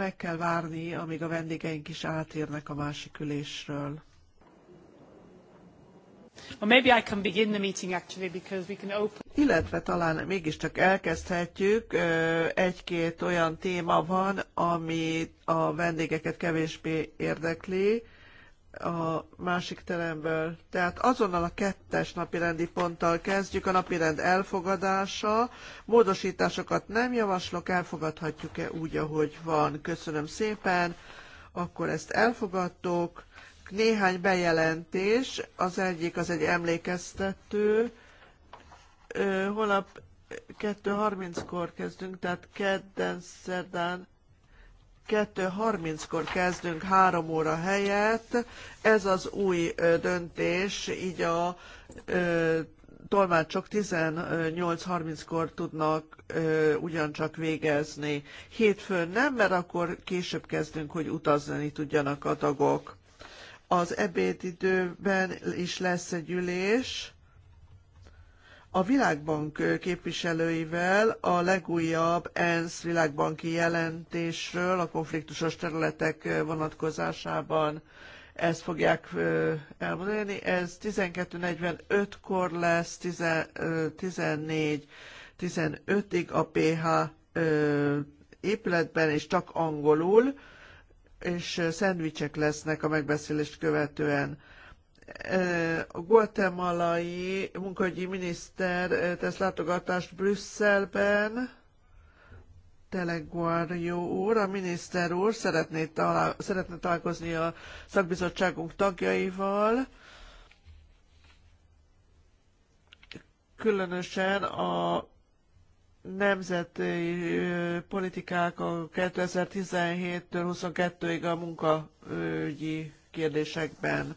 meg kell várni, amíg a vendégeink is átérnek a másik ülésről. Illetve talán mégiscsak elkezdhetjük. Egy-két olyan téma van, ami a vendégeket kevésbé érdekli a másik teremből. Tehát azonnal a kettes napirendi ponttal kezdjük, a napirend elfogadása. Módosításokat nem javaslok, elfogadhatjuk-e úgy, ahogy van. Köszönöm szépen. Akkor ezt elfogadtok. Néhány bejelentés, az egyik az egy emlékeztető. Holnap 2.30-kor kezdünk, tehát kedden, szerdán 2.30-kor kezdünk 3 óra helyett. Ez az új döntés, így a tolmácsok 18.30-kor tudnak ö, ugyancsak végezni. Hétfőn nem, mert akkor később kezdünk, hogy utazni tudjanak a tagok. Az ebédidőben is lesz egy ülés a Világbank képviselőivel a legújabb ENSZ világbanki jelentésről a konfliktusos területek vonatkozásában ezt fogják elmondani. Ez 12.45-kor lesz, 14.15-ig a PH épületben, és csak angolul, és szendvicsek lesznek a megbeszélést követően a guatemalai munkahogyi miniszter eh, tesz látogatást Brüsszelben, jó úr, a miniszter úr szeretné, talál, szeretne találkozni a szakbizottságunk tagjaival, különösen a nemzeti eh, politikák a 2017-től 22-ig a munkaügyi kérdésekben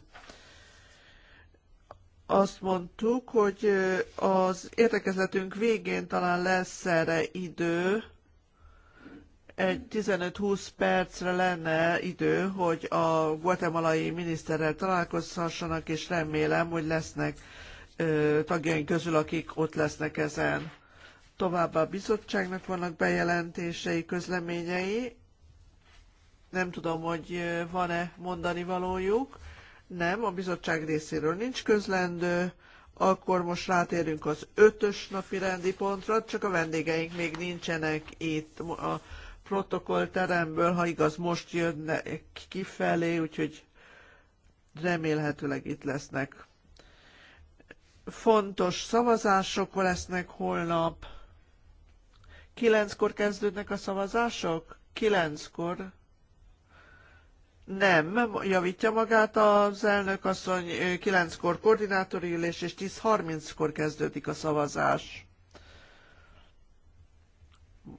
azt mondtuk, hogy az értekezletünk végén talán lesz erre idő, egy 15-20 percre lenne idő, hogy a guatemalai miniszterrel találkozhassanak, és remélem, hogy lesznek ö, tagjaink közül, akik ott lesznek ezen. Továbbá a bizottságnak vannak bejelentései, közleményei. Nem tudom, hogy van-e mondani valójuk. Nem, a bizottság részéről nincs közlendő. Akkor most rátérünk az ötös napi rendi pontra, csak a vendégeink még nincsenek itt a protokollteremből, ha igaz, most jönnek kifelé, úgyhogy remélhetőleg itt lesznek. Fontos szavazások lesznek holnap. Kilenckor kezdődnek a szavazások? Kilenckor. Nem, javítja magát az elnök asszony, 9-kor koordinátori ülés, és 10.30-kor kezdődik a szavazás.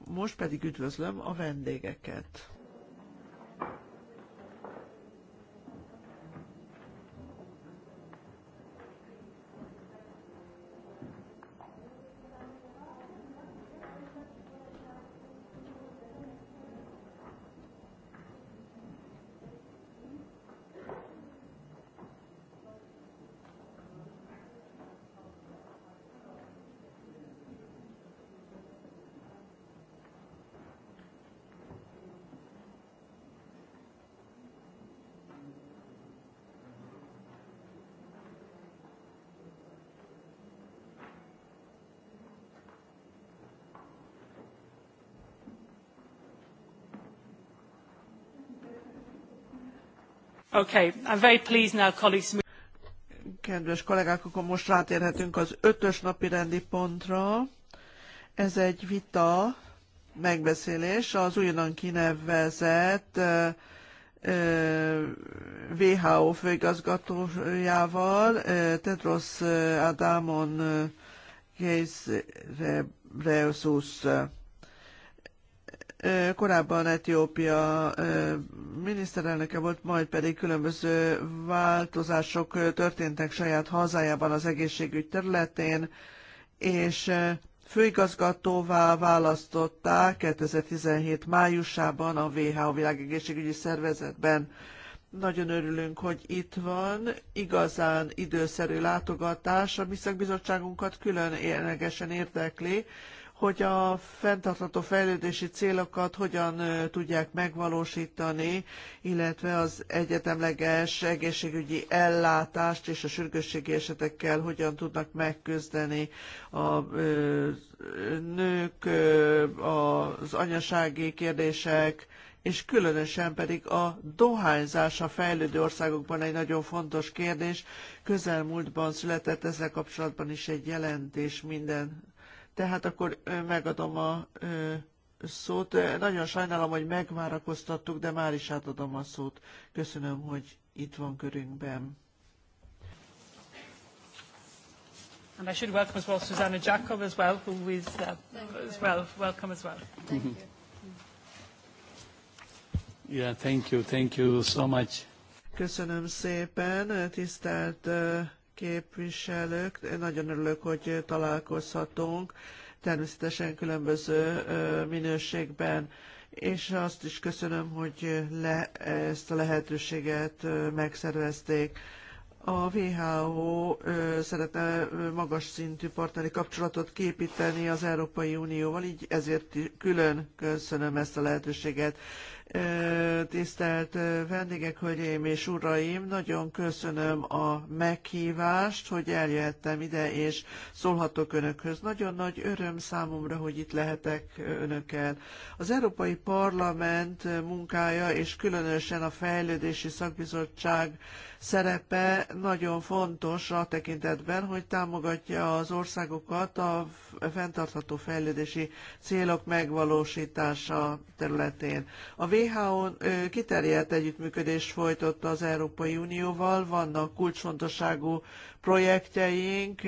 Most pedig üdvözlöm a vendégeket. Kedves kollégák, akkor most rátérhetünk az ötös napirendi rendi pontra. Ez egy vita, megbeszélés az újonnan kinevezett WHO főigazgatójával, Tedros Adamon Geisrebreus Korábban Etiópia miniszterelnöke volt, majd pedig különböző változások történtek saját hazájában az egészségügy területén, és főigazgatóvá választották 2017 májusában a WHO világegészségügyi szervezetben. Nagyon örülünk, hogy itt van igazán időszerű látogatás. A mi külön érdekli, hogy a fenntartható fejlődési célokat hogyan tudják megvalósítani, illetve az egyetemleges egészségügyi ellátást és a sürgősségi esetekkel hogyan tudnak megküzdeni a nők, az anyasági kérdések, és különösen pedig a dohányzás a fejlődő országokban egy nagyon fontos kérdés. Közelmúltban született ezzel kapcsolatban is egy jelentés minden tehát akkor megadom a szót. Nagyon sajnálom, hogy megvárakoztattuk, de már is átadom a szót. Köszönöm, hogy itt van körünkben. And I should welcome as well Susanna Jacob as well, who is uh, as well welcome as well. Thank you. Yeah, thank you, thank you so much. Köszönöm szépen, tisztelt képviselők, nagyon örülök, hogy találkozhatunk, természetesen különböző minőségben, és azt is köszönöm, hogy le, ezt a lehetőséget megszervezték. A WHO szeretne magas szintű partneri kapcsolatot képíteni az Európai Unióval, így ezért külön köszönöm ezt a lehetőséget. Tisztelt vendégek, hölgyeim és uraim, nagyon köszönöm a meghívást, hogy eljöttem ide, és szólhatok önökhöz. Nagyon nagy öröm számomra, hogy itt lehetek önökkel. Az Európai Parlament munkája, és különösen a Fejlődési Szakbizottság szerepe nagyon fontos a tekintetben, hogy támogatja az országokat a fenntartható fejlődési célok megvalósítása területén. A WHO-n kiterjedt együttműködést folytott az Európai Unióval, vannak kulcsfontosságú projektjeink,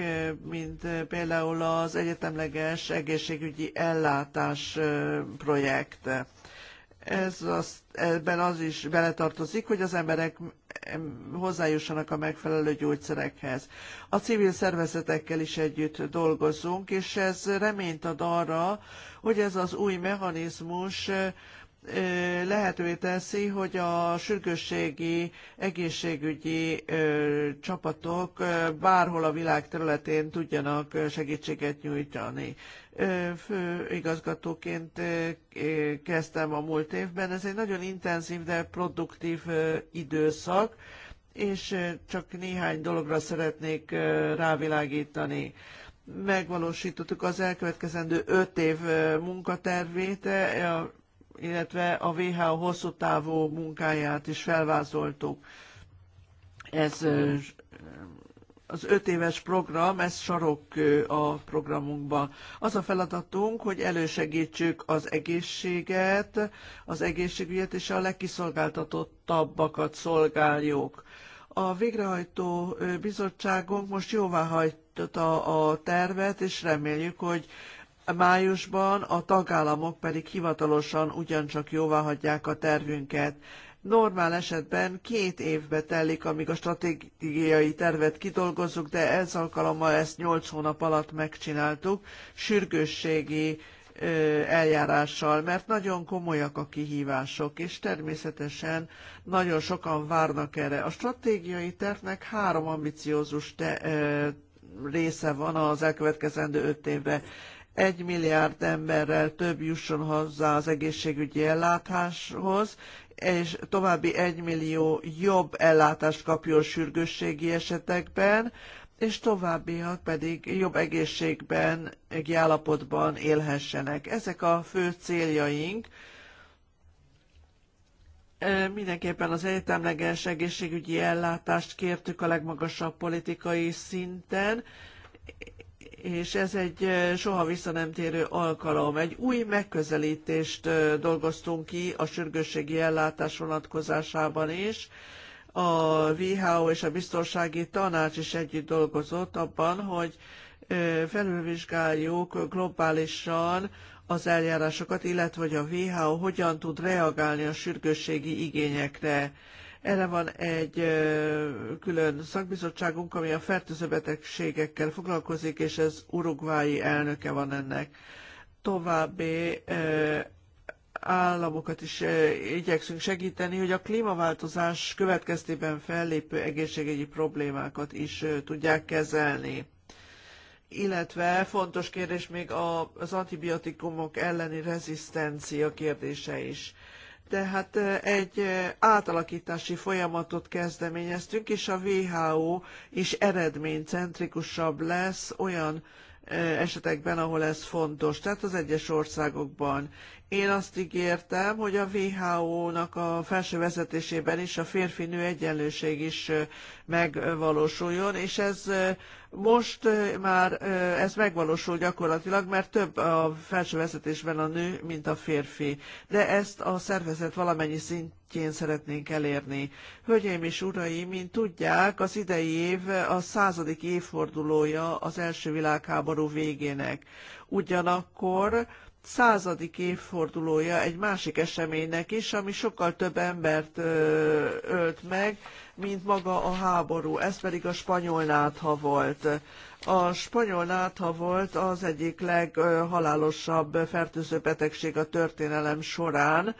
mint például az egyetemleges egészségügyi ellátás projekt. Ez azt, ebben az is beletartozik, hogy az emberek hozzájussanak a megfelelő gyógyszerekhez. A civil szervezetekkel is együtt dolgozunk, és ez reményt ad arra, hogy ez az új mechanizmus lehetővé teszi, hogy a sürgősségi egészségügyi csapatok bárhol a világ területén tudjanak segítséget nyújtani. Főigazgatóként kezdtem a múlt évben. Ez egy nagyon intenzív, de produktív időszak, és csak néhány dologra szeretnék rávilágítani megvalósítottuk az elkövetkezendő öt év munkatervét, illetve a WHO hosszú távú munkáját is felvázoltuk. Ez az öt éves program, ez sarokkő a programunkban. Az a feladatunk, hogy elősegítsük az egészséget, az egészségügyet és a legkiszolgáltatottabbakat szolgáljuk. A végrehajtó bizottságunk most jóvá hagyta a tervet, és reméljük, hogy Májusban a tagállamok pedig hivatalosan ugyancsak jóváhagyják a tervünket. Normál esetben két évbe telik, amíg a stratégiai tervet kidolgozzuk, de ez alkalommal ezt nyolc hónap alatt megcsináltuk, sürgősségi eljárással, mert nagyon komolyak a kihívások, és természetesen nagyon sokan várnak erre. A stratégiai tervnek három ambiciózus te, ö, része van az elkövetkezendő öt évre egy milliárd emberrel több jusson hozzá az egészségügyi ellátáshoz, és további egy millió jobb ellátást kapjon sürgősségi esetekben, és továbbiak pedig jobb egészségben, egy állapotban élhessenek. Ezek a fő céljaink. Mindenképpen az egyetemleges egészségügyi ellátást kértük a legmagasabb politikai szinten, és ez egy soha vissza nem térő alkalom. Egy új megközelítést dolgoztunk ki a sürgősségi ellátás vonatkozásában is. A WHO és a Biztonsági Tanács is együtt dolgozott abban, hogy felülvizsgáljuk globálisan az eljárásokat, illetve hogy a WHO hogyan tud reagálni a sürgősségi igényekre erre van egy külön szakbizottságunk, ami a fertőző betegségekkel foglalkozik, és ez urugvái elnöke van ennek. További államokat is igyekszünk segíteni, hogy a klímaváltozás következtében fellépő egészségügyi problémákat is tudják kezelni. Illetve fontos kérdés még az antibiotikumok elleni rezisztencia kérdése is tehát egy átalakítási folyamatot kezdeményeztünk, és a WHO is eredménycentrikusabb lesz olyan esetekben, ahol ez fontos, tehát az egyes országokban. Én azt ígértem, hogy a WHO-nak a felső vezetésében is a férfi-nő egyenlőség is megvalósuljon, és ez most már ez megvalósul gyakorlatilag, mert több a felső vezetésben a nő, mint a férfi. De ezt a szervezet valamennyi szintjén szeretnénk elérni. Hölgyeim és uraim, mint tudják, az idei év a századik évfordulója az első világháború végének. Ugyanakkor századik évfordulója egy másik eseménynek is, ami sokkal több embert ölt meg, mint maga a háború. Ez pedig a spanyol nátha volt. A spanyol nátha volt az egyik leghalálosabb fertőző betegség a történelem során,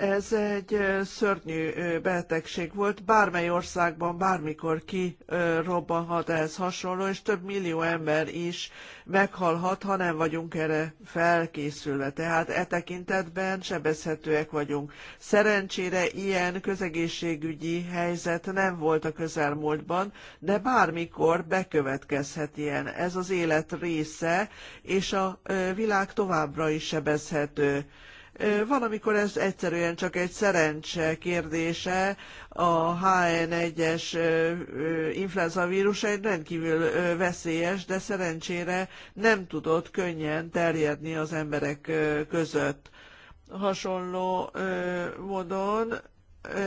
ez egy szörnyű betegség volt, bármely országban bármikor kirobbanhat ehhez hasonló, és több millió ember is meghalhat, ha nem vagyunk erre felkészülve. Tehát e tekintetben sebezhetőek vagyunk. Szerencsére ilyen közegészségügyi helyzet nem volt a közelmúltban, de bármikor bekövetkezhet ilyen. Ez az élet része, és a világ továbbra is sebezhető van, amikor ez egyszerűen csak egy szerencse kérdése. A HN1-es influenza vírus egy rendkívül veszélyes, de szerencsére nem tudott könnyen terjedni az emberek között. Hasonló módon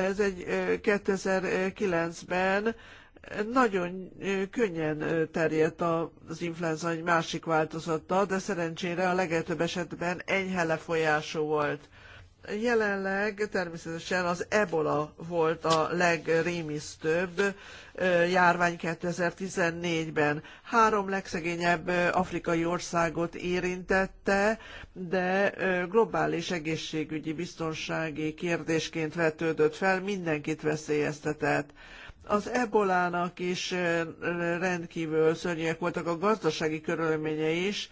ez egy 2009-ben nagyon könnyen terjedt az influenza egy másik változata, de szerencsére a legeltöbb esetben enyhe lefolyású volt. Jelenleg természetesen az ebola volt a legrémisztőbb járvány 2014-ben. Három legszegényebb afrikai országot érintette, de globális egészségügyi biztonsági kérdésként vetődött fel, mindenkit veszélyeztetett. Az ebolának is rendkívül szörnyűek voltak a gazdasági körülményei is,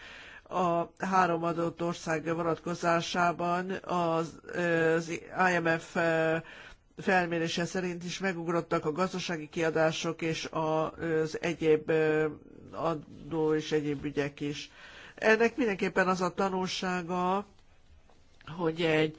a három adott ország vonatkozásában az, az IMF felmérése szerint is megugrottak a gazdasági kiadások és az egyéb adó és egyéb ügyek is. Ennek mindenképpen az a tanulsága, hogy egy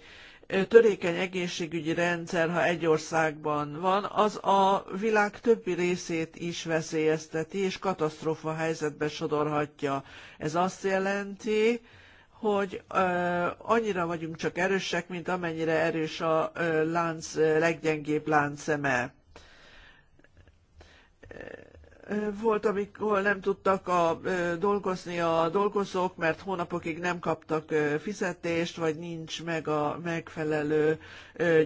törékeny egészségügyi rendszer, ha egy országban van, az a világ többi részét is veszélyezteti, és katasztrófa helyzetbe sodorhatja. Ez azt jelenti, hogy ö, annyira vagyunk csak erősek, mint amennyire erős a ö, lánc, ö, leggyengébb láncszeme. Volt, amikor nem tudtak a, dolgozni a dolgozók, mert hónapokig nem kaptak fizetést, vagy nincs meg a megfelelő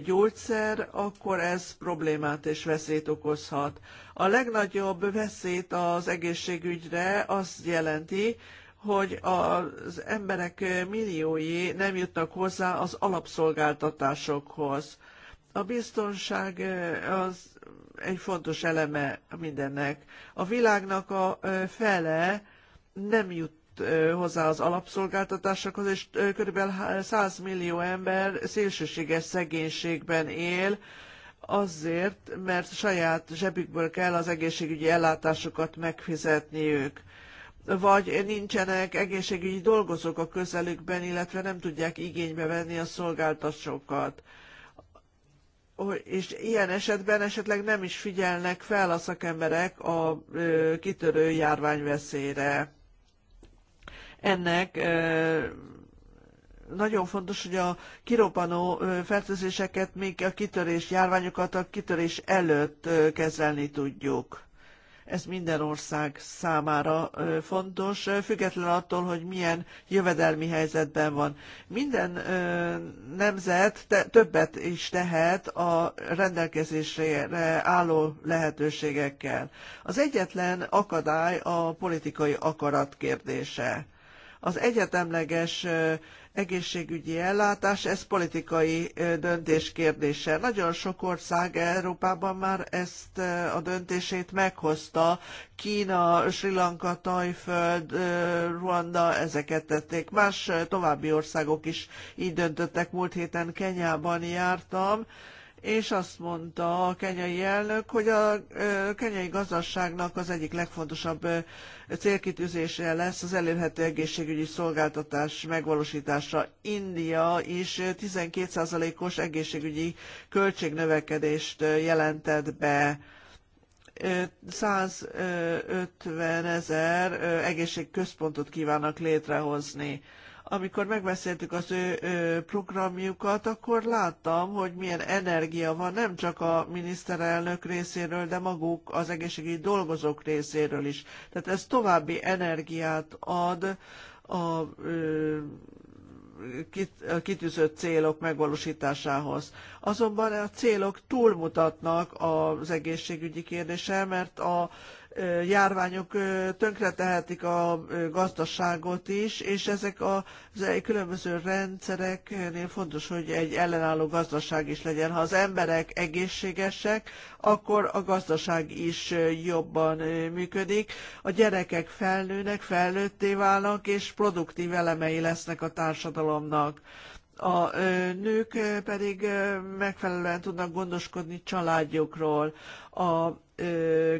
gyógyszer, akkor ez problémát és veszélyt okozhat. A legnagyobb veszélyt az egészségügyre azt jelenti, hogy az emberek milliói nem jutnak hozzá az alapszolgáltatásokhoz. A biztonság az egy fontos eleme mindennek. A világnak a fele nem jut hozzá az alapszolgáltatásokhoz, és körülbelül 100 millió ember szélsőséges szegénységben él, azért, mert saját zsebükből kell az egészségügyi ellátásokat megfizetniük vagy nincsenek egészségügyi dolgozók a közelükben, illetve nem tudják igénybe venni a szolgáltatásokat és ilyen esetben esetleg nem is figyelnek fel a szakemberek a kitörő járványveszélyre. Ennek nagyon fontos, hogy a kiropanó fertőzéseket, még a kitörés járványokat a kitörés előtt kezelni tudjuk. Ez minden ország számára fontos, független attól, hogy milyen jövedelmi helyzetben van. Minden nemzet többet is tehet a rendelkezésre álló lehetőségekkel. Az egyetlen akadály a politikai akarat kérdése. Az egyetemleges egészségügyi ellátás, ez politikai döntés kérdése. Nagyon sok ország Európában már ezt a döntését meghozta. Kína, Sri Lanka, Tajföld, Ruanda, ezeket tették. Más további országok is így döntöttek. Múlt héten Kenyában jártam, és azt mondta a kenyai elnök, hogy a kenyai gazdaságnak az egyik legfontosabb célkitűzése lesz az elérhető egészségügyi szolgáltatás megvalósítása. India is 12%-os egészségügyi költségnövekedést jelentett be. 150 ezer egészségközpontot kívánnak létrehozni amikor megbeszéltük az ő programjukat, akkor láttam, hogy milyen energia van nem csak a miniszterelnök részéről, de maguk az egészségügyi dolgozók részéről is. Tehát ez további energiát ad a kitűzött célok megvalósításához. Azonban a célok túlmutatnak az egészségügyi kérdése, mert a járványok tönkretehetik a gazdaságot is, és ezek a különböző rendszereknél fontos, hogy egy ellenálló gazdaság is legyen. Ha az emberek egészségesek, akkor a gazdaság is jobban működik. A gyerekek felnőnek, felnőtté válnak, és produktív elemei lesznek a társadalomnak a nők pedig megfelelően tudnak gondoskodni családjukról. A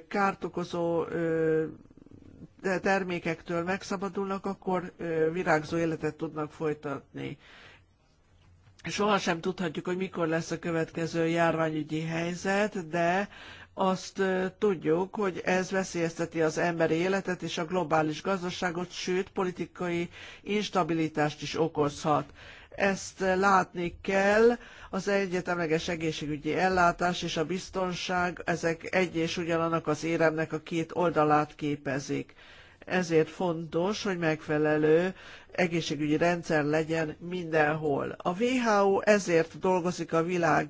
kárt okozó termékektől megszabadulnak, akkor virágzó életet tudnak folytatni. Sohasem tudhatjuk, hogy mikor lesz a következő járványügyi helyzet, de azt tudjuk, hogy ez veszélyezteti az emberi életet és a globális gazdaságot, sőt politikai instabilitást is okozhat. Ezt látni kell, az egyetemleges egészségügyi ellátás és a biztonság, ezek egy és ugyanannak az éremnek a két oldalát képezik. Ezért fontos, hogy megfelelő egészségügyi rendszer legyen mindenhol. A WHO ezért dolgozik a világ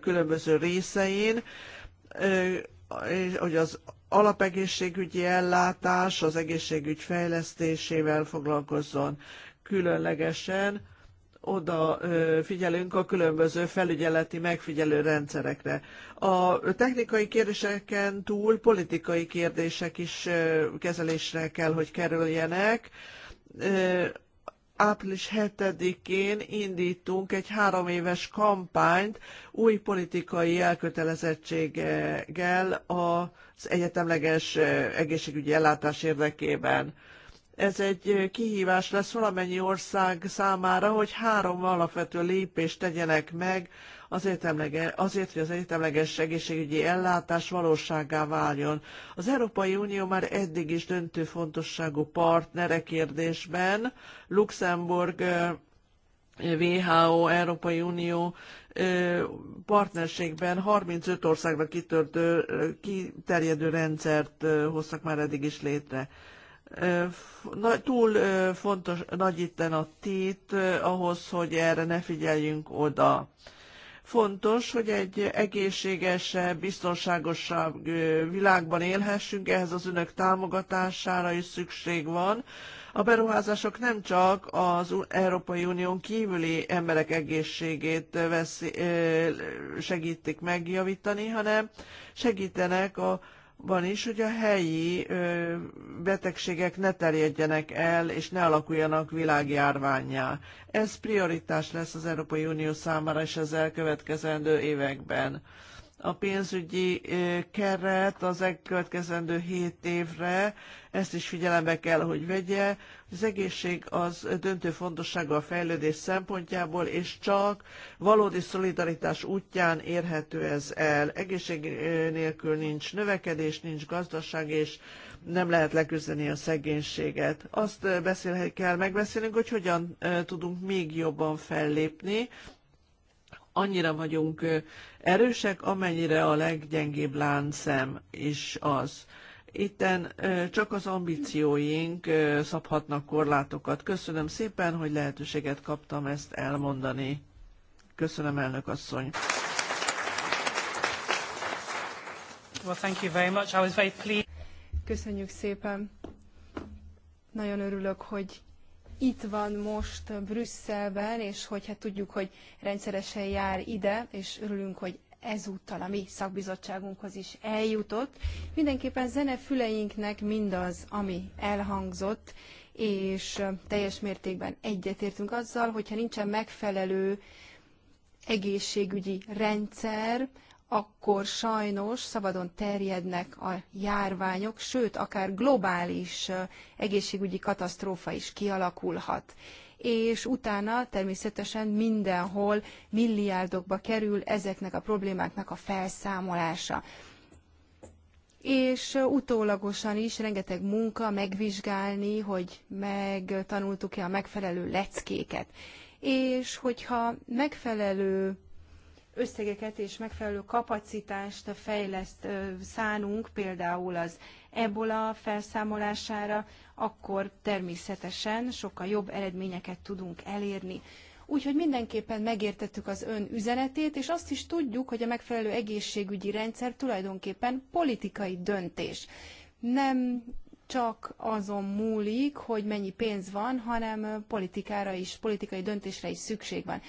különböző részein, hogy az alapegészségügyi ellátás az egészségügy fejlesztésével foglalkozzon különlegesen oda figyelünk a különböző felügyeleti megfigyelő rendszerekre. A technikai kérdéseken túl politikai kérdések is kezelésre kell, hogy kerüljenek. Április 7-én indítunk egy három éves kampányt új politikai elkötelezettséggel az egyetemleges egészségügyi ellátás érdekében ez egy kihívás lesz valamennyi ország számára, hogy három alapvető lépést tegyenek meg azért, emlege, azért, hogy az egyetemleges egészségügyi ellátás valóságá váljon. Az Európai Unió már eddig is döntő fontosságú partnere kérdésben. Luxemburg WHO, Európai Unió partnerségben 35 országra kitörtő, kiterjedő rendszert hoztak már eddig is létre túl fontos, nagy itten a tét ahhoz, hogy erre ne figyeljünk oda. Fontos, hogy egy egészségesebb, biztonságosabb világban élhessünk, ehhez az önök támogatására is szükség van. A beruházások nem csak az Európai Unión kívüli emberek egészségét veszi, segítik megjavítani, hanem segítenek a van is, hogy a helyi betegségek ne terjedjenek el, és ne alakuljanak világjárványá. Ez prioritás lesz az Európai Unió számára és az elkövetkezendő években a pénzügyi keret az elkövetkezendő 7 évre, ezt is figyelembe kell, hogy vegye. Az egészség az döntő fontossága a fejlődés szempontjából, és csak valódi szolidaritás útján érhető ez el. Egészség nélkül nincs növekedés, nincs gazdaság, és nem lehet leküzdeni a szegénységet. Azt beszél, kell megbeszélnünk, hogy hogyan tudunk még jobban fellépni, annyira vagyunk erősek, amennyire a leggyengébb láncem is az. Itten csak az ambícióink szabhatnak korlátokat. Köszönöm szépen, hogy lehetőséget kaptam ezt elmondani. Köszönöm, elnök asszony. Well, thank you very much. I was very pleased. Köszönjük szépen. Nagyon örülök, hogy itt van most Brüsszelben, és hogyha tudjuk, hogy rendszeresen jár ide, és örülünk, hogy ezúttal a mi szakbizottságunkhoz is eljutott. Mindenképpen zenefüleinknek mindaz, ami elhangzott, és teljes mértékben egyetértünk azzal, hogyha nincsen megfelelő egészségügyi rendszer, akkor sajnos szabadon terjednek a járványok, sőt, akár globális egészségügyi katasztrófa is kialakulhat. És utána természetesen mindenhol milliárdokba kerül ezeknek a problémáknak a felszámolása és utólagosan is rengeteg munka megvizsgálni, hogy megtanultuk-e a megfelelő leckéket. És hogyha megfelelő összegeket és megfelelő kapacitást fejleszt, szánunk például az ebola felszámolására, akkor természetesen sokkal jobb eredményeket tudunk elérni. Úgyhogy mindenképpen megértettük az ön üzenetét, és azt is tudjuk, hogy a megfelelő egészségügyi rendszer tulajdonképpen politikai döntés. Nem csak azon múlik, hogy mennyi pénz van, hanem politikára is, politikai döntésre is szükség van.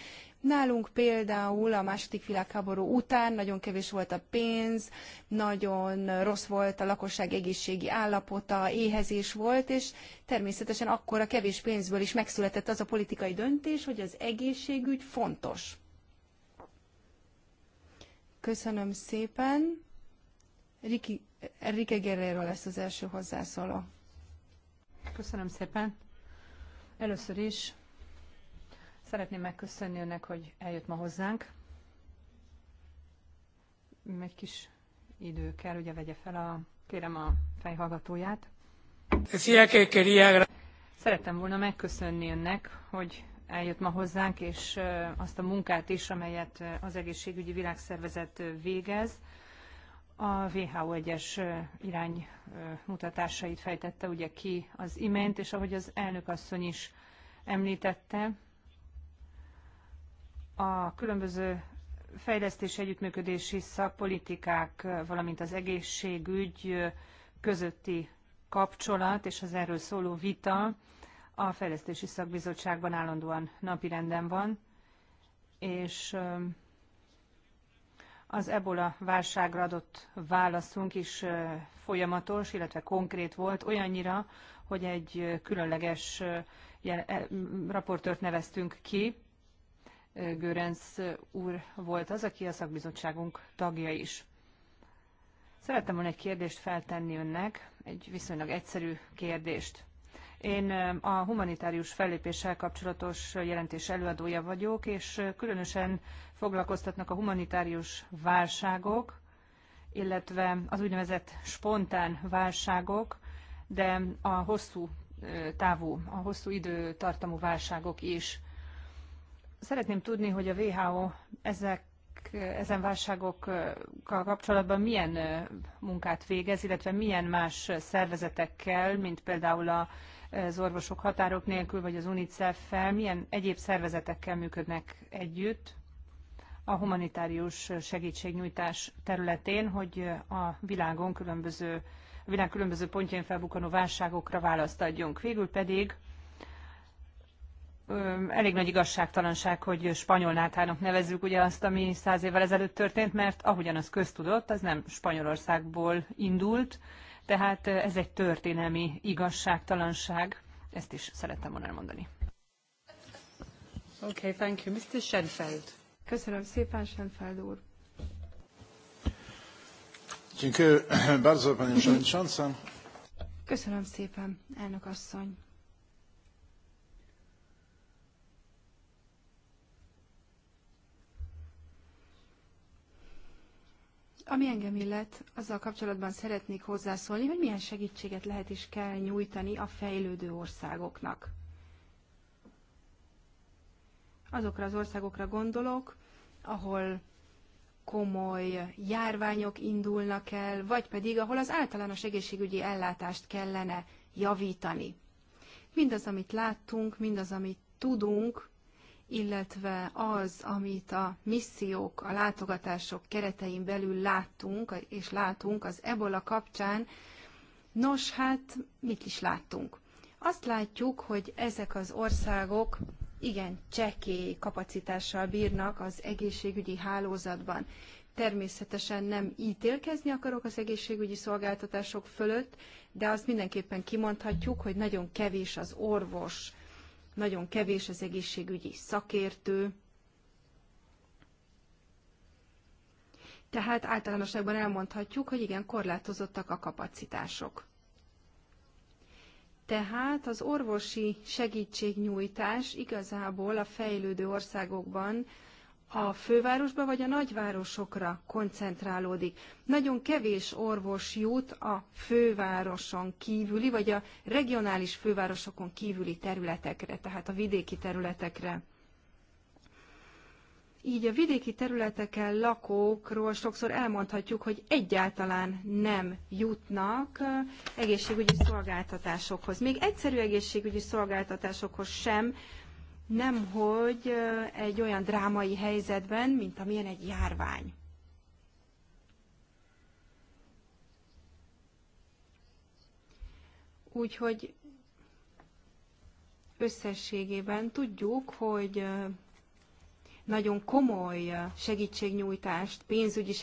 Nálunk például a második világháború után nagyon kevés volt a pénz, nagyon rossz volt a lakosság egészségi állapota, éhezés volt, és természetesen akkor a kevés pénzből is megszületett az a politikai döntés, hogy az egészségügy fontos. Köszönöm szépen. Riki, Enrique Guerrero lesz az első hozzászóló. Köszönöm szépen. Először is Szeretném megköszönni önnek, hogy eljött ma hozzánk. Egy kis idő kell, ugye vegye fel a, kérem a fejhallgatóját. Szerettem volna megköszönni önnek, hogy eljött ma hozzánk, és azt a munkát is, amelyet az Egészségügyi Világszervezet végez. A WHO egyes iránymutatásait fejtette ugye ki az imént, és ahogy az elnök asszony is említette, a különböző fejlesztés együttműködési szakpolitikák, valamint az egészségügy közötti kapcsolat és az erről szóló vita a Fejlesztési Szakbizottságban állandóan napirenden van, és az ebola válságra adott válaszunk is folyamatos, illetve konkrét volt, olyannyira, hogy egy különleges raportört neveztünk ki, Görenc úr volt az, aki a szakbizottságunk tagja is. Szerettem volna egy kérdést feltenni önnek, egy viszonylag egyszerű kérdést. Én a humanitárius fellépéssel kapcsolatos jelentés előadója vagyok, és különösen foglalkoztatnak a humanitárius válságok, illetve az úgynevezett spontán válságok, de a hosszú távú, a hosszú időtartamú válságok is. Szeretném tudni, hogy a WHO ezek ezen válságokkal kapcsolatban milyen munkát végez, illetve milyen más szervezetekkel, mint például az orvosok határok nélkül, vagy az UNICEF-fel, milyen egyéb szervezetekkel működnek együtt a humanitárius segítségnyújtás területén, hogy a világon különböző, a világ különböző pontjain felbukkanó válságokra választ adjunk. Végül pedig elég nagy igazságtalanság, hogy spanyol náthának nevezzük ugye azt, ami száz évvel ezelőtt történt, mert ahogyan az köztudott, az nem Spanyolországból indult, tehát ez egy történelmi igazságtalanság. Ezt is szerettem volna elmondani. Okay, thank you. Mr. Schenfeld. Köszönöm szépen, Schenfeld úr. Dziękuję bardzo, panie przewodniczący. Köszönöm szépen, elnök asszony. Ami engem illet, azzal kapcsolatban szeretnék hozzászólni, hogy milyen segítséget lehet is kell nyújtani a fejlődő országoknak. Azokra az országokra gondolok, ahol komoly járványok indulnak el, vagy pedig ahol az általános egészségügyi ellátást kellene javítani. Mindaz, amit láttunk, mindaz, amit tudunk, illetve az, amit a missziók, a látogatások keretein belül láttunk, és látunk az ebola kapcsán, nos, hát mit is láttunk? Azt látjuk, hogy ezek az országok igen csekély kapacitással bírnak az egészségügyi hálózatban. Természetesen nem ítélkezni akarok az egészségügyi szolgáltatások fölött, de azt mindenképpen kimondhatjuk, hogy nagyon kevés az orvos, nagyon kevés az egészségügyi szakértő. Tehát általánosságban elmondhatjuk, hogy igen, korlátozottak a kapacitások. Tehát az orvosi segítségnyújtás igazából a fejlődő országokban a fővárosba vagy a nagyvárosokra koncentrálódik. Nagyon kevés orvos jut a fővároson kívüli, vagy a regionális fővárosokon kívüli területekre, tehát a vidéki területekre. Így a vidéki területeken lakókról sokszor elmondhatjuk, hogy egyáltalán nem jutnak egészségügyi szolgáltatásokhoz. Még egyszerű egészségügyi szolgáltatásokhoz sem, nemhogy egy olyan drámai helyzetben, mint amilyen egy járvány. Úgyhogy összességében tudjuk, hogy nagyon komoly segítségnyújtást, pénzügyi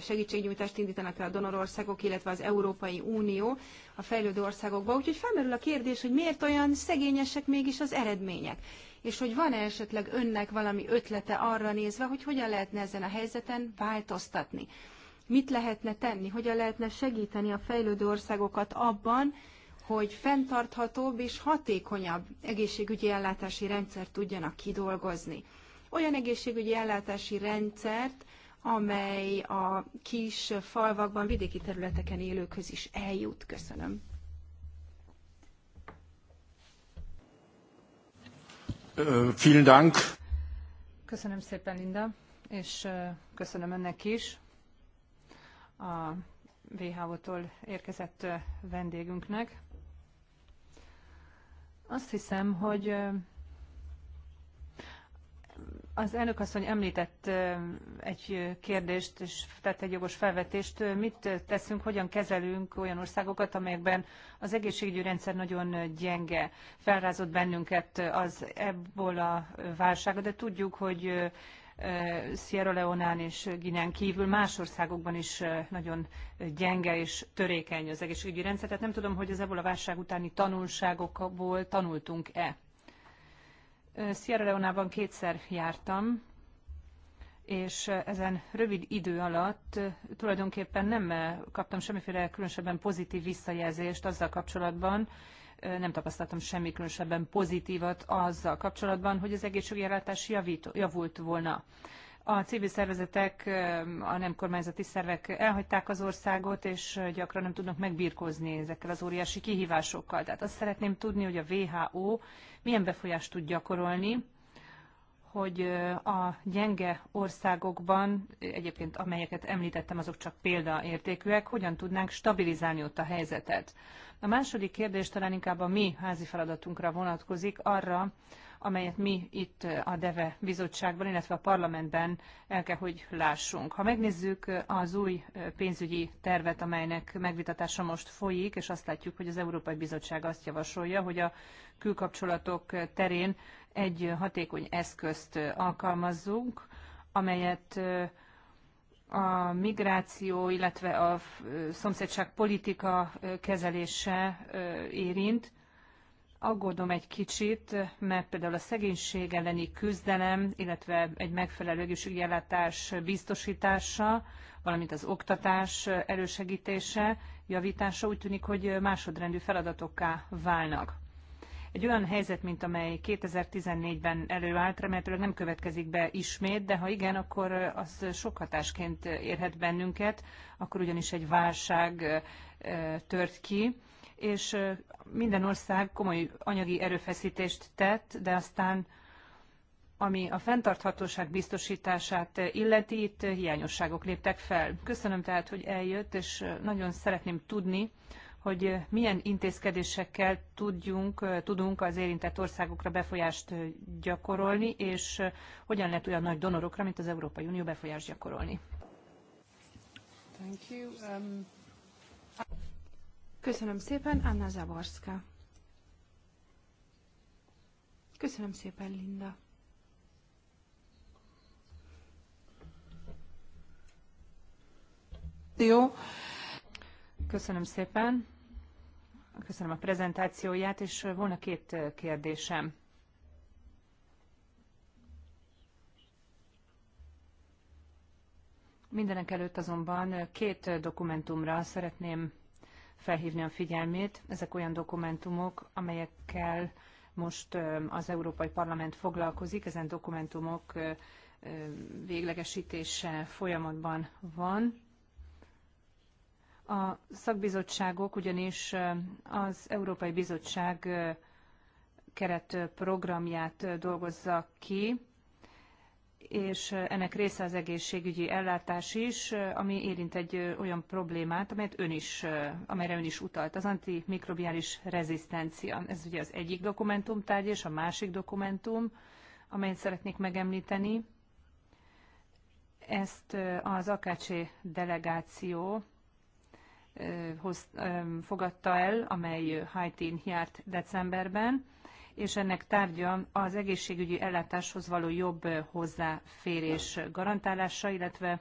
segítségnyújtást indítanak el a donorországok, illetve az Európai Unió a fejlődő országokba. Úgyhogy felmerül a kérdés, hogy miért olyan szegényesek mégis az eredmények és hogy van-e esetleg önnek valami ötlete arra nézve, hogy hogyan lehetne ezen a helyzeten változtatni. Mit lehetne tenni, hogyan lehetne segíteni a fejlődő országokat abban, hogy fenntarthatóbb és hatékonyabb egészségügyi ellátási rendszert tudjanak kidolgozni. Olyan egészségügyi ellátási rendszert, amely a kis falvakban, vidéki területeken élőkhöz is eljut. Köszönöm. Köszönöm szépen, Linda, és köszönöm önnek is a WHO-tól érkezett vendégünknek. Azt hiszem, hogy az elnök asszony említett egy kérdést, és tett egy jogos felvetést. Mit teszünk, hogyan kezelünk olyan országokat, amelyekben az egészségügyi rendszer nagyon gyenge? Felrázott bennünket az ebből a válsága, de tudjuk, hogy Sierra Leonán és Ginán kívül más országokban is nagyon gyenge és törékeny az egészségügyi rendszer. Tehát nem tudom, hogy az ebből a válság utáni tanulságokból tanultunk-e. Sierra Leone-ban kétszer jártam, és ezen rövid idő alatt tulajdonképpen nem kaptam semmiféle különösebben pozitív visszajelzést azzal kapcsolatban, nem tapasztaltam semmi különösebben pozitívat azzal kapcsolatban, hogy az egészségjelentás javult volna. A civil szervezetek, a nem kormányzati szervek elhagyták az országot, és gyakran nem tudnak megbírkozni ezekkel az óriási kihívásokkal. Tehát azt szeretném tudni, hogy a WHO milyen befolyást tud gyakorolni, hogy a gyenge országokban, egyébként amelyeket említettem, azok csak példaértékűek, hogyan tudnánk stabilizálni ott a helyzetet. A második kérdés talán inkább a mi házi feladatunkra vonatkozik, arra, amelyet mi itt a DEVE bizottságban, illetve a parlamentben el kell, hogy lássunk. Ha megnézzük az új pénzügyi tervet, amelynek megvitatása most folyik, és azt látjuk, hogy az Európai Bizottság azt javasolja, hogy a külkapcsolatok terén egy hatékony eszközt alkalmazzunk, amelyet a migráció, illetve a szomszédság politika kezelése érint aggódom egy kicsit, mert például a szegénység elleni küzdelem, illetve egy megfelelő egészségügyi ellátás biztosítása, valamint az oktatás elősegítése, javítása úgy tűnik, hogy másodrendű feladatokká válnak. Egy olyan helyzet, mint amely 2014-ben előállt, remélhetőleg nem következik be ismét, de ha igen, akkor az sok hatásként érhet bennünket, akkor ugyanis egy válság tört ki, és minden ország komoly anyagi erőfeszítést tett, de aztán ami a fenntarthatóság biztosítását illeti, itt hiányosságok léptek fel. Köszönöm tehát, hogy eljött, és nagyon szeretném tudni, hogy milyen intézkedésekkel tudjunk, tudunk az érintett országokra befolyást gyakorolni, és hogyan lehet olyan nagy donorokra, mint az Európai Unió befolyást gyakorolni. Thank you. Um... Köszönöm szépen, Anna Zaborska. Köszönöm szépen, Linda. Jó. Köszönöm szépen. Köszönöm a prezentációját, és volna két kérdésem. Mindenek előtt azonban két dokumentumra szeretném felhívni a figyelmét. Ezek olyan dokumentumok, amelyekkel most az Európai Parlament foglalkozik, ezen dokumentumok véglegesítése folyamatban van. A szakbizottságok ugyanis az Európai Bizottság keretprogramját dolgozza ki, és ennek része az egészségügyi ellátás is, ami érint egy olyan problémát, amelyet ön is, amelyre ön is utalt, az antimikrobiális rezisztencia. Ez ugye az egyik dokumentumtárgy, és a másik dokumentum, amelyet szeretnék megemlíteni. Ezt az AKC delegáció hoz, fogadta el, amely Haitin járt decemberben, és ennek tárgya az egészségügyi ellátáshoz való jobb hozzáférés garantálása, illetve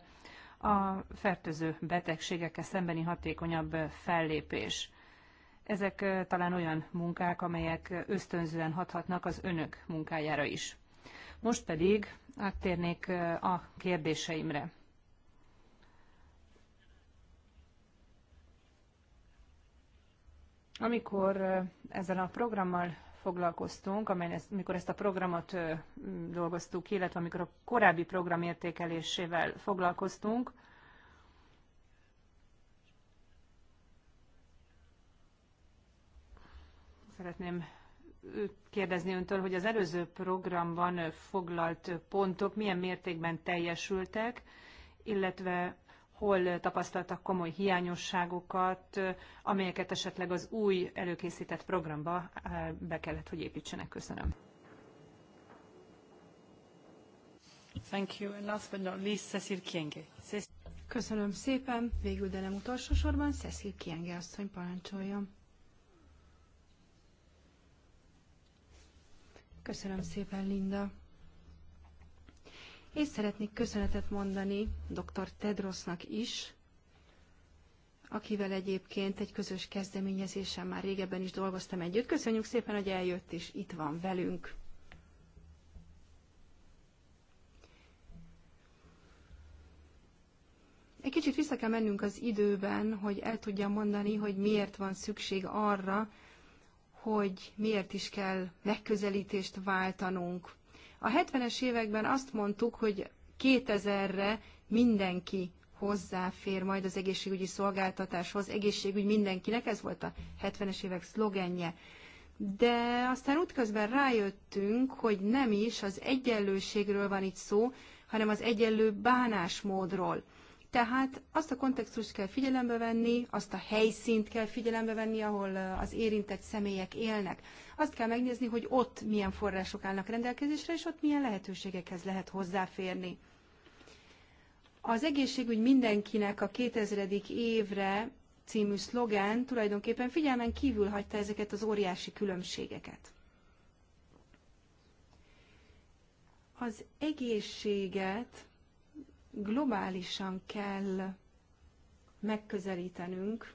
a fertőző betegségekkel szembeni hatékonyabb fellépés. Ezek talán olyan munkák, amelyek ösztönzően hathatnak az önök munkájára is. Most pedig áttérnék a kérdéseimre. Amikor ezzel a programmal foglalkoztunk, amelyen ezt, mikor ezt a programot dolgoztuk, illetve amikor a korábbi program értékelésével foglalkoztunk, szeretném kérdezni öntől, hogy az előző programban foglalt pontok milyen mértékben teljesültek, illetve hol tapasztaltak komoly hiányosságokat, amelyeket esetleg az új előkészített programba eh, be kellett, hogy építsenek. Köszönöm. Thank you. And last but not least, Cecil Kienge. Köszönöm szépen. Végül, de nem utolsó sorban, Cecil Kienge asszony parancsolja. Köszönöm szépen, Linda és szeretnék köszönetet mondani dr. Tedrosnak is, akivel egyébként egy közös kezdeményezésen már régebben is dolgoztam együtt. Köszönjük szépen, hogy eljött és itt van velünk. Egy kicsit vissza kell mennünk az időben, hogy el tudjam mondani, hogy miért van szükség arra, hogy miért is kell megközelítést váltanunk. A 70-es években azt mondtuk, hogy 2000-re mindenki hozzáfér majd az egészségügyi szolgáltatáshoz, egészségügy mindenkinek, ez volt a 70-es évek szlogenje. De aztán útközben rájöttünk, hogy nem is az egyenlőségről van itt szó, hanem az egyenlő bánásmódról. Tehát azt a kontextust kell figyelembe venni, azt a helyszínt kell figyelembe venni, ahol az érintett személyek élnek. Azt kell megnézni, hogy ott milyen források állnak rendelkezésre, és ott milyen lehetőségekhez lehet hozzáférni. Az egészségügy mindenkinek a 2000. évre című szlogán tulajdonképpen figyelmen kívül hagyta ezeket az óriási különbségeket. Az egészséget globálisan kell megközelítenünk.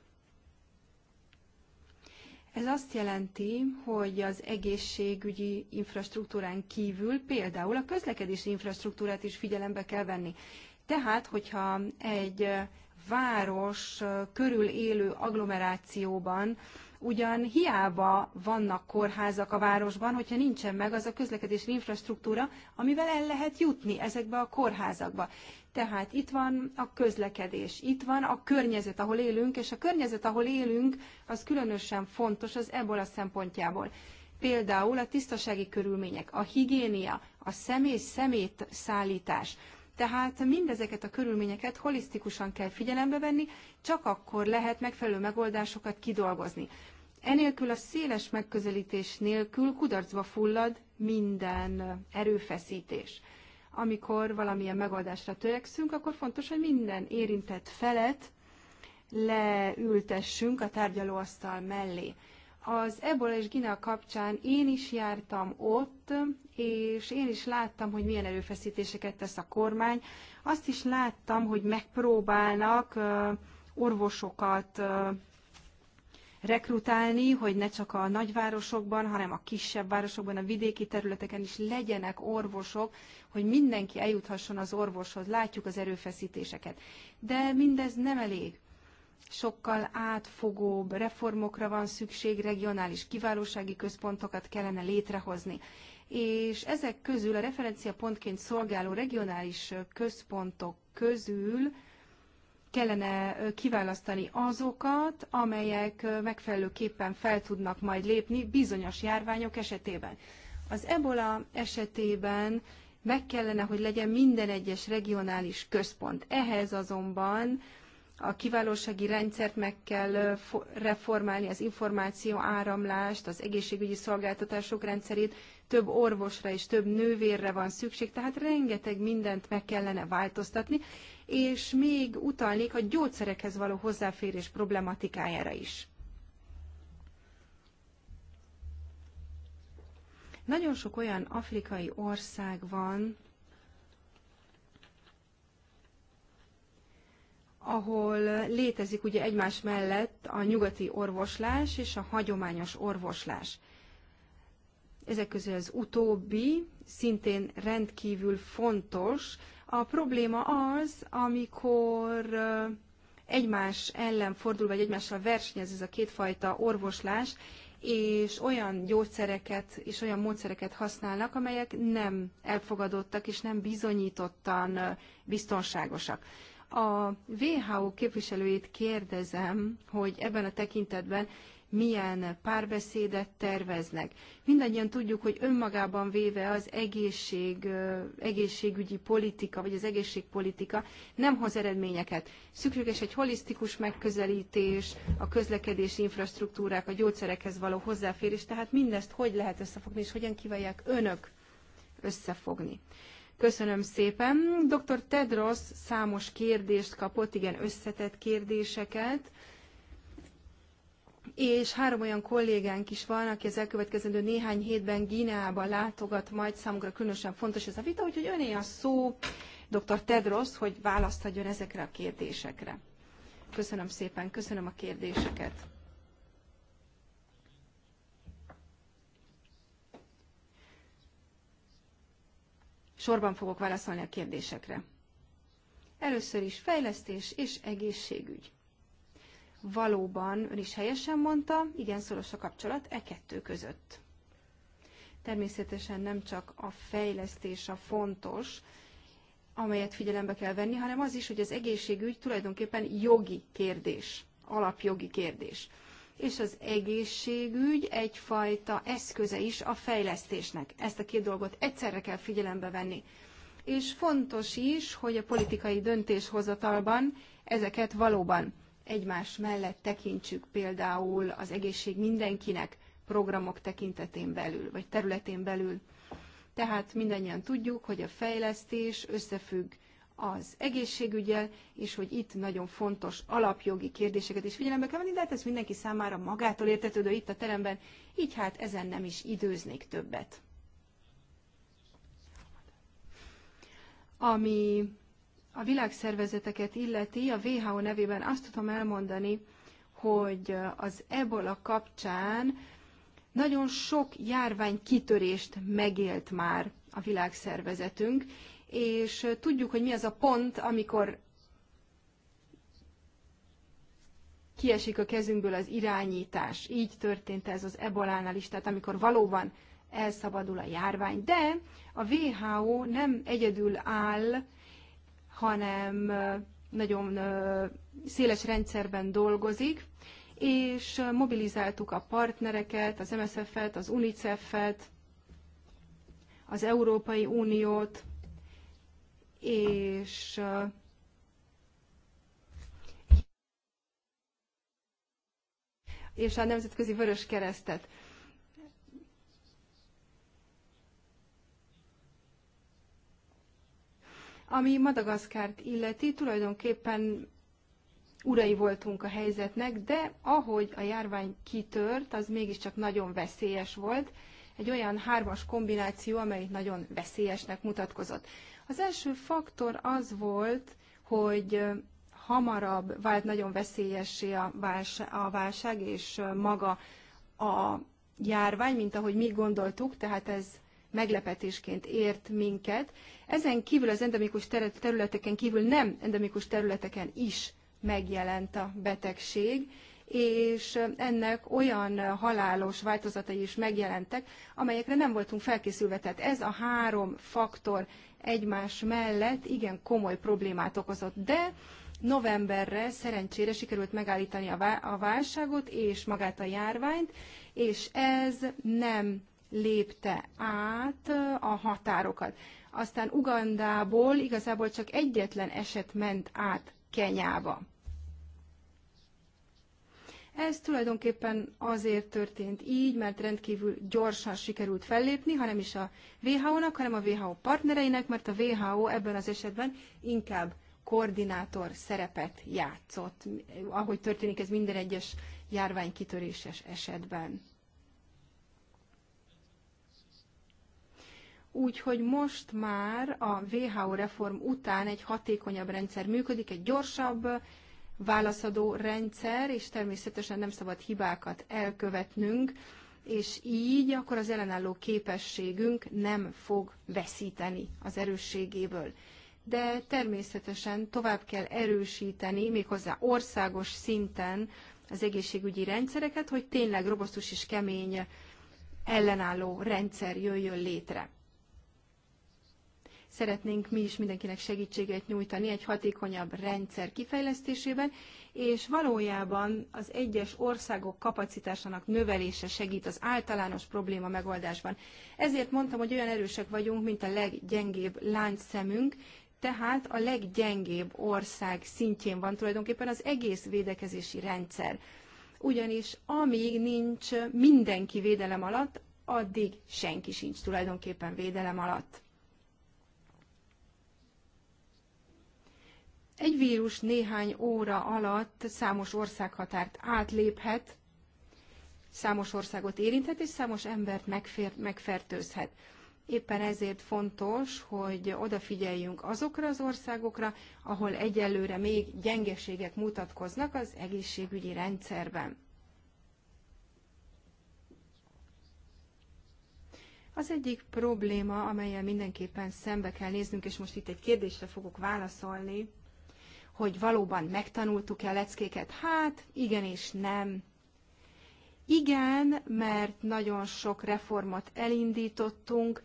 Ez azt jelenti, hogy az egészségügyi infrastruktúrán kívül például a közlekedési infrastruktúrát is figyelembe kell venni. Tehát, hogyha egy város körül élő agglomerációban ugyan hiába vannak kórházak a városban, hogyha nincsen meg az a közlekedési infrastruktúra, amivel el lehet jutni ezekbe a kórházakba. Tehát itt van a közlekedés, itt van a környezet, ahol élünk, és a környezet, ahol élünk, az különösen fontos az ebola szempontjából. Például a tisztasági körülmények, a higiénia, a személy szemét szállítás. Tehát mindezeket a körülményeket holisztikusan kell figyelembe venni, csak akkor lehet megfelelő megoldásokat kidolgozni. Enélkül a széles megközelítés nélkül kudarcba fullad minden erőfeszítés amikor valamilyen megoldásra törekszünk, akkor fontos, hogy minden érintett felet leültessünk a tárgyalóasztal mellé. Az ebola és Gina kapcsán én is jártam ott, és én is láttam, hogy milyen erőfeszítéseket tesz a kormány. Azt is láttam, hogy megpróbálnak orvosokat rekrutálni, hogy ne csak a nagyvárosokban, hanem a kisebb városokban, a vidéki területeken is legyenek orvosok, hogy mindenki eljuthasson az orvoshoz. Látjuk az erőfeszítéseket. De mindez nem elég. Sokkal átfogóbb reformokra van szükség, regionális kiválósági központokat kellene létrehozni. És ezek közül a referenciapontként szolgáló regionális központok közül kellene kiválasztani azokat, amelyek megfelelőképpen fel tudnak majd lépni bizonyos járványok esetében. Az ebola esetében meg kellene, hogy legyen minden egyes regionális központ. Ehhez azonban a kiválósági rendszert meg kell reformálni, az információ áramlást, az egészségügyi szolgáltatások rendszerét, több orvosra és több nővérre van szükség, tehát rengeteg mindent meg kellene változtatni, és még utalnék a gyógyszerekhez való hozzáférés problematikájára is. Nagyon sok olyan afrikai ország van, ahol létezik ugye egymás mellett a nyugati orvoslás és a hagyományos orvoslás. Ezek közül az utóbbi szintén rendkívül fontos, a probléma az, amikor egymás ellen fordul, vagy egymással versenyez ez a kétfajta orvoslás, és olyan gyógyszereket és olyan módszereket használnak, amelyek nem elfogadottak és nem bizonyítottan biztonságosak. A WHO képviselőjét kérdezem, hogy ebben a tekintetben milyen párbeszédet terveznek. Mindannyian tudjuk, hogy önmagában véve az egészség, egészségügyi politika, vagy az egészségpolitika nem hoz eredményeket. Szükséges egy holisztikus megközelítés, a közlekedési infrastruktúrák, a gyógyszerekhez való hozzáférés, tehát mindezt hogy lehet összefogni, és hogyan kívánják önök összefogni. Köszönöm szépen. Dr. Tedros számos kérdést kapott, igen, összetett kérdéseket és három olyan kollégánk is van, aki az elkövetkezendő néhány hétben Gíneába látogat, majd számukra különösen fontos ez a vita, úgyhogy öné a szó, dr. Tedros, hogy választ adjon ezekre a kérdésekre. Köszönöm szépen, köszönöm a kérdéseket. Sorban fogok válaszolni a kérdésekre. Először is fejlesztés és egészségügy valóban, ön is helyesen mondta, igen szoros a kapcsolat e kettő között. Természetesen nem csak a fejlesztés a fontos, amelyet figyelembe kell venni, hanem az is, hogy az egészségügy tulajdonképpen jogi kérdés, alapjogi kérdés. És az egészségügy egyfajta eszköze is a fejlesztésnek. Ezt a két dolgot egyszerre kell figyelembe venni. És fontos is, hogy a politikai döntéshozatalban ezeket valóban egymás mellett tekintsük például az egészség mindenkinek programok tekintetén belül, vagy területén belül. Tehát mindannyian tudjuk, hogy a fejlesztés összefügg az egészségügyel, és hogy itt nagyon fontos alapjogi kérdéseket is figyelembe kell venni, de hát ez mindenki számára magától értetődő itt a teremben, így hát ezen nem is időznék többet. Ami a világszervezeteket illeti, a WHO nevében azt tudom elmondani, hogy az ebola kapcsán nagyon sok járvány kitörést megélt már a világszervezetünk, és tudjuk, hogy mi az a pont, amikor kiesik a kezünkből az irányítás. Így történt ez az ebolánál is, tehát amikor valóban elszabadul a járvány. De a WHO nem egyedül áll hanem nagyon széles rendszerben dolgozik, és mobilizáltuk a partnereket, az MSF-et, az UNICEF-et, az Európai Uniót, és és a Nemzetközi Vörös Keresztet. Ami Madagaszkárt illeti, tulajdonképpen urai voltunk a helyzetnek, de ahogy a járvány kitört, az mégiscsak nagyon veszélyes volt, egy olyan hármas kombináció, amely nagyon veszélyesnek mutatkozott. Az első faktor az volt, hogy hamarabb vált nagyon veszélyessé a válság, a válság és maga a járvány, mint ahogy mi gondoltuk, tehát ez meglepetésként ért minket. Ezen kívül az endemikus területeken kívül nem endemikus területeken is megjelent a betegség, és ennek olyan halálos változatai is megjelentek, amelyekre nem voltunk felkészülve. Tehát ez a három faktor egymás mellett igen komoly problémát okozott. De novemberre szerencsére sikerült megállítani a válságot és magát a járványt, és ez nem lépte át a határokat. Aztán Ugandából igazából csak egyetlen eset ment át Kenyába. Ez tulajdonképpen azért történt így, mert rendkívül gyorsan sikerült fellépni, hanem is a WHO-nak, hanem a WHO partnereinek, mert a WHO ebben az esetben inkább koordinátor szerepet játszott, ahogy történik ez minden egyes járvány kitöréses esetben. Úgyhogy most már a WHO reform után egy hatékonyabb rendszer működik, egy gyorsabb válaszadó rendszer, és természetesen nem szabad hibákat elkövetnünk, és így akkor az ellenálló képességünk nem fog veszíteni az erősségéből. De természetesen tovább kell erősíteni, méghozzá országos szinten az egészségügyi rendszereket, hogy tényleg robosztus és kemény ellenálló rendszer jöjjön létre. Szeretnénk mi is mindenkinek segítséget nyújtani egy hatékonyabb rendszer kifejlesztésében, és valójában az egyes országok kapacitásának növelése segít az általános probléma megoldásban. Ezért mondtam, hogy olyan erősek vagyunk, mint a leggyengébb láncszemünk, tehát a leggyengébb ország szintjén van tulajdonképpen az egész védekezési rendszer. Ugyanis amíg nincs mindenki védelem alatt, addig senki sincs tulajdonképpen védelem alatt. Egy vírus néhány óra alatt számos országhatárt átléphet, számos országot érinthet, és számos embert megfér, megfertőzhet. Éppen ezért fontos, hogy odafigyeljünk azokra az országokra, ahol egyelőre még gyengeségek mutatkoznak az egészségügyi rendszerben. Az egyik probléma, amelyel mindenképpen szembe kell néznünk, és most itt egy kérdésre fogok válaszolni, hogy valóban megtanultuk-e a leckéket? Hát igen és nem. Igen, mert nagyon sok reformot elindítottunk,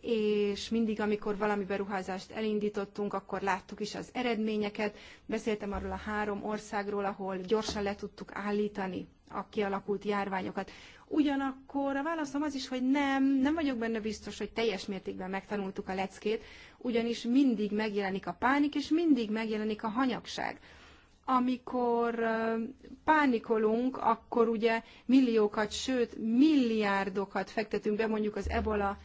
és mindig, amikor valami beruházást elindítottunk, akkor láttuk is az eredményeket. Beszéltem arról a három országról, ahol gyorsan le tudtuk állítani a kialakult járványokat. Ugyanakkor a válaszom az is, hogy nem, nem vagyok benne biztos, hogy teljes mértékben megtanultuk a leckét, ugyanis mindig megjelenik a pánik, és mindig megjelenik a hanyagság. Amikor pánikolunk, akkor ugye milliókat, sőt milliárdokat fektetünk be mondjuk az ebola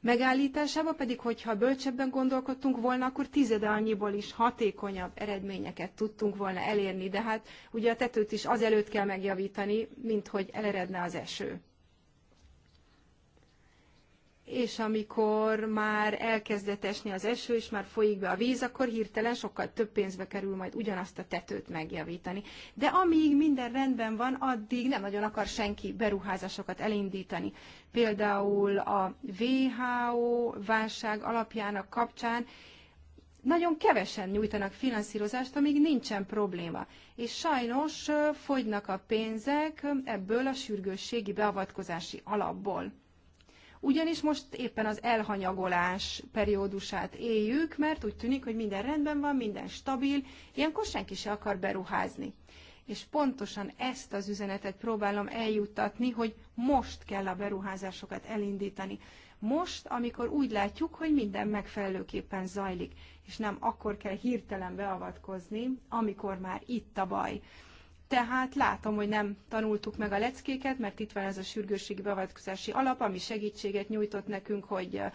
megállításába, pedig hogyha bölcsebben gondolkodtunk volna, akkor tizede annyiból is hatékonyabb eredményeket tudtunk volna elérni, de hát ugye a tetőt is azelőtt kell megjavítani, mint hogy eleredne az eső és amikor már elkezdett esni az eső, és már folyik be a víz, akkor hirtelen sokkal több pénzbe kerül majd ugyanazt a tetőt megjavítani. De amíg minden rendben van, addig nem nagyon akar senki beruházásokat elindítani. Például a WHO válság alapjának kapcsán nagyon kevesen nyújtanak finanszírozást, amíg nincsen probléma. És sajnos fogynak a pénzek ebből a sürgősségi beavatkozási alapból. Ugyanis most éppen az elhanyagolás periódusát éljük, mert úgy tűnik, hogy minden rendben van, minden stabil, ilyenkor senki se akar beruházni. És pontosan ezt az üzenetet próbálom eljuttatni, hogy most kell a beruházásokat elindítani. Most, amikor úgy látjuk, hogy minden megfelelőképpen zajlik, és nem akkor kell hirtelen beavatkozni, amikor már itt a baj. Tehát látom, hogy nem tanultuk meg a leckéket, mert itt van ez a sürgősségi beavatkozási alap, ami segítséget nyújtott nekünk, hogy eh,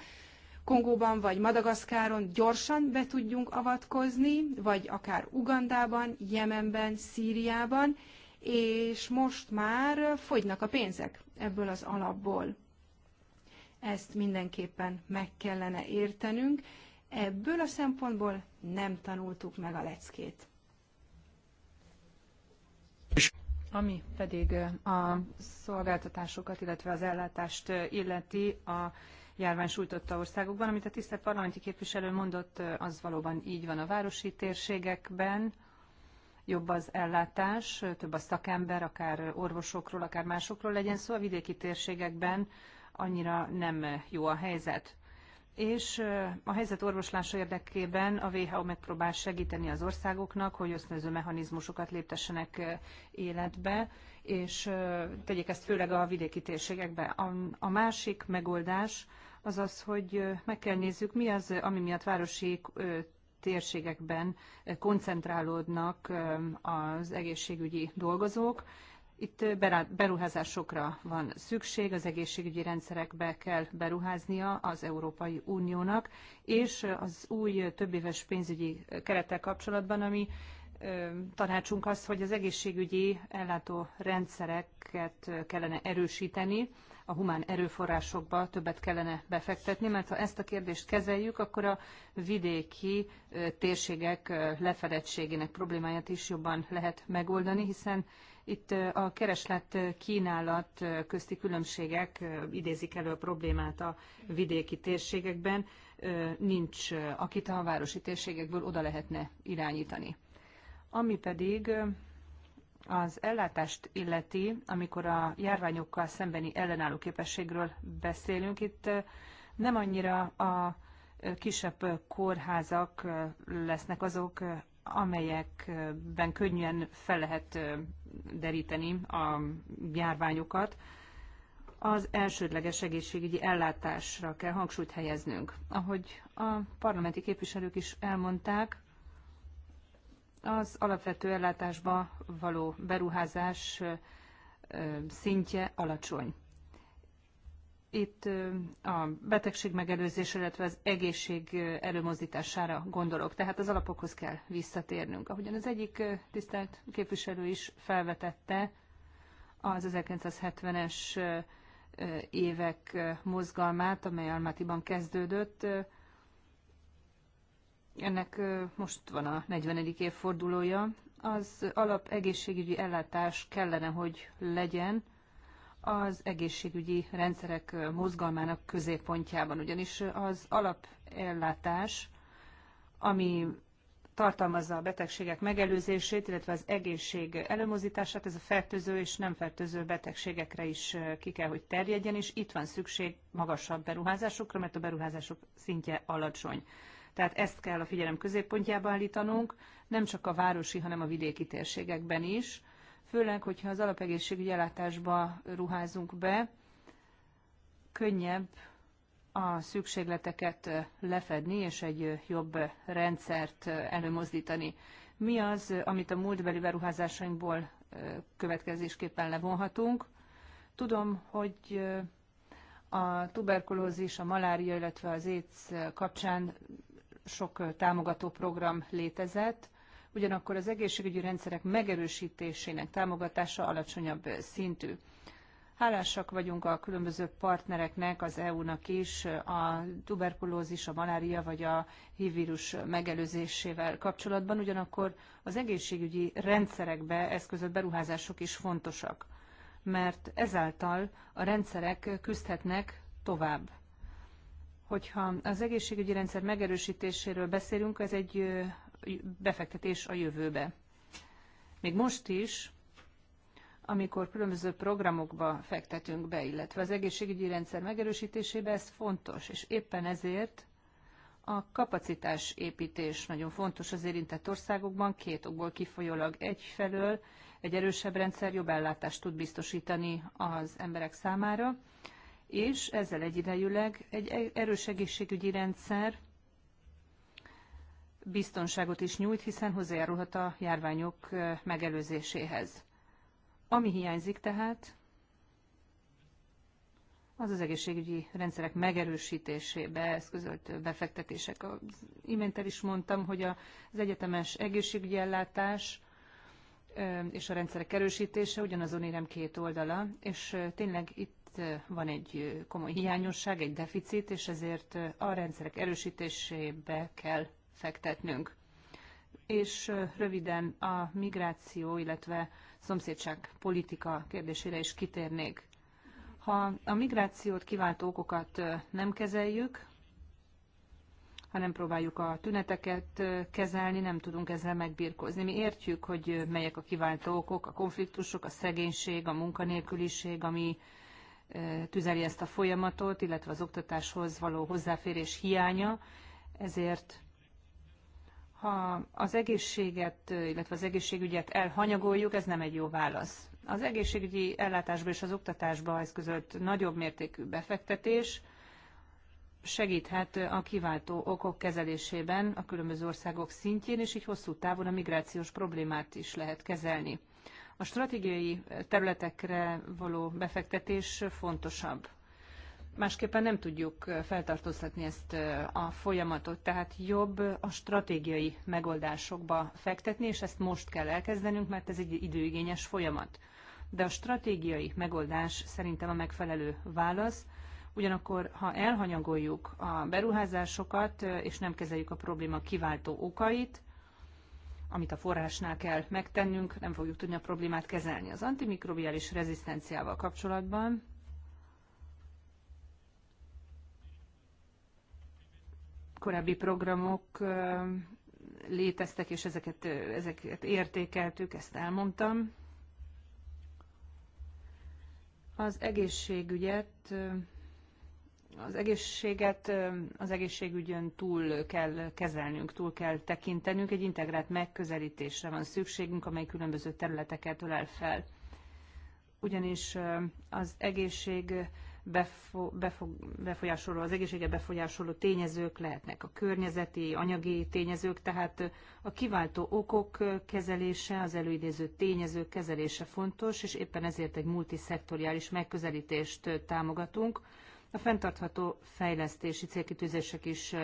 Kongóban vagy Madagaszkáron gyorsan be tudjunk avatkozni, vagy akár Ugandában, Jemenben, Szíriában, és most már fogynak a pénzek ebből az alapból. Ezt mindenképpen meg kellene értenünk. Ebből a szempontból nem tanultuk meg a leckét. Ami pedig a szolgáltatásokat, illetve az ellátást illeti a járvány sújtotta országokban, amit a tisztelt parlamenti képviselő mondott, az valóban így van a városi térségekben, jobb az ellátás, több a szakember, akár orvosokról, akár másokról legyen szó, szóval a vidéki térségekben annyira nem jó a helyzet és a helyzet orvoslása érdekében a WHO megpróbál segíteni az országoknak, hogy ösztönző mechanizmusokat léptessenek életbe, és tegyék ezt főleg a vidéki térségekbe. A, a másik megoldás az az, hogy meg kell nézzük, mi az, ami miatt városi térségekben koncentrálódnak az egészségügyi dolgozók, itt beruházásokra van szükség, az egészségügyi rendszerekbe kell beruháznia az Európai Uniónak, és az új többéves pénzügyi kerettel kapcsolatban, ami tanácsunk az, hogy az egészségügyi ellátó rendszereket kellene erősíteni, a humán erőforrásokba többet kellene befektetni, mert ha ezt a kérdést kezeljük, akkor a vidéki térségek lefedettségének problémáját is jobban lehet megoldani, hiszen itt a kereslet-kínálat közti különbségek idézik elő a problémát a vidéki térségekben, nincs, akit a városi térségekből oda lehetne irányítani. Ami pedig az ellátást illeti, amikor a járványokkal szembeni ellenálló képességről beszélünk, itt nem annyira a kisebb kórházak lesznek azok, amelyekben könnyen fel lehet deríteni a járványokat, az elsődleges egészségügyi ellátásra kell hangsúlyt helyeznünk. Ahogy a parlamenti képviselők is elmondták, az alapvető ellátásba való beruházás szintje alacsony. Itt a betegség megelőzésre, illetve az egészség előmozdítására gondolok. Tehát az alapokhoz kell visszatérnünk. Ahogyan az egyik tisztelt képviselő is felvetette, az 1970-es évek mozgalmát, amely Almatiban kezdődött. Ennek most van a 40. évfordulója. Az alap egészségügyi ellátás kellene, hogy legyen az egészségügyi rendszerek mozgalmának középpontjában, ugyanis az alapellátás, ami tartalmazza a betegségek megelőzését, illetve az egészség előmozítását, ez a fertőző és nem fertőző betegségekre is ki kell, hogy terjedjen, és itt van szükség magasabb beruházásokra, mert a beruházások szintje alacsony. Tehát ezt kell a figyelem középpontjába állítanunk, nem csak a városi, hanem a vidéki térségekben is, főleg, hogyha az alapegészségügyi ellátásba ruházunk be, könnyebb a szükségleteket lefedni és egy jobb rendszert előmozdítani. Mi az, amit a múltbeli beruházásainkból következésképpen levonhatunk? Tudom, hogy a tuberkulózis, a malária, illetve az AIDS kapcsán sok támogató program létezett, ugyanakkor az egészségügyi rendszerek megerősítésének támogatása alacsonyabb szintű. Hálásak vagyunk a különböző partnereknek, az EU-nak is, a tuberkulózis, a malária vagy a HIV vírus megelőzésével kapcsolatban, ugyanakkor az egészségügyi rendszerekbe eszközött beruházások is fontosak, mert ezáltal a rendszerek küzdhetnek tovább. Hogyha az egészségügyi rendszer megerősítéséről beszélünk, ez egy befektetés a jövőbe. Még most is, amikor különböző programokba fektetünk be, illetve az egészségügyi rendszer megerősítésébe, ez fontos, és éppen ezért a kapacitás építés nagyon fontos az érintett országokban, két okból kifolyólag egyfelől egy erősebb rendszer jobb ellátást tud biztosítani az emberek számára, és ezzel egyidejűleg egy erős egészségügyi rendszer biztonságot is nyújt, hiszen hozzájárulhat a járványok megelőzéséhez. Ami hiányzik tehát, az az egészségügyi rendszerek megerősítésébe eszközölt befektetések. Az imént el is mondtam, hogy az egyetemes egészségügyi ellátás és a rendszerek erősítése ugyanazon érem két oldala, és tényleg itt van egy komoly hiányosság, egy deficit, és ezért a rendszerek erősítésébe kell fektetnünk. És röviden a migráció, illetve szomszédság politika kérdésére is kitérnék. Ha a migrációt kiváltó okokat nem kezeljük, ha nem próbáljuk a tüneteket kezelni, nem tudunk ezzel megbírkozni. Mi értjük, hogy melyek a kiváltó okok, a konfliktusok, a szegénység, a munkanélküliség, ami tüzeli ezt a folyamatot, illetve az oktatáshoz való hozzáférés hiánya, ezért ha az egészséget, illetve az egészségügyet elhanyagoljuk, ez nem egy jó válasz. Az egészségügyi ellátásba és az oktatásba között nagyobb mértékű befektetés segíthet a kiváltó okok kezelésében a különböző országok szintjén, és így hosszú távon a migrációs problémát is lehet kezelni. A stratégiai területekre való befektetés fontosabb Másképpen nem tudjuk feltartóztatni ezt a folyamatot, tehát jobb a stratégiai megoldásokba fektetni, és ezt most kell elkezdenünk, mert ez egy időigényes folyamat. De a stratégiai megoldás szerintem a megfelelő válasz, ugyanakkor ha elhanyagoljuk a beruházásokat, és nem kezeljük a probléma kiváltó okait, amit a forrásnál kell megtennünk, nem fogjuk tudni a problémát kezelni. Az antimikrobiális rezisztenciával kapcsolatban korábbi programok léteztek, és ezeket, ezeket értékeltük, ezt elmondtam. Az egészségügyet, az egészséget az egészségügyön túl kell kezelnünk, túl kell tekintenünk, egy integrált megközelítésre van szükségünk, amely különböző területeket ölel fel. Ugyanis az egészség befo- befo- befolyásoló, az egészséget befolyásoló tényezők lehetnek a környezeti, anyagi tényezők, tehát a kiváltó okok kezelése, az előidéző tényezők kezelése fontos, és éppen ezért egy multiszektoriális megközelítést támogatunk. A fenntartható fejlesztési célkitűzések is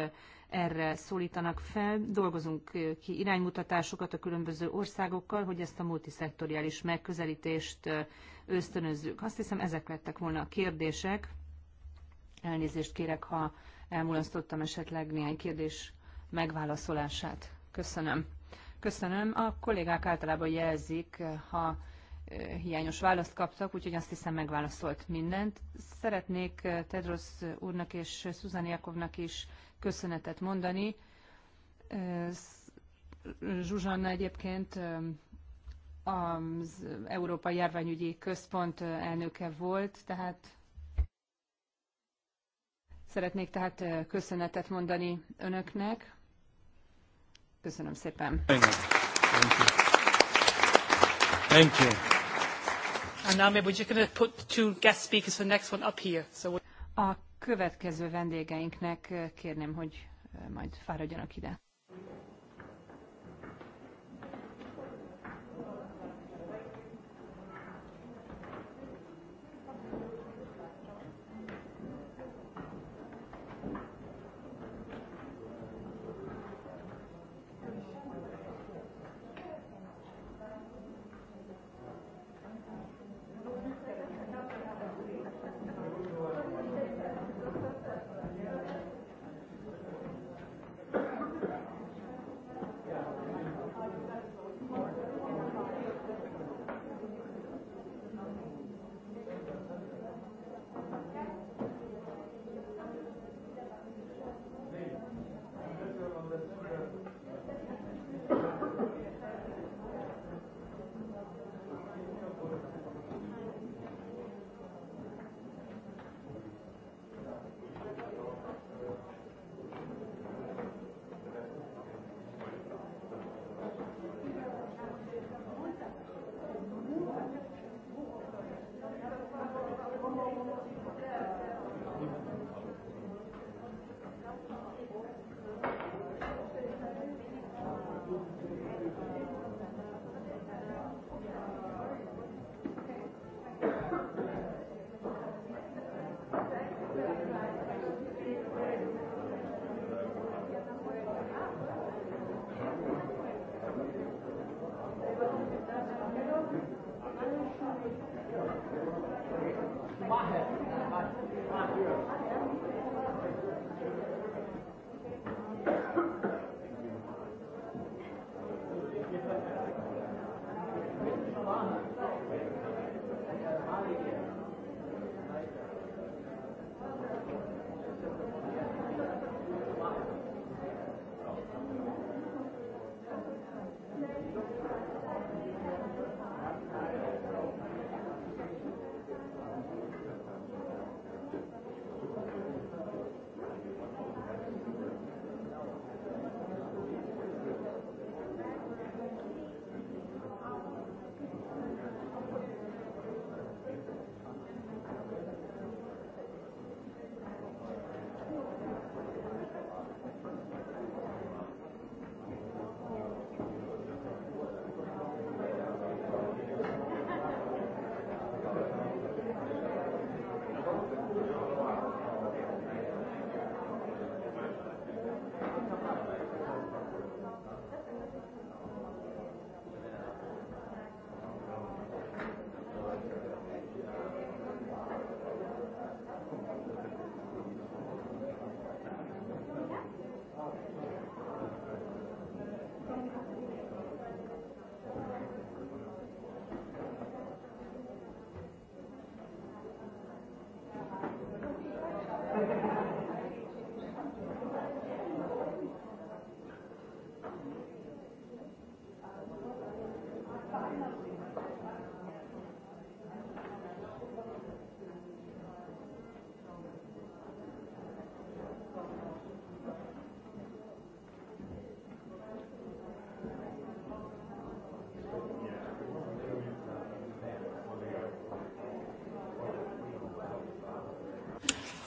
erre szólítanak fel. Dolgozunk ki iránymutatásokat a különböző országokkal, hogy ezt a multiszektoriális megközelítést ösztönözzük. Azt hiszem, ezek lettek volna a kérdések. Elnézést kérek, ha elmulasztottam esetleg néhány kérdés megválaszolását. Köszönöm. Köszönöm. A kollégák általában jelzik, ha hiányos választ kaptak, úgyhogy azt hiszem megválaszolt mindent. Szeretnék eh, Tedros úrnak és Szuzan Jakovnak is köszönetet mondani. Eh, Zsuzsanna egyébként eh, az Európai Járványügyi Központ elnöke volt, tehát szeretnék tehát köszönetet mondani önöknek. Köszönöm szépen. Thank you. Thank you. A következő vendégeinknek eh, kérném, hogy eh, majd fáradjanak ide.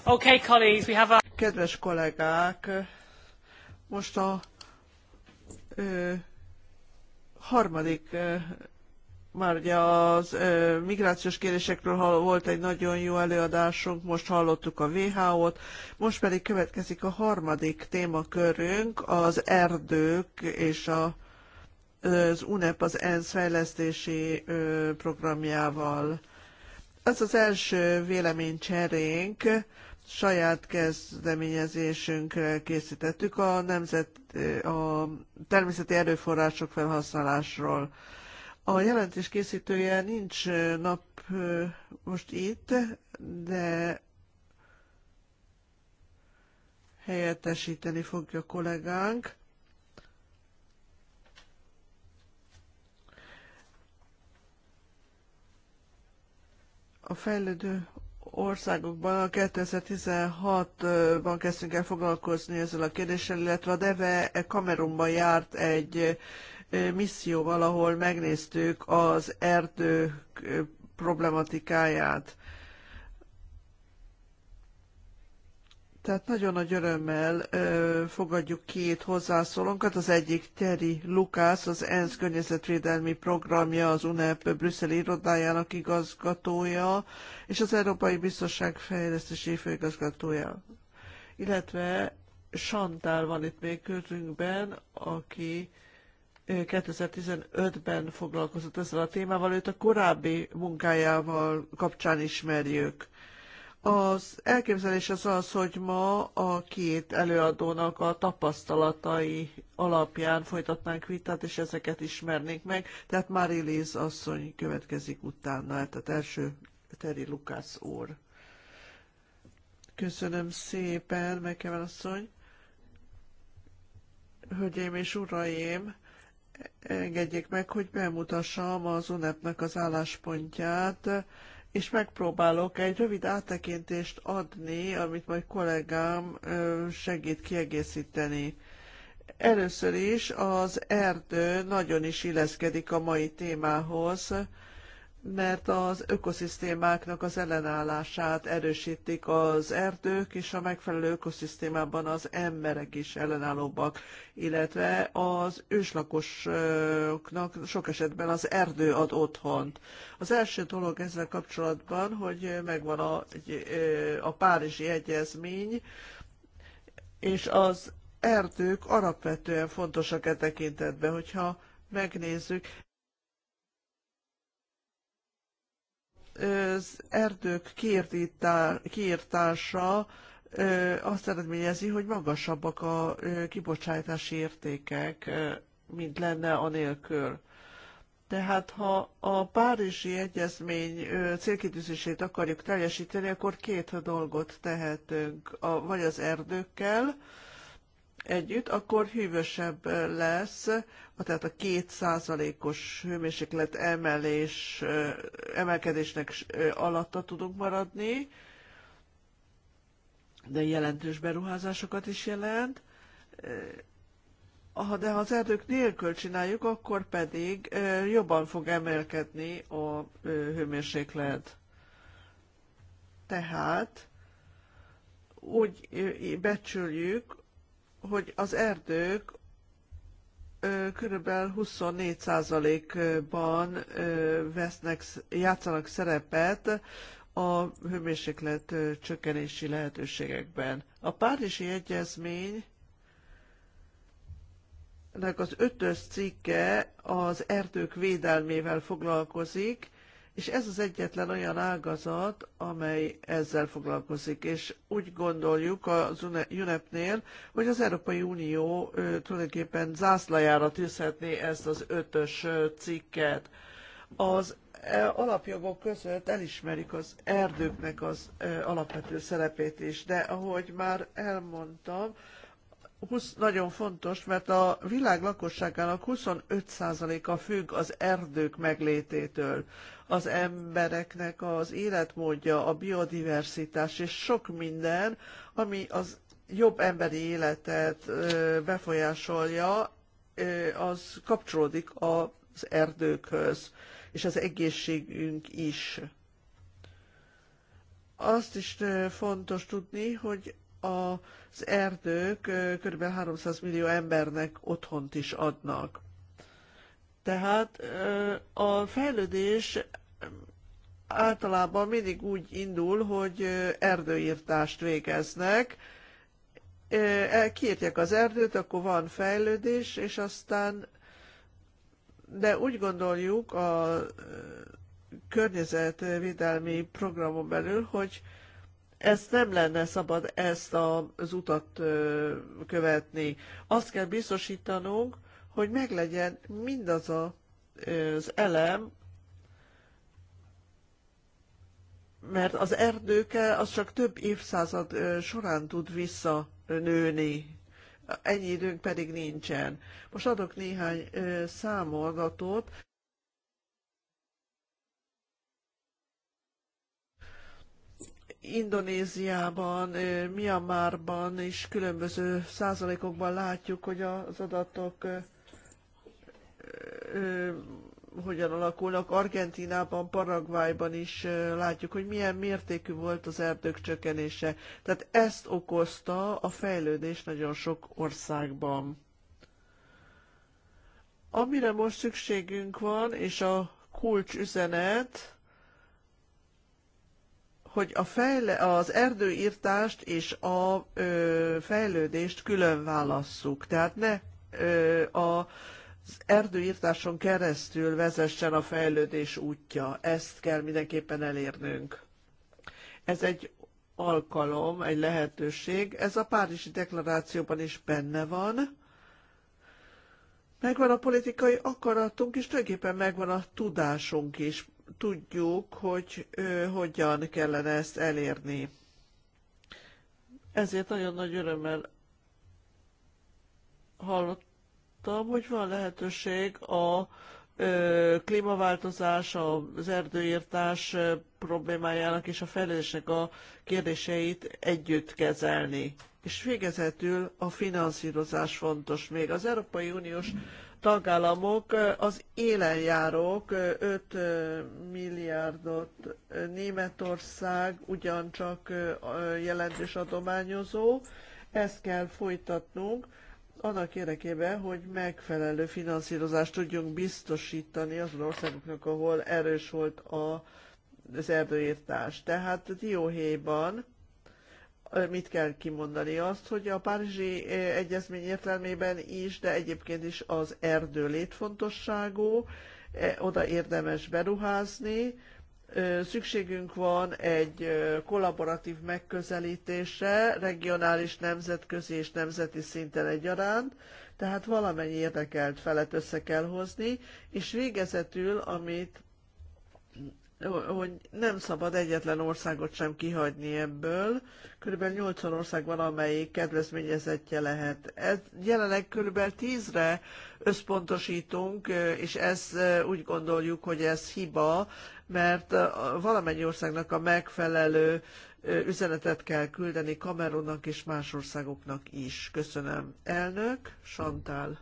Okay, colleagues, we have a... Kedves kollégák, most a ö, harmadik, ö, már ugye az ö, migrációs kérdésekről volt egy nagyon jó előadásunk, most hallottuk a WHO-t, most pedig következik a harmadik témakörünk, az erdők és a, az UNEP, az ENSZ fejlesztési ö, programjával. Ez az első véleménycserénk saját kezdeményezésünkre készítettük a, nemzet, a természeti erőforrások felhasználásról. A jelentés készítője nincs nap most itt, de helyettesíteni fogja kollégánk. A fejlődő országokban a 2016-ban kezdtünk el foglalkozni ezzel a kérdéssel, illetve a Deve Kamerunban járt egy misszióval, ahol megnéztük az erdők problematikáját. Tehát nagyon nagy örömmel ö, fogadjuk két hozzászólónkat. Az egyik Terry Lukász, az ENSZ környezetvédelmi programja, az UNEP brüsszeli irodájának igazgatója, és az Európai Biztonság fejlesztési főigazgatója. Illetve Santál van itt még közünkben, aki 2015-ben foglalkozott ezzel a témával, őt a korábbi munkájával kapcsán ismerjük az elképzelés az az, hogy ma a két előadónak a tapasztalatai alapján folytatnánk vitát, és ezeket ismernénk meg. Tehát Mári Liz asszony következik utána, tehát első Teri Lukács úr. Köszönöm szépen, Mekeven asszony. Hölgyeim és uraim, engedjék meg, hogy bemutassam az UNEP-nek az álláspontját és megpróbálok egy rövid áttekintést adni, amit majd kollégám segít kiegészíteni. Először is az erdő nagyon is illeszkedik a mai témához, mert az ökoszisztémáknak az ellenállását erősítik az erdők, és a megfelelő ökoszisztémában az emberek is ellenállóbbak, illetve az őslakosoknak sok esetben az erdő ad otthont. Az első dolog ezzel kapcsolatban, hogy megvan a, a Párizsi Egyezmény, és az erdők alapvetően fontosak e tekintetben, hogyha megnézzük, az erdők kiirtása azt eredményezi, hogy magasabbak a kibocsátási értékek, mint lenne anélkül. Tehát ha a Párizsi Egyezmény célkitűzését akarjuk teljesíteni, akkor két dolgot tehetünk, a, vagy az erdőkkel, együtt, akkor hűvösebb lesz, tehát a két százalékos hőmérséklet emelés, emelkedésnek alatta tudunk maradni, de jelentős beruházásokat is jelent. De ha az erdők nélkül csináljuk, akkor pedig jobban fog emelkedni a hőmérséklet. Tehát úgy becsüljük, hogy az erdők körülbelül 24%-ban vesznek, játszanak szerepet a hőmérséklet csökkenési lehetőségekben. A Párizsi Egyezmény ennek az ötös cikke az erdők védelmével foglalkozik, és ez az egyetlen olyan ágazat, amely ezzel foglalkozik, és úgy gondoljuk az UNEP-nél, hogy az Európai Unió tulajdonképpen zászlajára tűzhetné ezt az ötös cikket. Az e, alapjogok között elismerik az erdőknek az alapvető szerepét is, de ahogy már elmondtam, 20, nagyon fontos, mert a világ lakosságának 25%-a függ az erdők meglététől. Az embereknek az életmódja, a biodiversitás és sok minden, ami az jobb emberi életet befolyásolja, az kapcsolódik az erdőkhöz, és az egészségünk is. Azt is fontos tudni, hogy az erdők kb. 300 millió embernek otthont is adnak. Tehát a fejlődés általában mindig úgy indul, hogy erdőírtást végeznek, e, kiírtják az erdőt, akkor van fejlődés, és aztán, de úgy gondoljuk a környezetvédelmi programon belül, hogy ezt nem lenne szabad ezt az utat követni. Azt kell biztosítanunk, hogy meglegyen mindaz a, az elem, mert az erdőke az csak több évszázad során tud visszanőni. Ennyi időnk pedig nincsen. Most adok néhány számolgatót. Indonéziában, Myanmarban is különböző százalékokban látjuk, hogy az adatok hogyan alakulnak. Argentinában, Paraguayban is látjuk, hogy milyen mértékű volt az erdők csökkenése. Tehát ezt okozta a fejlődés nagyon sok országban. Amire most szükségünk van, és a kulcsüzenet, hogy a fejle, az erdőírtást és a ö, fejlődést külön válasszuk. Tehát ne ö, a, az erdőírtáson keresztül vezessen a fejlődés útja. Ezt kell mindenképpen elérnünk. Ez egy alkalom, egy lehetőség. Ez a Párizsi deklarációban is benne van. Megvan a politikai akaratunk, és tulajdonképpen megvan a tudásunk is tudjuk, hogy ö, hogyan kellene ezt elérni. Ezért nagyon nagy örömmel hallottam, hogy van lehetőség a ö, klímaváltozás, az erdőírtás problémájának és a fejlődésnek a kérdéseit együtt kezelni. És végezetül a finanszírozás fontos még. Az Európai Uniós tagállamok az élenjárók 5 milliárdot, Németország ugyancsak jelentős adományozó, ezt kell folytatnunk, annak érdekében, hogy megfelelő finanszírozást tudjunk biztosítani az országoknak, ahol erős volt a, az erdőírtás. Tehát Dióhéjban mit kell kimondani? Azt, hogy a Párizsi eh, Egyezmény értelmében is, de egyébként is az erdő létfontosságú, eh, oda érdemes beruházni, eh, szükségünk van egy kollaboratív megközelítésre, regionális, nemzetközi és nemzeti szinten egyaránt, tehát valamennyi érdekelt felet össze kell hozni, és végezetül, amit hogy nem szabad egyetlen országot sem kihagyni ebből. Körülbelül 80 ország van, amelyik kedvezményezettje lehet. Ez jelenleg körülbelül 10-re összpontosítunk, és ez úgy gondoljuk, hogy ez hiba, mert valamennyi országnak a megfelelő üzenetet kell küldeni Kamerunnak és más országoknak is. Köszönöm. Elnök, Santál.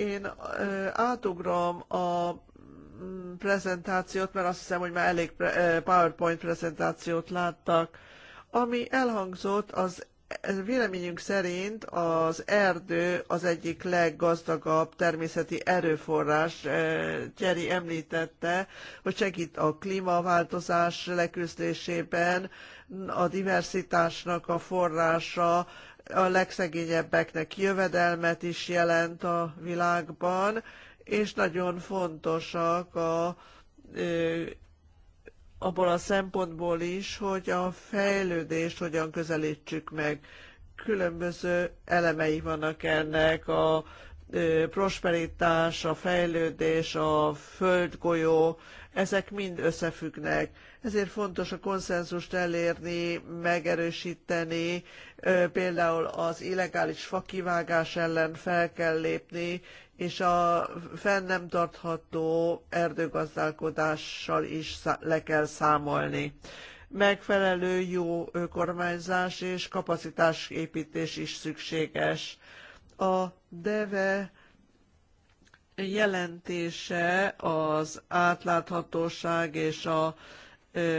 Én átugrom a prezentációt, mert azt hiszem, hogy már elég PowerPoint prezentációt láttak. Ami elhangzott, az véleményünk szerint az erdő az egyik leggazdagabb természeti erőforrás. Gyeri említette, hogy segít a klímaváltozás leküzdésében, a diversitásnak a forrása, a legszegényebbeknek jövedelmet is jelent a világban, és nagyon fontosak a, abból a szempontból is, hogy a fejlődést hogyan közelítsük meg. Különböző elemei vannak ennek, a prosperitás, a fejlődés, a földgolyó, ezek mind összefüggnek ezért fontos a konszenzust elérni, megerősíteni, például az illegális fakivágás ellen fel kell lépni, és a fenn nem tartható erdőgazdálkodással is le kell számolni megfelelő jó kormányzás és kapacitásépítés is szükséges. A DEVE jelentése az átláthatóság és a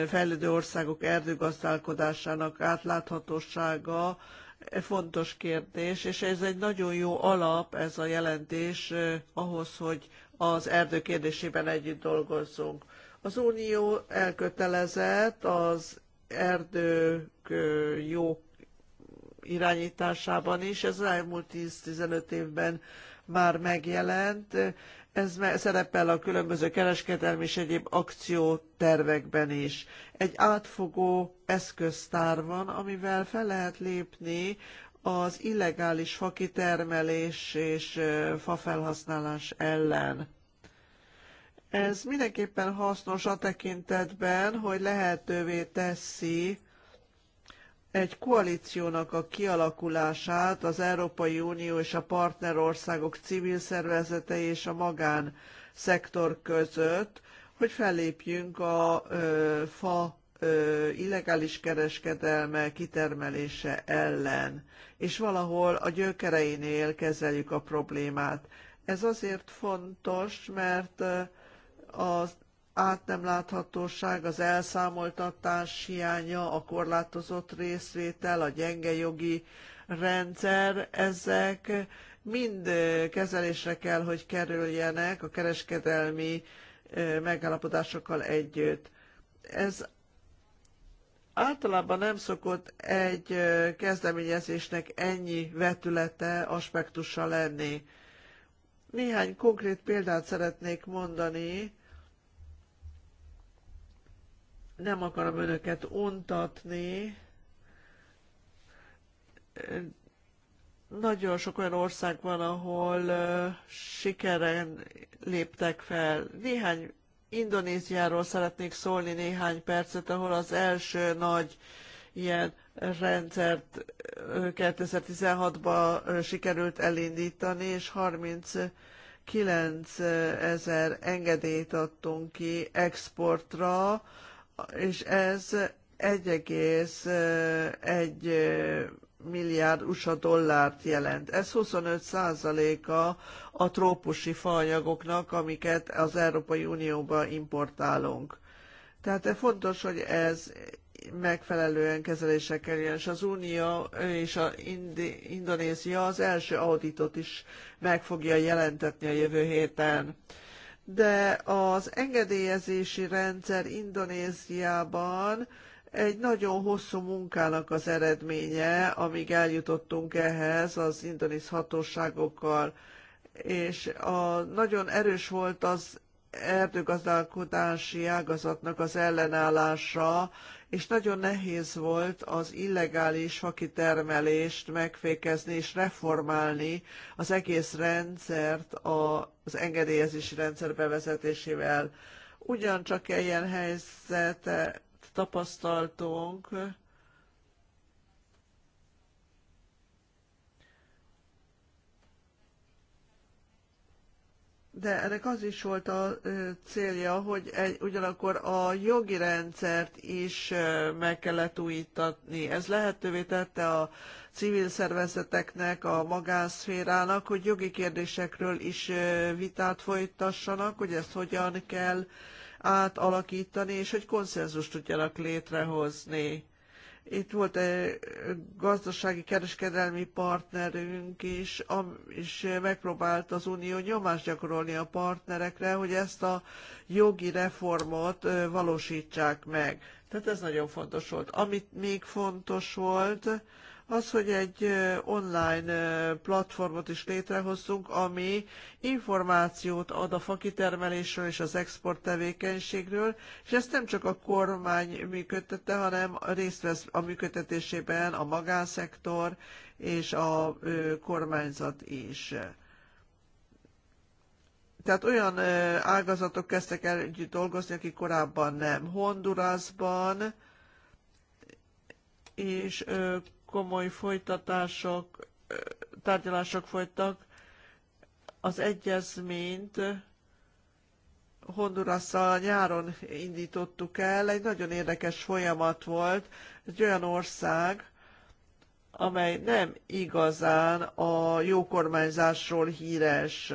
fejlődő országok erdőgazdálkodásának átláthatósága e, fontos kérdés, és ez egy nagyon jó alap, ez a jelentés ahhoz, hogy az erdő kérdésében együtt dolgozzunk. Az Unió elkötelezett az erdők jó irányításában is, ez az elmúlt 10-15 évben már megjelent, ez szerepel a különböző kereskedelmi és egyéb akciótervekben is. Egy átfogó eszköztár van, amivel fel lehet lépni az illegális fakitermelés és fafelhasználás ellen. Ez mindenképpen hasznos a tekintetben, hogy lehetővé teszi egy koalíciónak a kialakulását az Európai Unió és a partnerországok civil szervezetei és a magán szektor között, hogy fellépjünk a ö, fa ö, illegális kereskedelme kitermelése ellen, és valahol a gyökereinél kezeljük a problémát. Ez azért fontos, mert az át nem láthatóság, az elszámoltatás hiánya, a korlátozott részvétel, a gyenge jogi rendszer, ezek mind kezelésre kell, hogy kerüljenek a kereskedelmi megállapodásokkal együtt. Ez általában nem szokott egy kezdeményezésnek ennyi vetülete, aspektusa lenni. Néhány konkrét példát szeretnék mondani nem akarom önöket untatni. Nagyon sok olyan ország van, ahol sikeren léptek fel. Néhány Indonéziáról szeretnék szólni néhány percet, ahol az első nagy ilyen rendszert 2016-ban sikerült elindítani, és 39 ezer engedélyt adtunk ki exportra, és ez 1,1 milliárd USA dollárt jelent. Ez 25 százaléka a trópusi faanyagoknak, amiket az Európai Unióba importálunk. Tehát e fontos, hogy ez megfelelően kezelése kerüljön, és az Unió és a Indi- Indonézia az első auditot is meg fogja jelentetni a jövő héten de az engedélyezési rendszer Indonéziában egy nagyon hosszú munkának az eredménye, amíg eljutottunk ehhez az indonéz hatóságokkal, és a, nagyon erős volt az erdőgazdálkodási ágazatnak az ellenállása, és nagyon nehéz volt az illegális fakitermelést megfékezni és reformálni az egész rendszert az engedélyezési rendszer bevezetésével. Ugyancsak ilyen helyzetet tapasztaltunk, de ennek az is volt a célja, hogy egy, ugyanakkor a jogi rendszert is meg kellett újítatni. Ez lehetővé tette a civil szervezeteknek, a magánszférának, hogy jogi kérdésekről is vitát folytassanak, hogy ezt hogyan kell átalakítani, és hogy konszenzust tudjanak létrehozni itt volt egy gazdasági kereskedelmi partnerünk is, és megpróbált az Unió nyomást gyakorolni a partnerekre, hogy ezt a jogi reformot valósítsák meg. Tehát ez nagyon fontos volt. Amit még fontos volt, az, hogy egy online platformot is létrehozzunk, ami információt ad a fakitermelésről és az export tevékenységről, és ezt nem csak a kormány működtette, hanem részt vesz a működtetésében a magánszektor és a kormányzat is. Tehát olyan ágazatok kezdtek el együtt dolgozni, akik korábban nem. Hondurasban és komoly folytatások, tárgyalások folytak. Az egyezményt Hondurasszal nyáron indítottuk el, egy nagyon érdekes folyamat volt, egy olyan ország, amely nem igazán a jó kormányzásról híres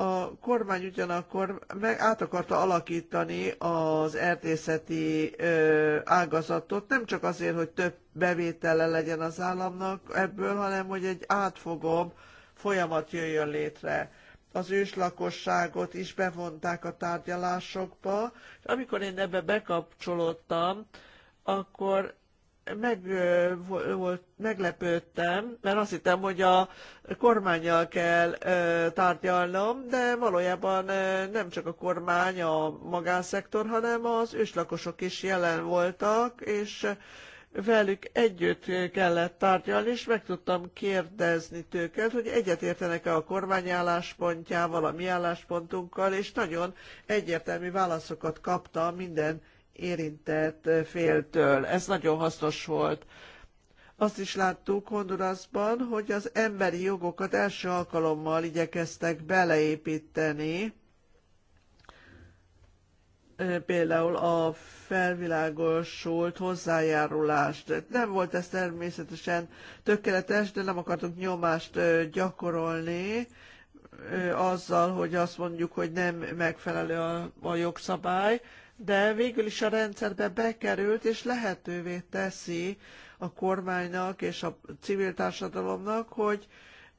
a kormány ugyanakkor meg át akarta alakítani az erdészeti ö, ágazatot, nem csak azért, hogy több bevétele legyen az államnak ebből, hanem hogy egy átfogóbb folyamat jöjjön létre. Az őslakosságot is bevonták a tárgyalásokba, és amikor én ebbe bekapcsolódtam, akkor meg, volt, meglepődtem, mert azt hittem, hogy a kormányjal kell tárgyalnom, de valójában nem csak a kormány, a magánszektor, hanem az őslakosok is jelen voltak, és velük együtt kellett tárgyalni, és meg tudtam kérdezni tőket, hogy egyetértenek-e a kormány álláspontjával, a mi álláspontunkkal, és nagyon egyértelmű válaszokat kaptam minden érintett féltől. Ez nagyon hasznos volt. Azt is láttuk Hondurasban, hogy az emberi jogokat első alkalommal igyekeztek beleépíteni, például a felvilágosult hozzájárulást. Nem volt ez természetesen tökéletes, de nem akartunk nyomást gyakorolni azzal, hogy azt mondjuk, hogy nem megfelelő a, a jogszabály, de végül is a rendszerbe bekerült, és lehetővé teszi a kormánynak és a civil társadalomnak, hogy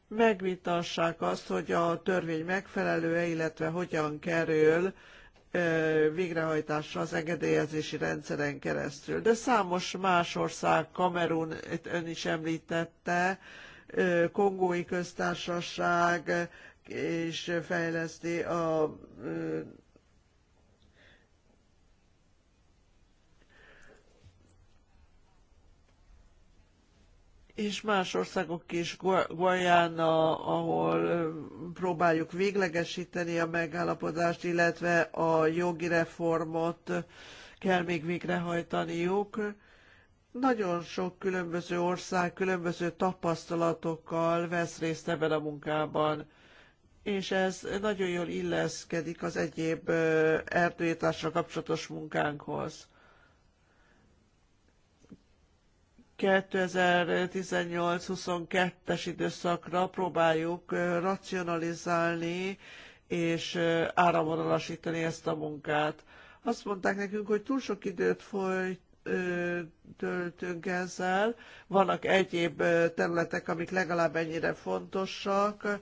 megvitassák azt, hogy a törvény megfelelő-e, illetve hogyan kerül végrehajtásra az engedélyezési rendszeren keresztül. De számos más ország, Kamerun, ön is említette, Kongói Köztársaság, és fejleszti a és más országok is, Guajana, ahol próbáljuk véglegesíteni a megállapodást, illetve a jogi reformot kell még végrehajtaniuk. Nagyon sok különböző ország különböző tapasztalatokkal vesz részt ebben a munkában, és ez nagyon jól illeszkedik az egyéb erdőjétásra kapcsolatos munkánkhoz. 2018-22-es időszakra próbáljuk racionalizálni és áramvonalasítani ezt a munkát. Azt mondták nekünk, hogy túl sok időt folyt töltünk ezzel. Vannak egyéb területek, amik legalább ennyire fontosak,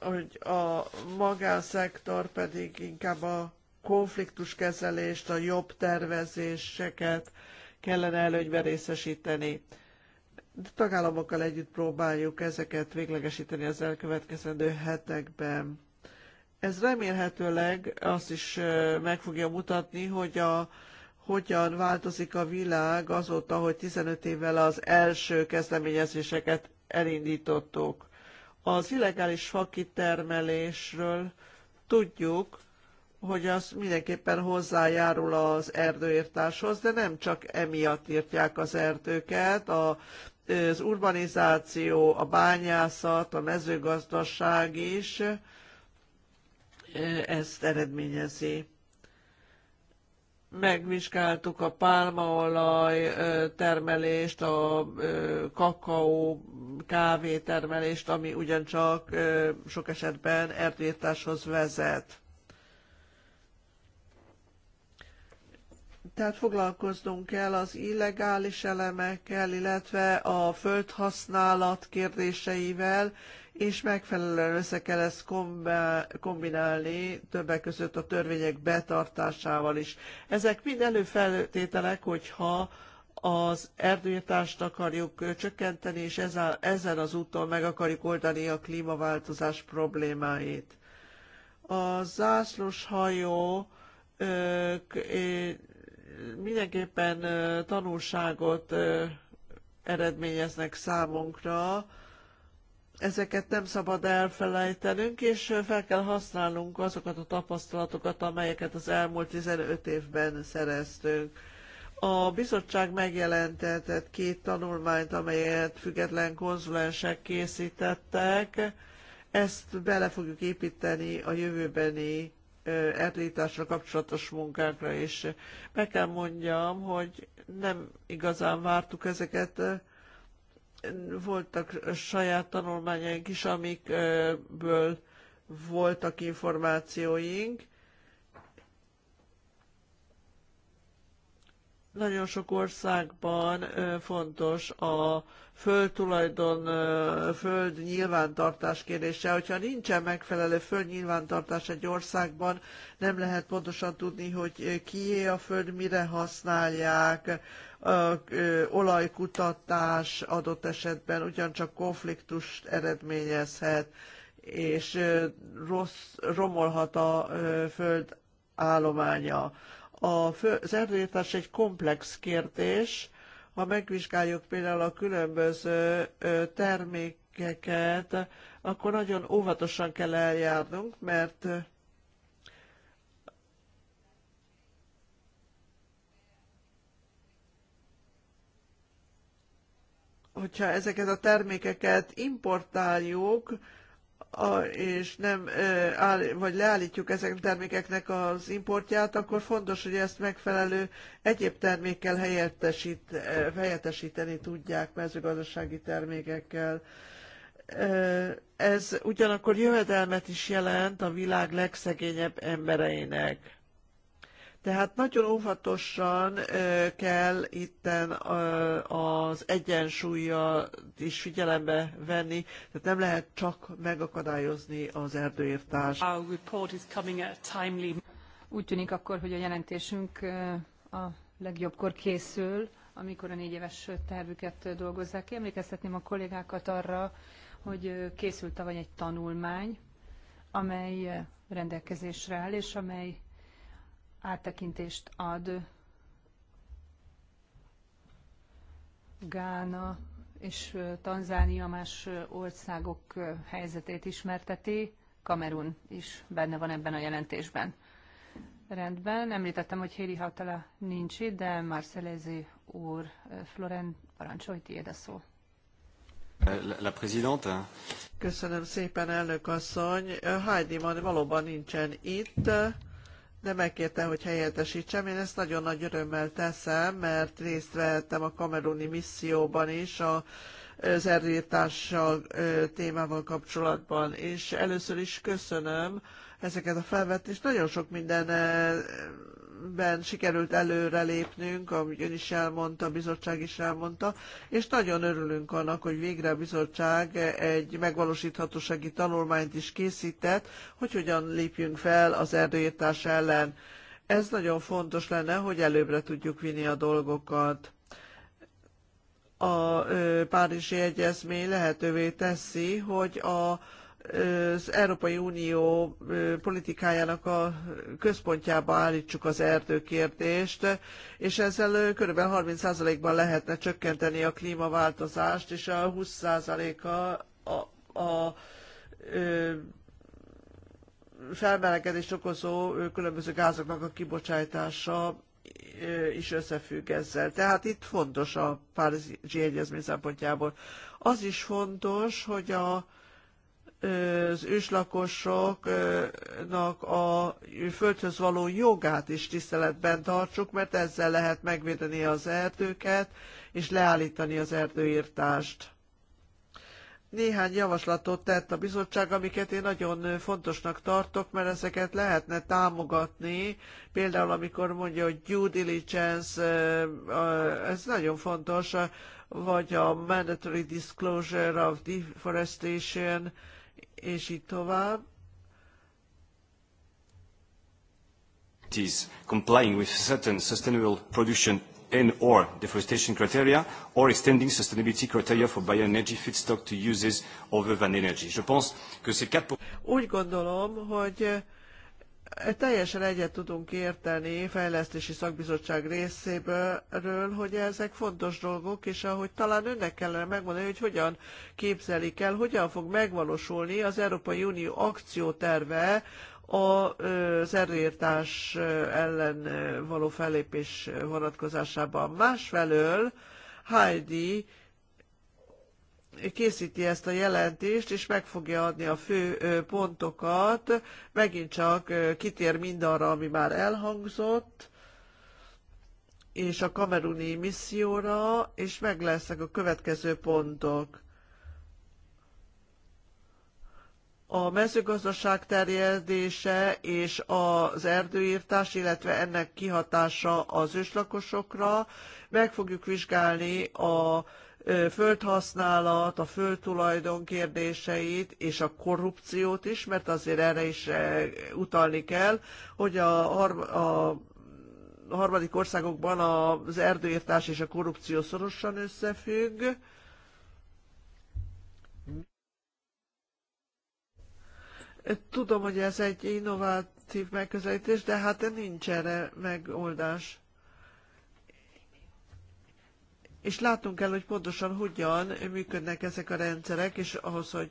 hogy a magánszektor pedig inkább a konfliktuskezelést, a jobb tervezéseket, kellene előnyben részesíteni. De tagállamokkal együtt próbáljuk ezeket véglegesíteni az elkövetkezendő hetekben. Ez remélhetőleg azt is meg fogja mutatni, hogy a, hogyan változik a világ azóta, hogy 15 évvel az első kezdeményezéseket elindítottuk. Az illegális fakitermelésről tudjuk, hogy az mindenképpen hozzájárul az erdőírtáshoz, de nem csak emiatt írtják az erdőket, a, az urbanizáció, a bányászat, a mezőgazdaság is ezt eredményezi megvizsgáltuk a pálmaolaj termelést, a kakaó, kávé termelést, ami ugyancsak sok esetben erdőírtáshoz vezet. Tehát foglalkoznunk kell az illegális elemekkel, illetve a földhasználat kérdéseivel, és megfelelően össze kell ezt kombinálni többek között a törvények betartásával is. Ezek mind előfeltételek, hogyha az erdőirtást akarjuk csökkenteni, és ezen az úton meg akarjuk oldani a klímaváltozás problémáit. A zászlós mindenképpen tanulságot eredményeznek számunkra, ezeket nem szabad elfelejtenünk, és fel kell használnunk azokat a tapasztalatokat, amelyeket az elmúlt 15 évben szereztünk. A bizottság megjelentetett két tanulmányt, amelyet független konzulensek készítettek. Ezt bele fogjuk építeni a jövőbeni ellátásra kapcsolatos munkákra is. Meg kell mondjam, hogy nem igazán vártuk ezeket, voltak saját tanulmányaink is, amikből voltak információink, Nagyon sok országban fontos a földtulajdon, föld nyilvántartás kérdése. Hogyha nincsen megfelelő föld nyilvántartás egy országban, nem lehet pontosan tudni, hogy kié a föld, mire használják, olajkutatás adott esetben ugyancsak konfliktust eredményezhet, és rossz, romolhat a föld állománya az erdőirtás egy komplex kérdés, ha megvizsgáljuk például a különböző termékeket, akkor nagyon óvatosan kell eljárnunk, mert hogyha ezeket a termékeket importáljuk, a, és nem áll, vagy leállítjuk ezek a termékeknek az importját, akkor fontos, hogy ezt megfelelő egyéb termékkel helyettesít, helyettesíteni tudják mezőgazdasági termékekkel. Ez ugyanakkor jövedelmet is jelent a világ legszegényebb embereinek tehát nagyon óvatosan kell itten az egyensúlya is figyelembe venni, tehát nem lehet csak megakadályozni az erdőírtást. Úgy tűnik akkor, hogy a jelentésünk a legjobbkor készül, amikor a négy éves tervüket dolgozzák ki. Emlékeztetném a kollégákat arra, hogy készült tavaly egy tanulmány, amely rendelkezésre áll, és amely áttekintést ad Gána és Tanzánia más országok helyzetét ismerteti, Kamerun is benne van ebben a jelentésben. Rendben, említettem, hogy Héri Hatala nincs itt, de Marcelezi úr, Floren, parancsolj, tiéd a szó. La presidente. Köszönöm szépen, elnök asszony. Heidi van valóban nincsen itt, de megkérte, hogy helyettesítsem. Én ezt nagyon nagy örömmel teszem, mert részt vehettem a kameruni misszióban is a, az erdőírtással témával kapcsolatban. És először is köszönöm ezeket a felvetést. Nagyon sok minden ben sikerült előrelépnünk, ahogy ön is elmondta, a bizottság is elmondta, és nagyon örülünk annak, hogy végre a bizottság egy megvalósíthatósági tanulmányt is készített, hogy hogyan lépjünk fel az erdőírtás ellen. Ez nagyon fontos lenne, hogy előbbre tudjuk vinni a dolgokat. A Párizsi Egyezmény lehetővé teszi, hogy a az Európai Unió politikájának a központjába állítsuk az erdőkérdést, és ezzel kb. 30%-ban lehetne csökkenteni a klímaváltozást, és a 20%-a a, a, a felmelegedést okozó különböző gázoknak a kibocsátása is összefügg ezzel. Tehát itt fontos a Párizsi Egyezmény szempontjából. Az is fontos, hogy a az őslakosoknak a földhöz való jogát is tiszteletben tartsuk, mert ezzel lehet megvédeni az erdőket és leállítani az erdőírtást. Néhány javaslatot tett a bizottság, amiket én nagyon fontosnak tartok, mert ezeket lehetne támogatni. Például, amikor mondja, hogy due diligence, eh, ez nagyon fontos, vagy a mandatory disclosure of deforestation, és így tovább. complying with certain sustainable production and or deforestation criteria or extending sustainability criteria for bioenergy feedstock to uses other than energy. Je pense que ces quatre... Úgy gondolom, hogy Teljesen egyet tudunk érteni fejlesztési szakbizottság részéről, hogy ezek fontos dolgok, és ahogy talán önnek kellene megmondani, hogy hogyan képzelik el, hogyan fog megvalósulni az Európai Unió akcióterve az erőírtás ellen való fellépés vonatkozásában. Másfelől Heidi készíti ezt a jelentést, és meg fogja adni a fő pontokat, megint csak kitér mindarra, ami már elhangzott, és a kameruni misszióra, és meg lesznek a következő pontok. a mezőgazdaság terjedése és az erdőírtás, illetve ennek kihatása az őslakosokra. Meg fogjuk vizsgálni a földhasználat, a földtulajdon kérdéseit és a korrupciót is, mert azért erre is utalni kell, hogy a, a, a harmadik országokban az erdőírtás és a korrupció szorosan összefügg. Tudom, hogy ez egy innovatív megközelítés, de hát nincs erre megoldás és látnunk kell, hogy pontosan hogyan működnek ezek a rendszerek, és ahhoz, hogy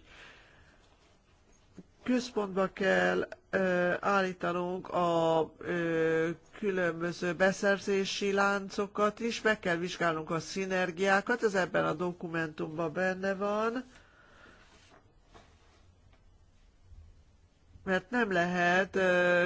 központba kell ö, állítanunk a ö, különböző beszerzési láncokat is, meg kell vizsgálnunk a szinergiákat, ez ebben a dokumentumban benne van mert nem lehet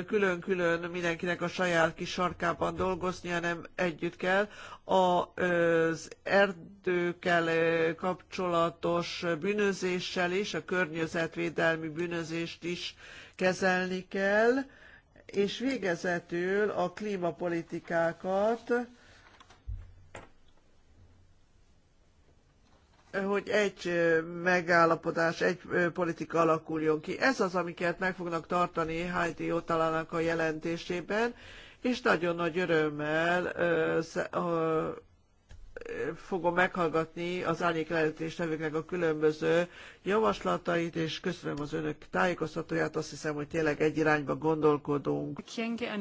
külön-külön mindenkinek a saját kis sarkában dolgozni, hanem együtt kell. Az erdőkkel kapcsolatos bűnözéssel is, a környezetvédelmi bűnözést is kezelni kell, és végezetül a klímapolitikákat, hogy egy megállapodás, egy politika alakuljon ki. Ez az, amiket meg fognak tartani Heidi Otalának a jelentésében, és nagyon nagy örömmel fogom meghallgatni az árnyék jelentéstevőknek a különböző javaslatait, és köszönöm az önök tájékoztatóját. Azt hiszem, hogy tényleg egy irányba gondolkodunk.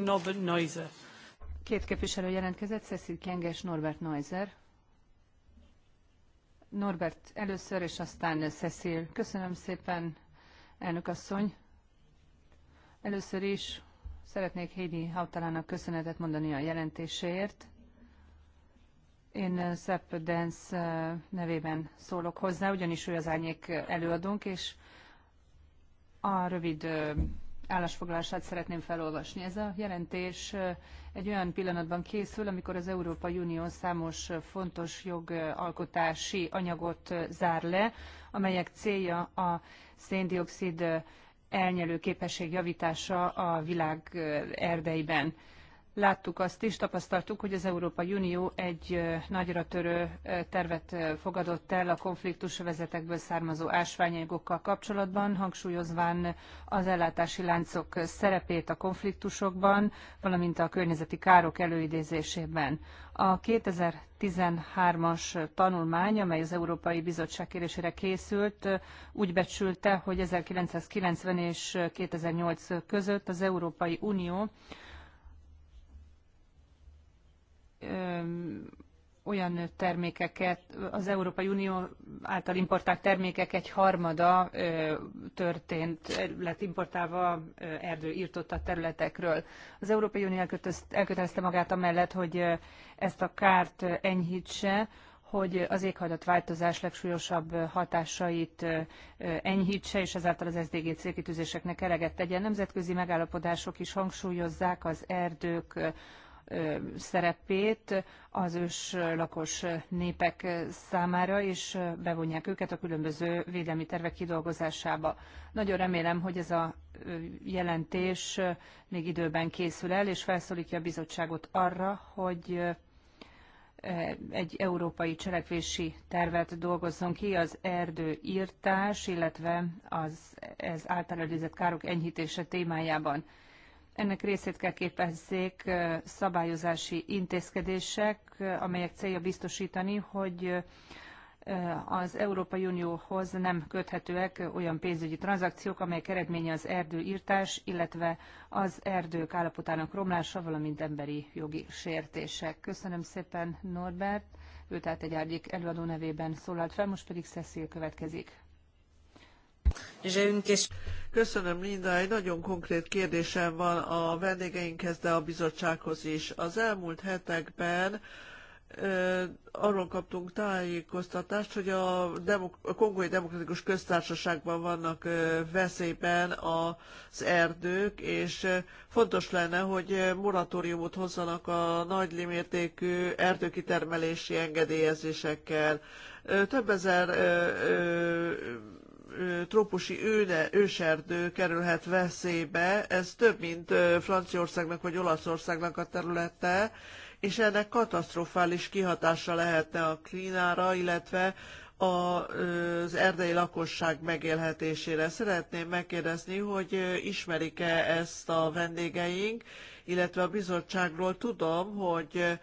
Norbert Két képviselő jelentkezett, Cecil Kenges, Norbert Neuser. Norbert először, és aztán Cecil. Köszönöm szépen, elnök asszony. Először is szeretnék Hédi Hautalának köszönetet mondani a jelentéséért. Én Szepp Dance eh, nevében szólok hozzá, ugyanis ő az árnyék előadónk, és a rövid eh, állásfoglalását szeretném felolvasni. Ez a jelentés egy olyan pillanatban készül, amikor az Európai Unió számos fontos jogalkotási anyagot zár le, amelyek célja a széndiokszid elnyelő képesség javítása a világ erdeiben láttuk azt is, tapasztaltuk, hogy az Európai Unió egy nagyra törő tervet fogadott el a konfliktus vezetekből származó ásványanyagokkal kapcsolatban, hangsúlyozván az ellátási láncok szerepét a konfliktusokban, valamint a környezeti károk előidézésében. A 2013-as tanulmány, amely az Európai Bizottság kérésére készült, úgy becsülte, hogy 1990 és 2008 között az Európai Unió olyan termékeket, az Európai Unió által importált termékek egy harmada történt, lett importálva a területekről. Az Európai Unió elkötelezte magát amellett, hogy ezt a kárt enyhítse, hogy az éghajlatváltozás legsúlyosabb hatásait enyhítse, és ezáltal az SDG célkitűzéseknek eleget tegyen. Nemzetközi megállapodások is hangsúlyozzák az erdők szerepét az őslakos népek számára, és bevonják őket a különböző védelmi tervek kidolgozásába. Nagyon remélem, hogy ez a jelentés még időben készül el, és felszólítja a bizottságot arra, hogy egy európai cselekvési tervet dolgozzon ki az erdőírtás, illetve az, ez által előzett károk enyhítése témájában ennek részét kell képezzék szabályozási intézkedések, amelyek célja biztosítani, hogy az Európai Unióhoz nem köthetőek olyan pénzügyi tranzakciók, amelyek eredménye az erdőírtás, illetve az erdők állapotának romlása, valamint emberi jogi sértések. Köszönöm szépen Norbert, ő tehát egy árnyék előadó nevében szólalt fel, most pedig Cecil következik. Köszönöm, Linda. Egy nagyon konkrét kérdésem van a vendégeinkhez, de a bizottsághoz is. Az elmúlt hetekben arról kaptunk tájékoztatást, hogy a, demok- a Kongói Demokratikus Köztársaságban vannak veszélyben az erdők, és fontos lenne, hogy moratóriumot hozzanak a nagy limértékű erdőkitermelési engedélyezésekkel. Több ezer trópusi őne, őserdő kerülhet veszélybe. Ez több, mint Franciaországnak vagy Olaszországnak a területe, és ennek katasztrofális kihatása lehetne a klínára, illetve az erdei lakosság megélhetésére. Szeretném megkérdezni, hogy ismerik-e ezt a vendégeink, illetve a bizottságról tudom, hogy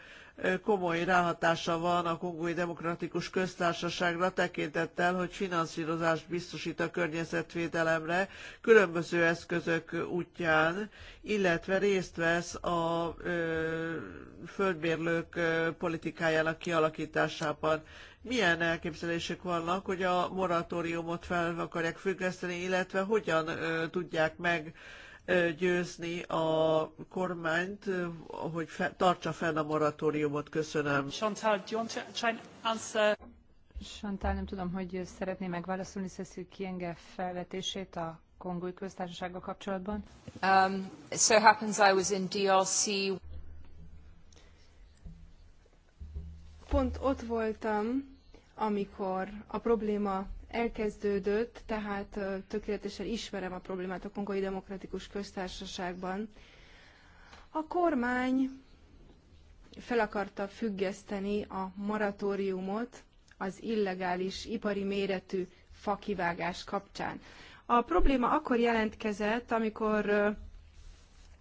komoly ráhatása van a Kongói Demokratikus Köztársaságra tekintettel, hogy finanszírozást biztosít a környezetvédelemre különböző eszközök útján, illetve részt vesz a ö, földbérlők ö, politikájának kialakításában. Milyen elképzelések vannak, hogy a moratóriumot fel akarják függeszteni, illetve hogyan ö, tudják meg győzni a kormányt, hogy fe, tartsa fenn a moratóriumot. Köszönöm. Chantal, do you want to try and answer? Chantal, nem tudom, hogy szeretné megválaszolni Cecil Kienge felvetését a kongói köztársasággal kapcsolatban. Um, so happens I was in DRC. Pont ott voltam, amikor a probléma elkezdődött, tehát tökéletesen ismerem a problémát a Kongói Demokratikus Köztársaságban. A kormány fel akarta függeszteni a moratóriumot az illegális ipari méretű fakivágás kapcsán. A probléma akkor jelentkezett, amikor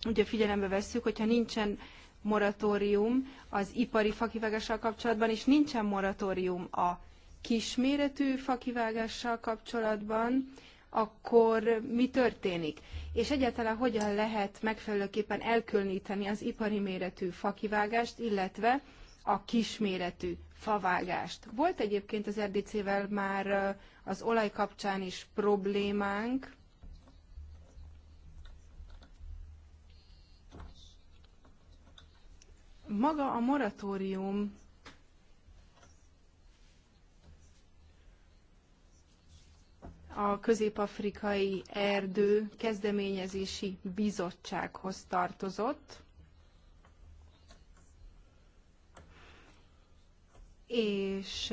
ugye figyelembe vesszük, hogyha nincsen moratórium az ipari fakivágással kapcsolatban, és nincsen moratórium a kisméretű fakivágással kapcsolatban, akkor mi történik? És egyáltalán hogyan lehet megfelelőképpen elkülöníteni az ipari méretű fakivágást, illetve a kisméretű favágást. Volt egyébként az RDC-vel már az olaj kapcsán is problémánk, maga a moratórium a Közép-Afrikai Erdő Kezdeményezési Bizottsághoz tartozott, és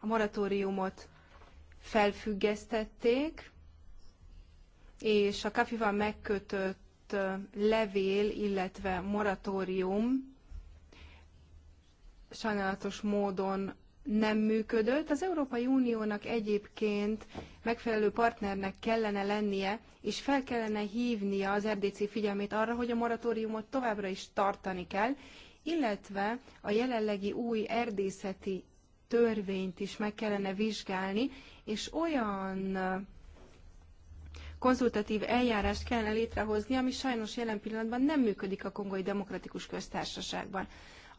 a moratóriumot felfüggesztették, és a kafival megkötött levél, illetve moratórium sajnálatos módon nem működött. Az Európai Uniónak egyébként megfelelő partnernek kellene lennie, és fel kellene hívnia az RDC figyelmét arra, hogy a moratóriumot továbbra is tartani kell, illetve a jelenlegi új erdészeti törvényt is meg kellene vizsgálni, és olyan konzultatív eljárást kellene létrehozni, ami sajnos jelen pillanatban nem működik a Kongói Demokratikus Köztársaságban.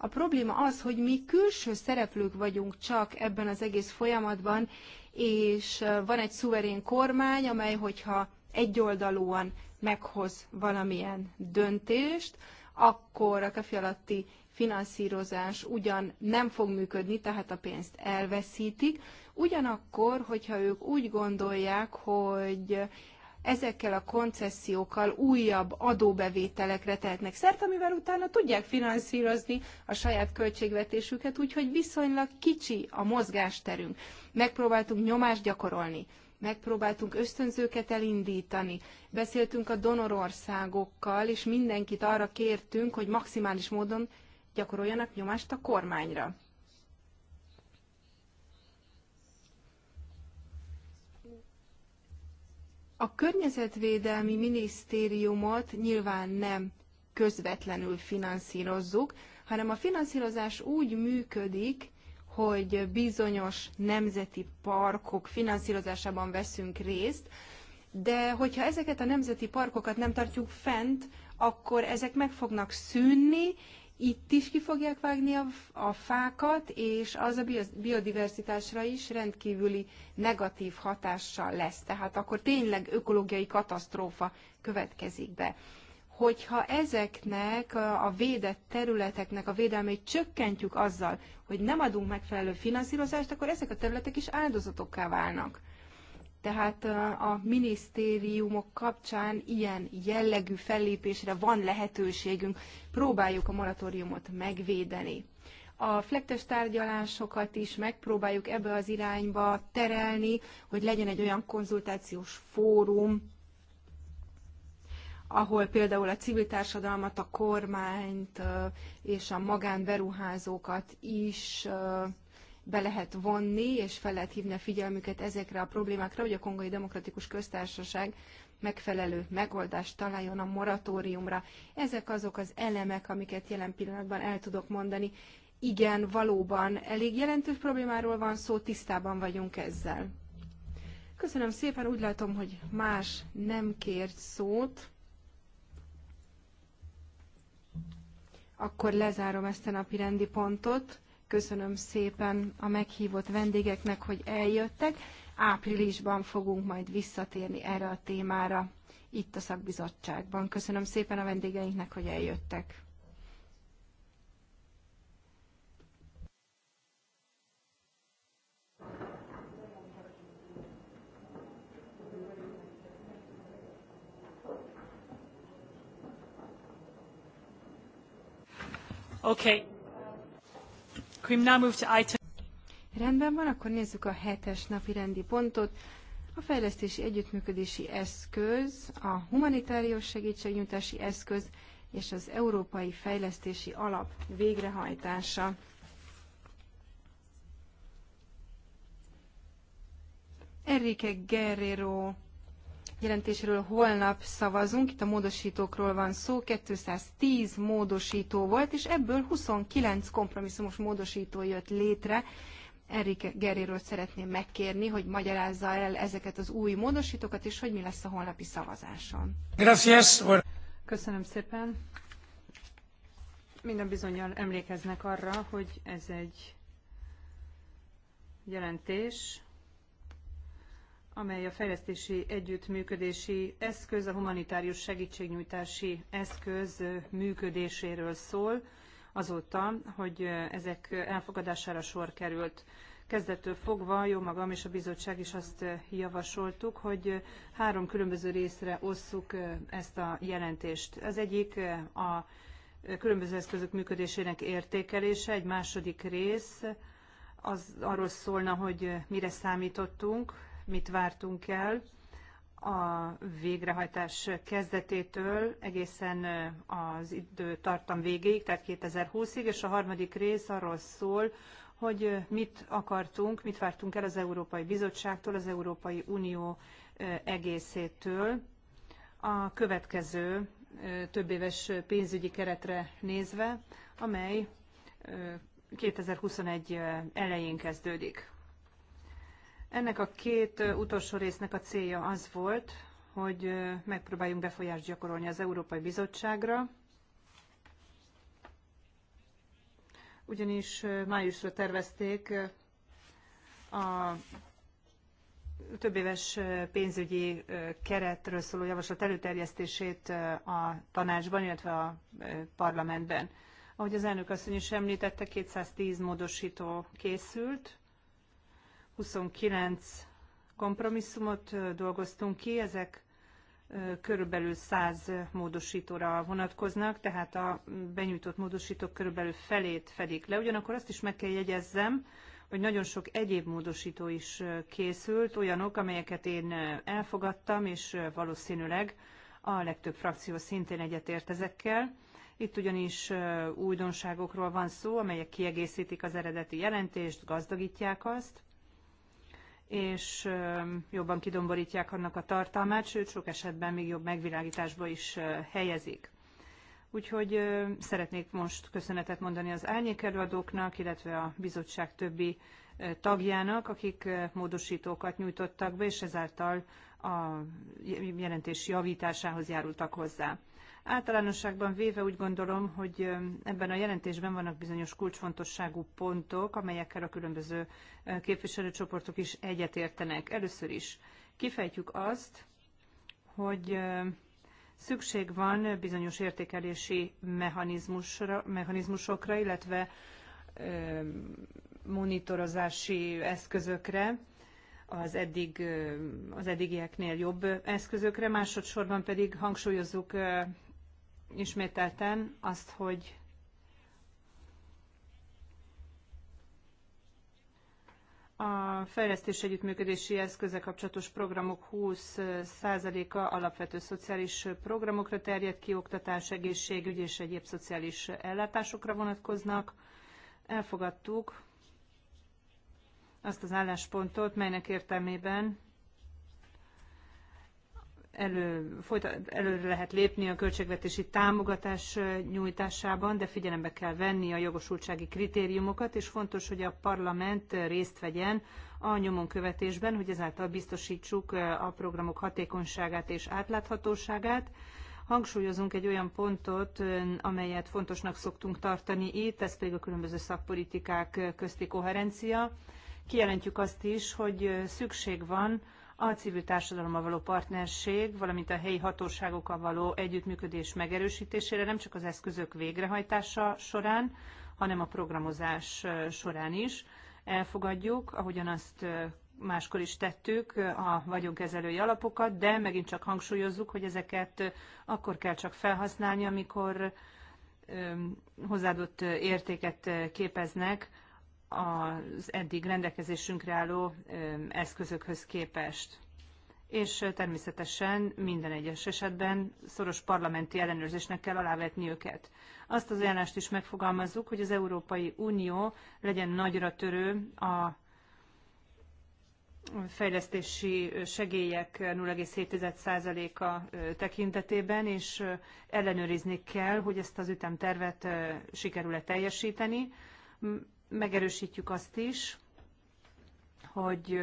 A probléma az, hogy mi külső szereplők vagyunk csak ebben az egész folyamatban, és van egy szuverén kormány, amely, hogyha egyoldalúan meghoz valamilyen döntést, akkor a kefi alatti finanszírozás ugyan nem fog működni, tehát a pénzt elveszítik. Ugyanakkor, hogyha ők úgy gondolják, hogy ezekkel a koncesziókkal újabb adóbevételekre tehetnek szert, amivel utána tudják finanszírozni a saját költségvetésüket, úgyhogy viszonylag kicsi a mozgásterünk. Megpróbáltunk nyomást gyakorolni, megpróbáltunk ösztönzőket elindítani, beszéltünk a donorországokkal, és mindenkit arra kértünk, hogy maximális módon gyakoroljanak nyomást a kormányra. A környezetvédelmi minisztériumot nyilván nem közvetlenül finanszírozzuk, hanem a finanszírozás úgy működik, hogy bizonyos nemzeti parkok finanszírozásában veszünk részt, de hogyha ezeket a nemzeti parkokat nem tartjuk fent, akkor ezek meg fognak szűnni, itt is ki fogják vágni a, a fákat, és az a biodiverzitásra is rendkívüli negatív hatással lesz. Tehát akkor tényleg ökológiai katasztrófa következik be. Hogyha ezeknek a védett területeknek a védelmét csökkentjük azzal, hogy nem adunk megfelelő finanszírozást, akkor ezek a területek is áldozatokká válnak. Tehát a minisztériumok kapcsán ilyen jellegű fellépésre van lehetőségünk, próbáljuk a moratóriumot megvédeni. A flektes tárgyalásokat is megpróbáljuk ebbe az irányba terelni, hogy legyen egy olyan konzultációs fórum, ahol például a civil társadalmat, a kormányt és a magánberuházókat is be lehet vonni, és fel lehet hívni a figyelmüket ezekre a problémákra, hogy a Kongai Demokratikus Köztársaság megfelelő megoldást találjon a moratóriumra. Ezek azok az elemek, amiket jelen pillanatban el tudok mondani. Igen, valóban elég jelentős problémáról van szó, tisztában vagyunk ezzel. Köszönöm szépen, úgy látom, hogy más nem kért szót. Akkor lezárom ezt a napi rendi pontot. Köszönöm szépen a meghívott vendégeknek, hogy eljöttek. Áprilisban fogunk majd visszatérni erre a témára itt a szakbizottságban. Köszönöm szépen a vendégeinknek, hogy eljöttek. Okay. Rendben van, akkor nézzük a hetes napi rendi pontot. A fejlesztési együttműködési eszköz, a humanitárius segítségnyújtási eszköz és az Európai Fejlesztési Alap végrehajtása. Enrique Guerrero jelentésről holnap szavazunk, itt a módosítókról van szó, 210 módosító volt, és ebből 29 kompromisszumos módosító jött létre. Erik Geréről szeretném megkérni, hogy magyarázza el ezeket az új módosítókat, és hogy mi lesz a holnapi szavazáson. Köszönöm szépen. Minden bizonyal emlékeznek arra, hogy ez egy jelentés, amely a fejlesztési együttműködési eszköz, a humanitárius segítségnyújtási eszköz működéséről szól, azóta, hogy ezek elfogadására sor került. Kezdettől fogva jó magam és a bizottság is azt javasoltuk, hogy három különböző részre osszuk ezt a jelentést. Az egyik a különböző eszközök működésének értékelése, egy második rész az arról szólna, hogy mire számítottunk, mit vártunk el a végrehajtás kezdetétől egészen az időtartam végéig, tehát 2020-ig, és a harmadik rész arról szól, hogy mit akartunk, mit vártunk el az Európai Bizottságtól, az Európai Unió egészétől a következő többéves pénzügyi keretre nézve, amely 2021 elején kezdődik. Ennek a két utolsó résznek a célja az volt, hogy megpróbáljunk befolyást gyakorolni az Európai Bizottságra, ugyanis májusra tervezték a több éves pénzügyi keretről szóló javaslat előterjesztését a tanácsban, illetve a parlamentben. Ahogy az elnök asszony is említette, 210 módosító készült, 29 kompromisszumot dolgoztunk ki, ezek körülbelül 100 módosítóra vonatkoznak, tehát a benyújtott módosítók körülbelül felét fedik le. Ugyanakkor azt is meg kell jegyezzem, hogy nagyon sok egyéb módosító is készült, olyanok, amelyeket én elfogadtam, és valószínűleg a legtöbb frakció szintén egyetért ezekkel. Itt ugyanis újdonságokról van szó, amelyek kiegészítik az eredeti jelentést, gazdagítják azt, és jobban kidomborítják annak a tartalmát, sőt sok esetben még jobb megvilágításba is helyezik. Úgyhogy szeretnék most köszönetet mondani az árnyékelőadóknak, illetve a bizottság többi tagjának, akik módosítókat nyújtottak be, és ezáltal a jelentés javításához járultak hozzá. Általánosságban véve úgy gondolom, hogy ebben a jelentésben vannak bizonyos kulcsfontosságú pontok, amelyekkel a különböző képviselőcsoportok is egyetértenek. Először is kifejtjük azt, hogy szükség van bizonyos értékelési mechanizmusra, mechanizmusokra, illetve monitorozási eszközökre, az, eddig, az eddigieknél jobb eszközökre, másodszorban pedig hangsúlyozzuk ismételten azt, hogy A fejlesztés együttműködési eszköze kapcsolatos programok 20%-a alapvető szociális programokra terjed ki, oktatás, egészségügy és egyéb szociális ellátásokra vonatkoznak. Elfogadtuk azt az álláspontot, melynek értelmében elő, előre lehet lépni a költségvetési támogatás nyújtásában, de figyelembe kell venni a jogosultsági kritériumokat, és fontos, hogy a parlament részt vegyen a nyomon követésben, hogy ezáltal biztosítsuk a programok hatékonyságát és átláthatóságát. Hangsúlyozunk egy olyan pontot, amelyet fontosnak szoktunk tartani itt, ez pedig a különböző szakpolitikák közti koherencia. Kijelentjük azt is, hogy szükség van, a civil társadalommal való partnerség, valamint a helyi hatóságokkal való együttműködés megerősítésére nem csak az eszközök végrehajtása során, hanem a programozás során is. Elfogadjuk, ahogyan azt máskor is tettük a vagyonkezelői alapokat, de megint csak hangsúlyozzuk, hogy ezeket akkor kell csak felhasználni, amikor hozzáadott értéket képeznek az eddig rendelkezésünkre álló eszközökhöz képest. És természetesen minden egyes esetben szoros parlamenti ellenőrzésnek kell alávetni őket. Azt az ajánlást is megfogalmazzuk, hogy az Európai Unió legyen nagyra törő a fejlesztési segélyek 0,7%-a tekintetében, és ellenőrizni kell, hogy ezt az ütemtervet sikerül-e teljesíteni megerősítjük azt is, hogy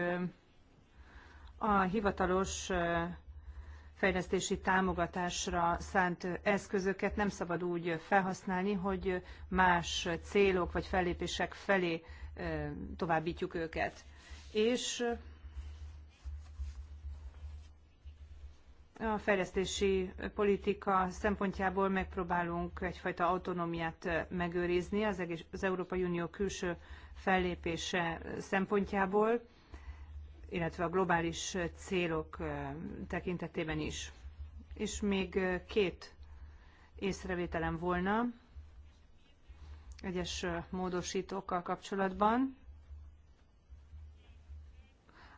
a hivatalos fejlesztési támogatásra szánt eszközöket nem szabad úgy felhasználni, hogy más célok vagy fellépések felé továbbítjuk őket. És a fejlesztési politika szempontjából megpróbálunk egyfajta autonómiát megőrizni az, egész, az Európai Unió külső fellépése szempontjából, illetve a globális célok tekintetében is. És még két észrevételem volna egyes módosítókkal kapcsolatban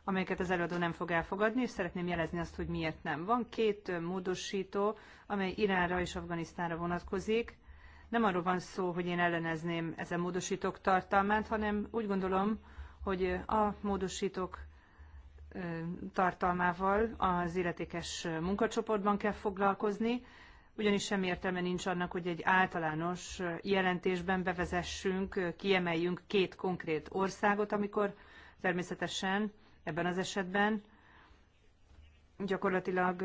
amelyeket az előadó nem fog elfogadni, és szeretném jelezni azt, hogy miért nem. Van két módosító, amely Iránra és Afganisztánra vonatkozik. Nem arról van szó, hogy én ellenezném ezen módosítók tartalmát, hanem úgy gondolom, hogy a módosítók tartalmával az illetékes munkacsoportban kell foglalkozni, ugyanis semmi értelme nincs annak, hogy egy általános jelentésben bevezessünk, kiemeljünk két konkrét országot, amikor természetesen ebben az esetben gyakorlatilag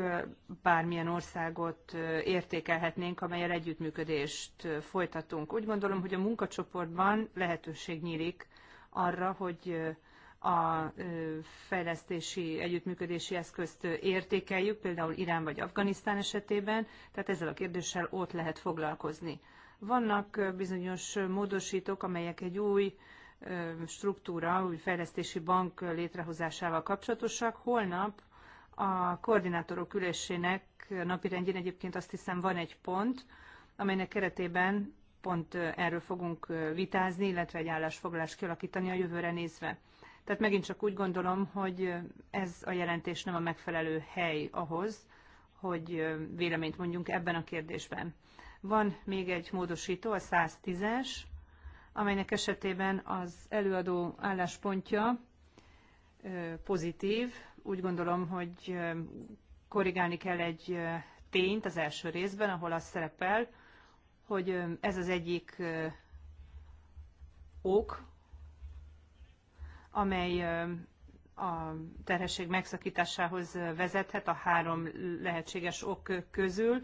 bármilyen országot értékelhetnénk, amelyel együttműködést folytatunk. Úgy gondolom, hogy a munkacsoportban lehetőség nyílik arra, hogy a fejlesztési, együttműködési eszközt értékeljük, például Irán vagy Afganisztán esetében, tehát ezzel a kérdéssel ott lehet foglalkozni. Vannak bizonyos módosítók, amelyek egy új struktúra, új fejlesztési bank létrehozásával kapcsolatosak. Holnap a koordinátorok ülésének napirendjén egyébként azt hiszem van egy pont, amelynek keretében pont erről fogunk vitázni, illetve egy állásfoglalást kialakítani a jövőre nézve. Tehát megint csak úgy gondolom, hogy ez a jelentés nem a megfelelő hely ahhoz, hogy véleményt mondjunk ebben a kérdésben. Van még egy módosító, a 110-es, amelynek esetében az előadó álláspontja pozitív. Úgy gondolom, hogy korrigálni kell egy tényt az első részben, ahol az szerepel, hogy ez az egyik ok, amely a terhesség megszakításához vezethet a három lehetséges ok közül.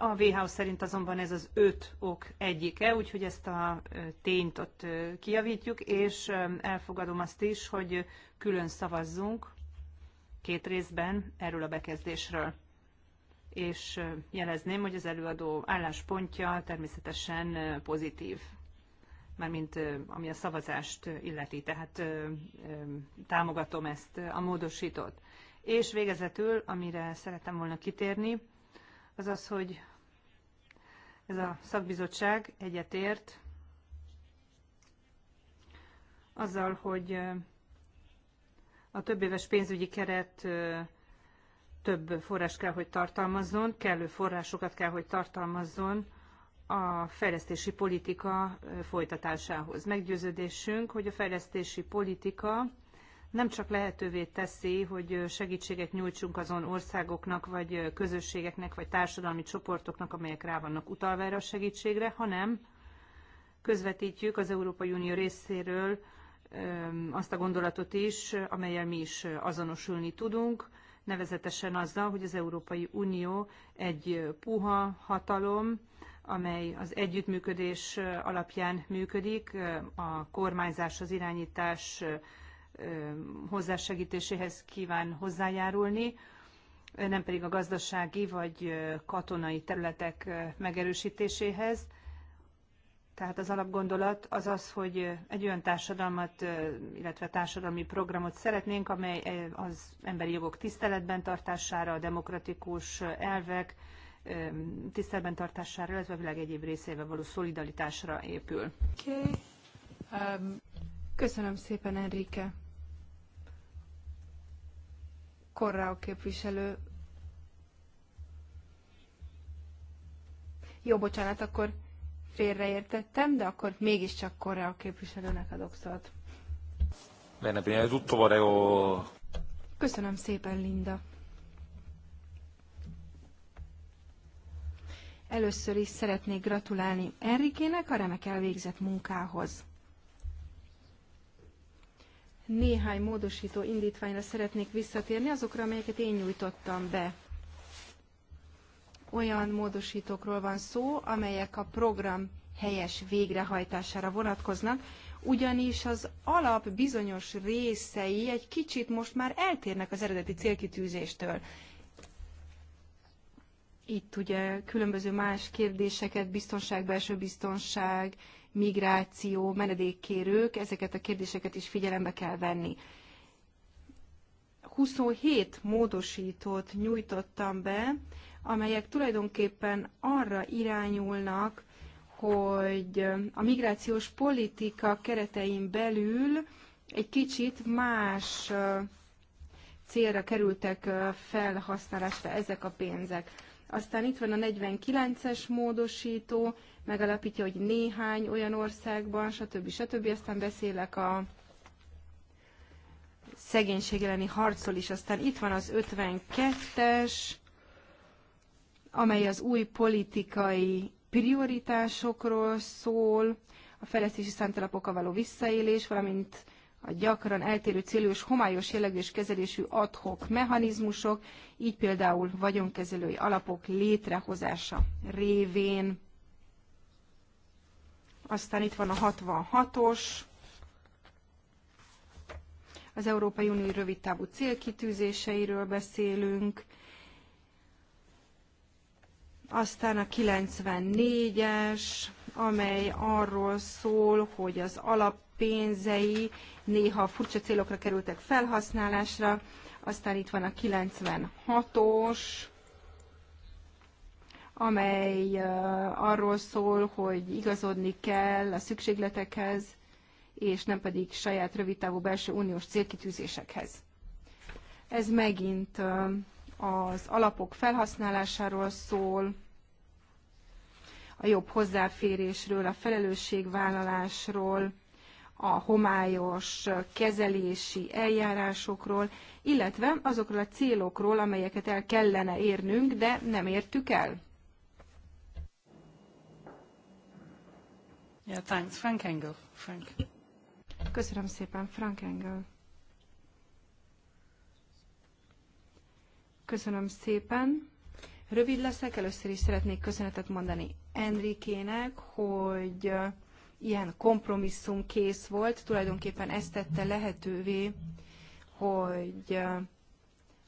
A WHO szerint azonban ez az öt ok egyike, úgyhogy ezt a tényt ott kijavítjuk, és elfogadom azt is, hogy külön szavazzunk két részben erről a bekezdésről. És jelezném, hogy az előadó álláspontja természetesen pozitív, mármint ami a szavazást illeti, tehát támogatom ezt a módosítót. És végezetül, amire szerettem volna kitérni, az az, hogy ez a szakbizottság egyetért azzal, hogy a több éves pénzügyi keret több forrás kell, hogy tartalmazzon, kellő forrásokat kell, hogy tartalmazzon a fejlesztési politika folytatásához. Meggyőződésünk, hogy a fejlesztési politika nem csak lehetővé teszi, hogy segítséget nyújtsunk azon országoknak, vagy közösségeknek, vagy társadalmi csoportoknak, amelyek rá vannak utalva erre a segítségre, hanem közvetítjük az Európai Unió részéről azt a gondolatot is, amelyel mi is azonosulni tudunk, nevezetesen azzal, hogy az Európai Unió egy puha hatalom, amely az együttműködés alapján működik, a kormányzás, az irányítás, hozzásegítéséhez kíván hozzájárulni, nem pedig a gazdasági vagy katonai területek megerősítéséhez. Tehát az alapgondolat az az, hogy egy olyan társadalmat, illetve társadalmi programot szeretnénk, amely az emberi jogok tiszteletben tartására, a demokratikus elvek tiszteletben tartására, illetve a világ egyéb részével való szolidaritásra épül. Okay. Um, Köszönöm szépen, Enrique. Korrao képviselő. Jó, bocsánat, akkor félreértettem, de akkor mégiscsak Korrao képviselőnek adok szót. Bene, prima di tutto vorrei... Köszönöm szépen, Linda. Először is szeretnék gratulálni Enrikének a remek elvégzett munkához néhány módosító indítványra szeretnék visszatérni, azokra, amelyeket én nyújtottam be. Olyan módosítókról van szó, amelyek a program helyes végrehajtására vonatkoznak, ugyanis az alap bizonyos részei egy kicsit most már eltérnek az eredeti célkitűzéstől. Itt ugye különböző más kérdéseket, biztonság, belső biztonság, migráció, menedékkérők, ezeket a kérdéseket is figyelembe kell venni. 27 módosítót nyújtottam be, amelyek tulajdonképpen arra irányulnak, hogy a migrációs politika keretein belül egy kicsit más célra kerültek felhasználásra ezek a pénzek. Aztán itt van a 49-es módosító, megalapítja, hogy néhány olyan országban, stb. stb. Aztán beszélek a szegénység elleni harcol is. Aztán itt van az 52-es, amely az új politikai prioritásokról szól, a fejlesztési számtalapokkal való visszaélés, valamint a gyakran eltérő célú és homályos jellegű és kezelésű adhok mechanizmusok, így például vagyonkezelői alapok létrehozása révén. Aztán itt van a 66-os, az Európai Unió távú célkitűzéseiről beszélünk, aztán a 94-es, amely arról szól, hogy az alap pénzei néha furcsa célokra kerültek felhasználásra, aztán itt van a 96-os, amely arról szól, hogy igazodni kell a szükségletekhez, és nem pedig saját rövidtávú belső uniós célkitűzésekhez. Ez megint az alapok felhasználásáról szól, a jobb hozzáférésről, a felelősségvállalásról, a homályos kezelési eljárásokról, illetve azokról a célokról, amelyeket el kellene érnünk, de nem értük el. Yeah, thanks. Frank Engel. Frank. Köszönöm szépen, Frank Engel. Köszönöm szépen. Rövid leszek, először is szeretnék köszönetet mondani Enrikének, hogy ilyen kompromisszum kész volt, tulajdonképpen ezt tette lehetővé, hogy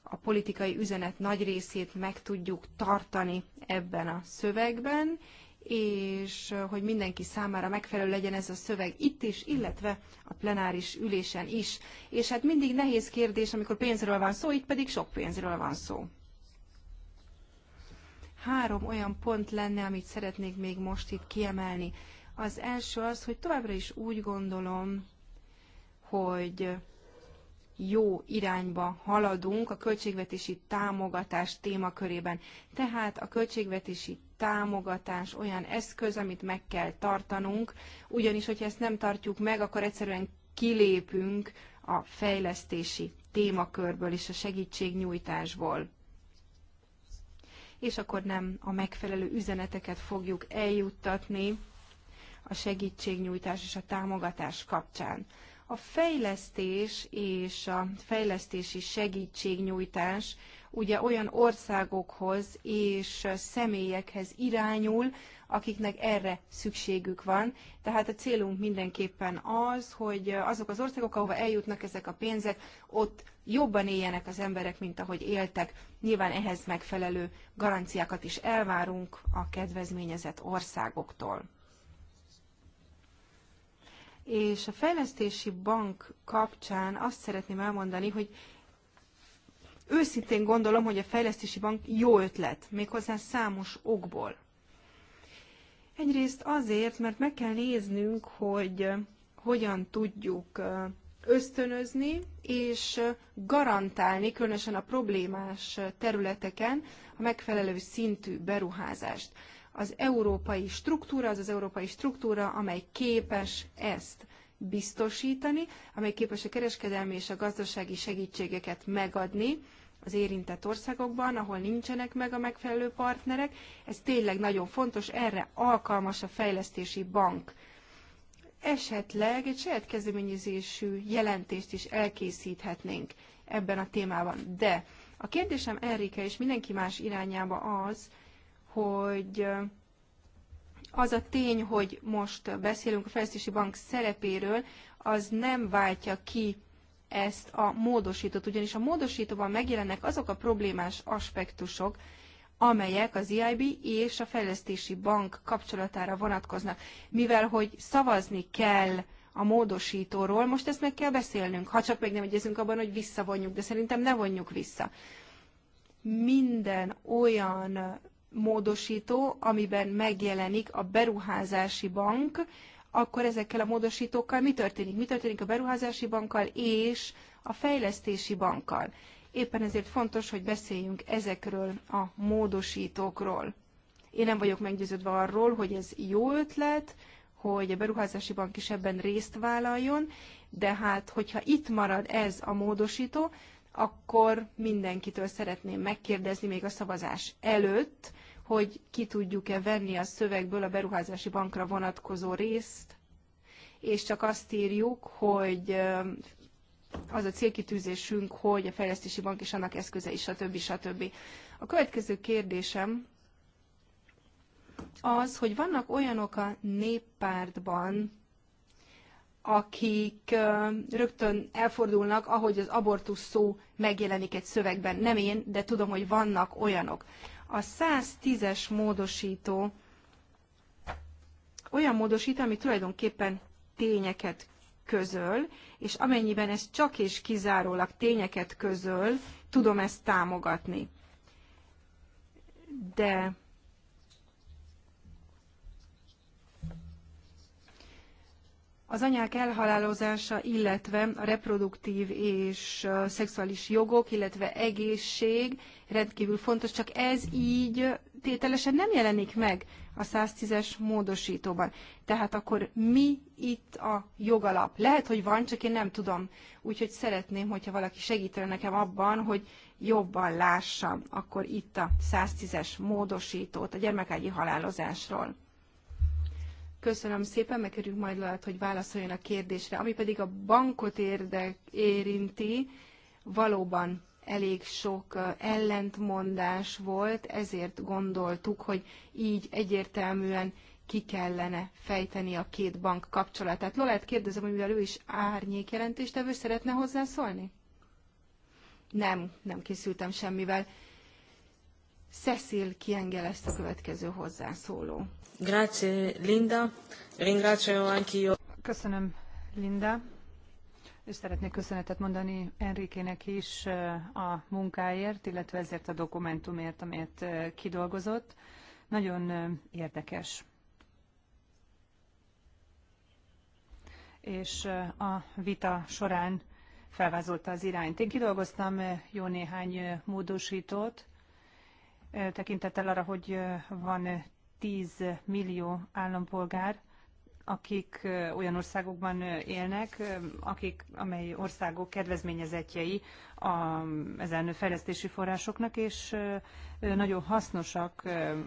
a politikai üzenet nagy részét meg tudjuk tartani ebben a szövegben, és hogy mindenki számára megfelelő legyen ez a szöveg itt is, illetve a plenáris ülésen is. És hát mindig nehéz kérdés, amikor pénzről van szó, itt pedig sok pénzről van szó. Három olyan pont lenne, amit szeretnék még most itt kiemelni. Az első az, hogy továbbra is úgy gondolom, hogy jó irányba haladunk a költségvetési támogatás témakörében. Tehát a költségvetési támogatás olyan eszköz, amit meg kell tartanunk, ugyanis, hogyha ezt nem tartjuk meg, akkor egyszerűen kilépünk a fejlesztési témakörből és a segítségnyújtásból. És akkor nem a megfelelő üzeneteket fogjuk eljuttatni a segítségnyújtás és a támogatás kapcsán. A fejlesztés és a fejlesztési segítségnyújtás ugye olyan országokhoz és személyekhez irányul, akiknek erre szükségük van. Tehát a célunk mindenképpen az, hogy azok az országok, ahova eljutnak ezek a pénzek, ott jobban éljenek az emberek, mint ahogy éltek. Nyilván ehhez megfelelő garanciákat is elvárunk a kedvezményezett országoktól. És a fejlesztési bank kapcsán azt szeretném elmondani, hogy őszintén gondolom, hogy a fejlesztési bank jó ötlet, méghozzá számos okból. Egyrészt azért, mert meg kell néznünk, hogy hogyan tudjuk ösztönözni és garantálni, különösen a problémás területeken a megfelelő szintű beruházást az európai struktúra, az az európai struktúra, amely képes ezt biztosítani, amely képes a kereskedelmi és a gazdasági segítségeket megadni az érintett országokban, ahol nincsenek meg a megfelelő partnerek. Ez tényleg nagyon fontos, erre alkalmas a fejlesztési bank. Esetleg egy saját kezdeményezésű jelentést is elkészíthetnénk ebben a témában. De a kérdésem Enrike és mindenki más irányába az, hogy az a tény, hogy most beszélünk a Fejlesztési Bank szerepéről, az nem váltja ki ezt a módosítót, ugyanis a módosítóban megjelennek azok a problémás aspektusok, amelyek az EIB és a Fejlesztési Bank kapcsolatára vonatkoznak. Mivel, hogy szavazni kell a módosítóról, most ezt meg kell beszélnünk, ha csak meg nem egyezünk abban, hogy visszavonjuk, de szerintem ne vonjuk vissza. Minden olyan módosító, amiben megjelenik a beruházási bank, akkor ezekkel a módosítókkal mi történik? Mi történik a beruházási bankkal és a fejlesztési bankkal? Éppen ezért fontos, hogy beszéljünk ezekről a módosítókról. Én nem vagyok meggyőződve arról, hogy ez jó ötlet, hogy a beruházási bank is ebben részt vállaljon, de hát, hogyha itt marad ez a módosító, akkor mindenkitől szeretném megkérdezni még a szavazás előtt, hogy ki tudjuk-e venni a szövegből a beruházási bankra vonatkozó részt, és csak azt írjuk, hogy az a célkitűzésünk, hogy a fejlesztési bank és annak eszközei, stb. stb. A következő kérdésem az, hogy vannak olyanok a néppártban, akik rögtön elfordulnak, ahogy az abortusz szó megjelenik egy szövegben. Nem én, de tudom, hogy vannak olyanok. A 110-es módosító olyan módosító, ami tulajdonképpen tényeket közöl, és amennyiben ez csak és kizárólag tényeket közöl, tudom ezt támogatni. De Az anyák elhalálozása, illetve a reproduktív és szexuális jogok, illetve egészség rendkívül fontos, csak ez így tételesen nem jelenik meg a 110-es módosítóban. Tehát akkor mi itt a jogalap? Lehet, hogy van, csak én nem tudom. Úgyhogy szeretném, hogyha valaki segítene nekem abban, hogy jobban lássam akkor itt a 110-es módosítót a gyermekágyi halálozásról. Köszönöm szépen, megkerünk majd lehet, hogy válaszoljon a kérdésre. Ami pedig a bankot érdek, érinti, valóban elég sok ellentmondás volt, ezért gondoltuk, hogy így egyértelműen ki kellene fejteni a két bank kapcsolatát. Lolát kérdezem, hogy mivel ő is árnyék ő szeretne hozzászólni? Nem, nem készültem semmivel. Cecil ezt a következő hozzászóló. Grazie, Linda. Ringrazio anche io. Köszönöm, Linda. És szeretnék köszönetet mondani Enrikének is a munkáért, illetve ezért a dokumentumért, amelyet kidolgozott. Nagyon érdekes. És a vita során felvázolta az irányt. Én kidolgoztam jó néhány módosítót, tekintettel arra, hogy van 10 millió állampolgár, akik olyan országokban élnek, akik, amely országok kedvezményezetjei a, ezen fejlesztési forrásoknak, és nagyon hasznosak,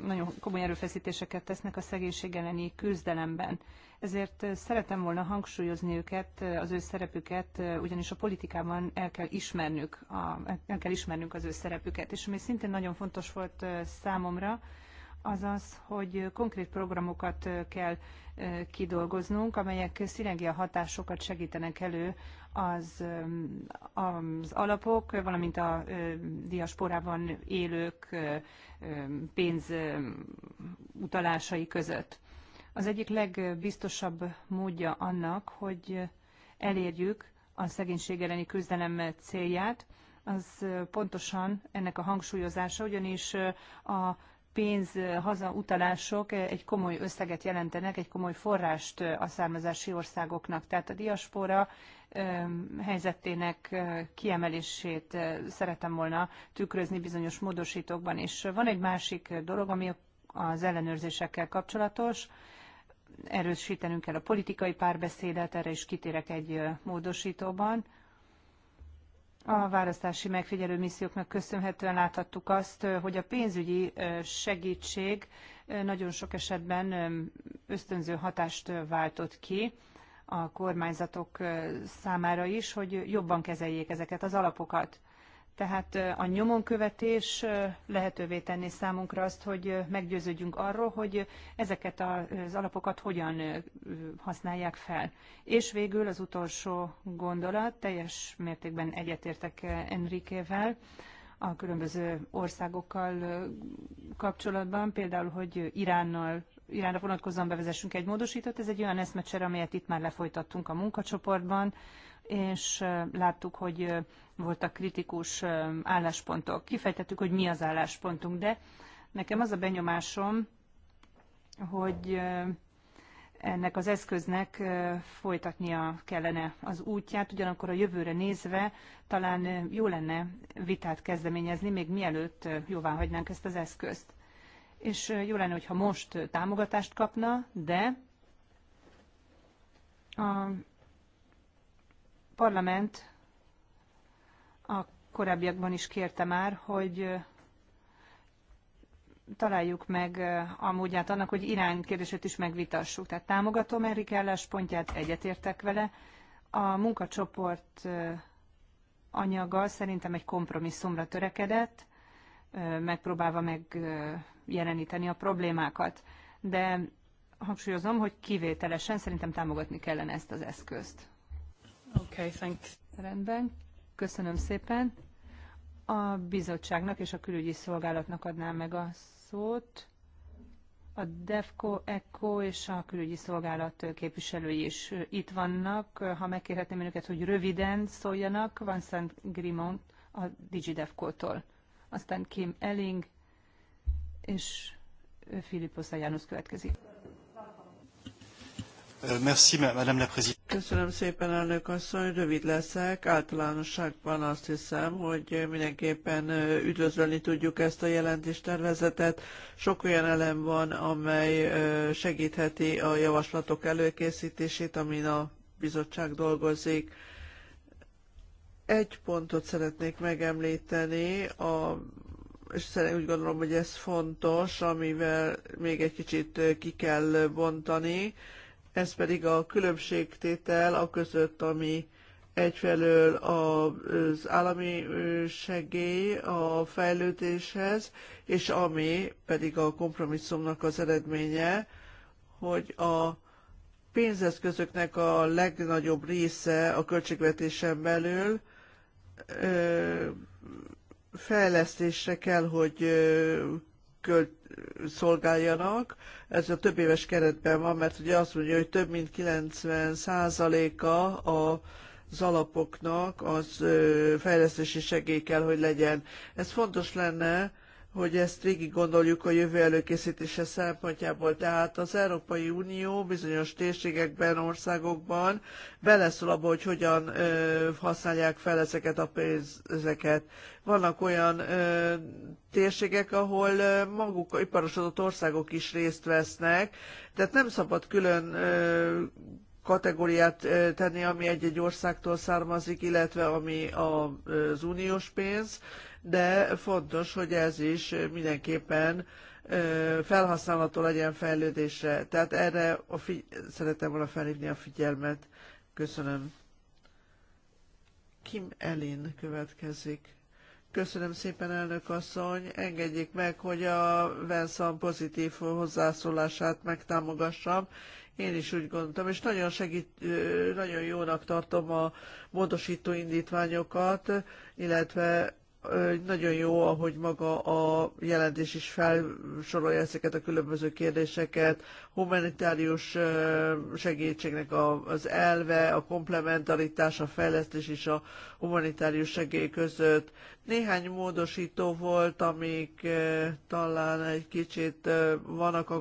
nagyon komoly erőfeszítéseket tesznek a szegénység elleni küzdelemben. Ezért szeretem volna hangsúlyozni őket, az ő szerepüket, ugyanis a politikában el kell ismernünk, a, el kell ismernünk az ő szerepüket. És ami szintén nagyon fontos volt számomra, az az, hogy konkrét programokat kell kidolgoznunk, amelyek szinergia hatásokat segítenek elő az, az alapok, valamint a diasporában élők pénzutalásai között. Az egyik legbiztosabb módja annak, hogy elérjük a szegénység elleni küzdelem célját, az pontosan ennek a hangsúlyozása, ugyanis a pénz egy komoly összeget jelentenek, egy komoly forrást a származási országoknak. Tehát a diaspora helyzetének kiemelését szeretem volna tükrözni bizonyos módosítókban. És van egy másik dolog, ami az ellenőrzésekkel kapcsolatos. Erősítenünk kell a politikai párbeszédet, erre is kitérek egy módosítóban a választási megfigyelő misszióknak köszönhetően láthattuk azt, hogy a pénzügyi segítség nagyon sok esetben ösztönző hatást váltott ki a kormányzatok számára is, hogy jobban kezeljék ezeket az alapokat. Tehát a nyomonkövetés lehetővé tenni számunkra azt, hogy meggyőződjünk arról, hogy ezeket az alapokat hogyan használják fel. És végül az utolsó gondolat, teljes mértékben egyetértek Enrikével, a különböző országokkal kapcsolatban, például, hogy Iránnal Iránra vonatkozóan bevezessünk egy módosítót. Ez egy olyan eszmecsere, amelyet itt már lefolytattunk a munkacsoportban és láttuk, hogy voltak kritikus álláspontok. Kifejtettük, hogy mi az álláspontunk, de nekem az a benyomásom, hogy ennek az eszköznek folytatnia kellene az útját, ugyanakkor a jövőre nézve talán jó lenne vitát kezdeményezni, még mielőtt jóvá hagynánk ezt az eszközt. És jó lenne, hogyha most támogatást kapna, de a parlament a korábbiakban is kérte már, hogy találjuk meg a módját annak, hogy Irán kérdését is megvitassuk. Tehát támogatom Erik álláspontját, egyetértek vele. A munkacsoport anyaga szerintem egy kompromisszumra törekedett, megpróbálva megjeleníteni a problémákat. De hangsúlyozom, hogy kivételesen szerintem támogatni kellene ezt az eszközt. Okay, thanks. Rendben. Köszönöm szépen. A bizottságnak és a külügyi szolgálatnak adnám meg a szót. A DEFCO, ECO és a külügyi szolgálat képviselői is itt vannak. Ha megkérhetném önöket, hogy röviden szóljanak, Vincent Grimont a DigiDefco-tól. Aztán Kim Elling és Filippo Szájánusz következik. Euh, merci, Madame la Présidente. Köszönöm szépen, elnök asszony, rövid leszek. Általánosságban azt hiszem, hogy mindenképpen üdvözölni tudjuk ezt a jelentéstervezetet. Sok olyan elem van, amely segítheti a javaslatok előkészítését, amin a bizottság dolgozik. Egy pontot szeretnék megemlíteni, a, és úgy gondolom, hogy ez fontos, amivel még egy kicsit ki kell bontani, ez pedig a különbségtétel a között, ami egyfelől az állami segély a fejlődéshez, és ami pedig a kompromisszumnak az eredménye, hogy a pénzeszközöknek a legnagyobb része a költségvetésen belül fejlesztésre kell, hogy költ, szolgáljanak. Ez a több éves keretben van, mert ugye azt mondja, hogy több mint 90 százaléka a az alapoknak az fejlesztési segély kell, hogy legyen. Ez fontos lenne, hogy ezt végig gondoljuk a jövő előkészítése szempontjából. Tehát az Európai Unió bizonyos térségekben, országokban beleszól abba, hogy hogyan ö, használják fel ezeket a pénzeket. Vannak olyan ö, térségek, ahol ö, maguk iparosodott országok is részt vesznek, tehát nem szabad külön ö, kategóriát tenni, ami egy-egy országtól származik, illetve ami az uniós pénz, de fontos, hogy ez is mindenképpen felhasználható legyen fejlődésre. Tehát erre a figy- szeretem volna felhívni a figyelmet. Köszönöm. Kim Elin következik. Köszönöm szépen, elnök asszony. Engedjék meg, hogy a Venszan pozitív hozzászólását megtámogassam. Én is úgy gondoltam, és nagyon, segít, nagyon jónak tartom a módosító indítványokat, illetve nagyon jó, ahogy maga a jelentés is felsorolja ezeket a különböző kérdéseket, humanitárius segítségnek az elve, a komplementaritás, a fejlesztés és a humanitárius segély között. Néhány módosító volt, amik talán egy kicsit vannak a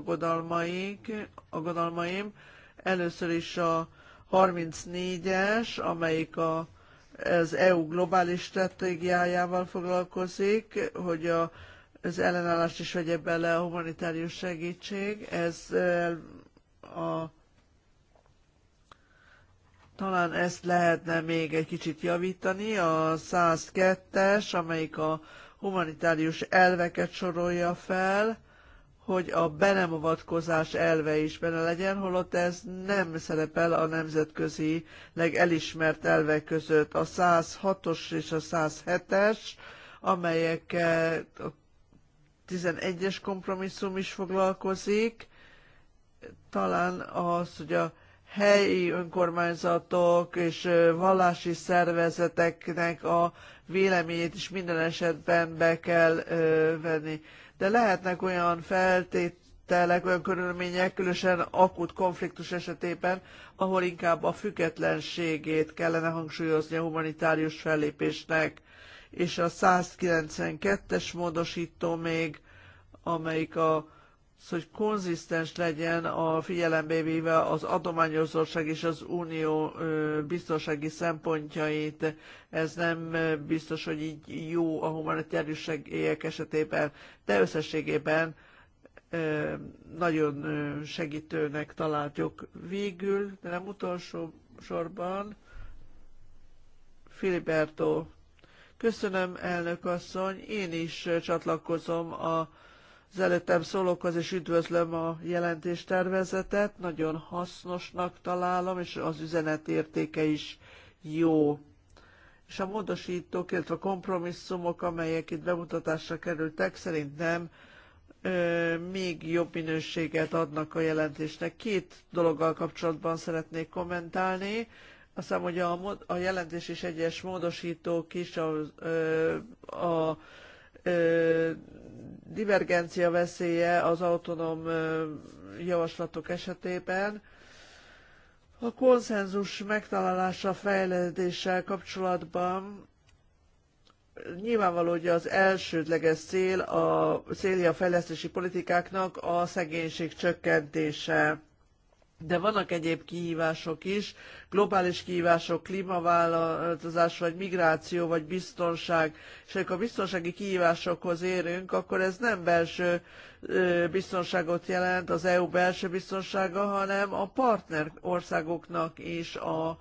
aggodalmaim. Először is a 34-es, amelyik a az EU globális stratégiájával foglalkozik, hogy a, az ellenállást is vegye bele a humanitárius segítség. Ez a talán ezt lehetne még egy kicsit javítani, a 102-es, amelyik a humanitárius elveket sorolja fel, hogy a benemavatkozás elve is benne legyen, holott ez nem szerepel a nemzetközi legelismert elvek között. A 106-os és a 107-es, amelyek a 11-es kompromisszum is foglalkozik, talán az, hogy a helyi önkormányzatok és vallási szervezeteknek a véleményét is minden esetben be kell venni de lehetnek olyan feltételek, olyan körülmények, különösen akut konfliktus esetében, ahol inkább a függetlenségét kellene hangsúlyozni a humanitárius fellépésnek. És a 192-es módosító még, amelyik a hogy konzisztens legyen a figyelembe véve az adományozóság és az unió biztonsági szempontjait. Ez nem biztos, hogy így jó a humanitárius segélyek esetében, de összességében nagyon segítőnek találjuk végül, de nem utolsó sorban. Filiberto. Köszönöm, elnök asszony. Én is csatlakozom a az előttem szólókhoz, és üdvözlöm a jelentéstervezetet. Nagyon hasznosnak találom, és az üzenet értéke is jó. És a módosítók, illetve a kompromisszumok, amelyek itt bemutatásra kerültek, szerintem ö, még jobb minőséget adnak a jelentésnek. Két dologgal kapcsolatban szeretnék kommentálni. Azt hiszem, hogy a, a jelentés és egyes módosítók is a, a divergencia veszélye az autonóm javaslatok esetében. A konszenzus megtalálása fejlődéssel kapcsolatban nyilvánvaló, hogy az elsődleges cél a célja a fejlesztési politikáknak a szegénység csökkentése. De vannak egyéb kihívások is, globális kihívások, klímaváltozás, vagy migráció, vagy biztonság. És amikor a biztonsági kihívásokhoz érünk, akkor ez nem belső biztonságot jelent az EU belső biztonsága, hanem a partner országoknak is a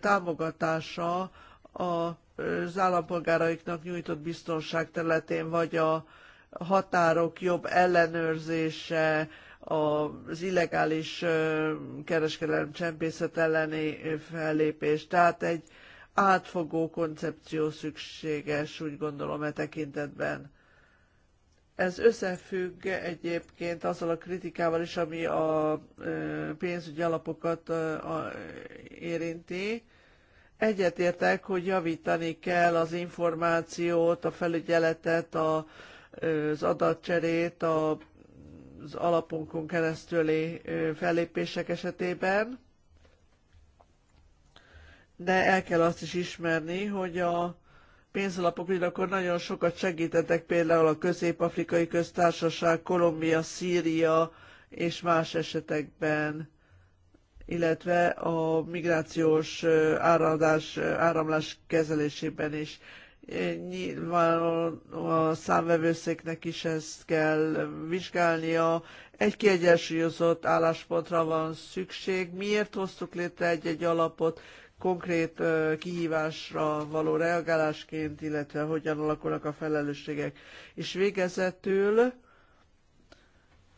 támogatása az állampolgáraiknak nyújtott biztonság területén, vagy a határok jobb ellenőrzése, az illegális kereskedelem csempészet elleni fellépés. Tehát egy átfogó koncepció szükséges, úgy gondolom, e tekintetben. Ez összefügg egyébként azzal a kritikával is, ami a pénzügyi alapokat érinti. Egyetértek, hogy javítani kell az információt, a felügyeletet, a, az adatcserét, a az alapunkon keresztüli fellépések esetében, de el kell azt is ismerni, hogy a pénzalapok ugyanakkor nagyon sokat segítettek például a Közép-Afrikai Köztársaság, Kolumbia, Szíria és más esetekben, illetve a migrációs áradás, áramlás kezelésében is nyilván a számvevőszéknek is ezt kell vizsgálnia. Egy kiegyensúlyozott álláspontra van szükség. Miért hoztuk létre egy-egy alapot konkrét kihívásra való reagálásként, illetve hogyan alakulnak a felelősségek. És végezetül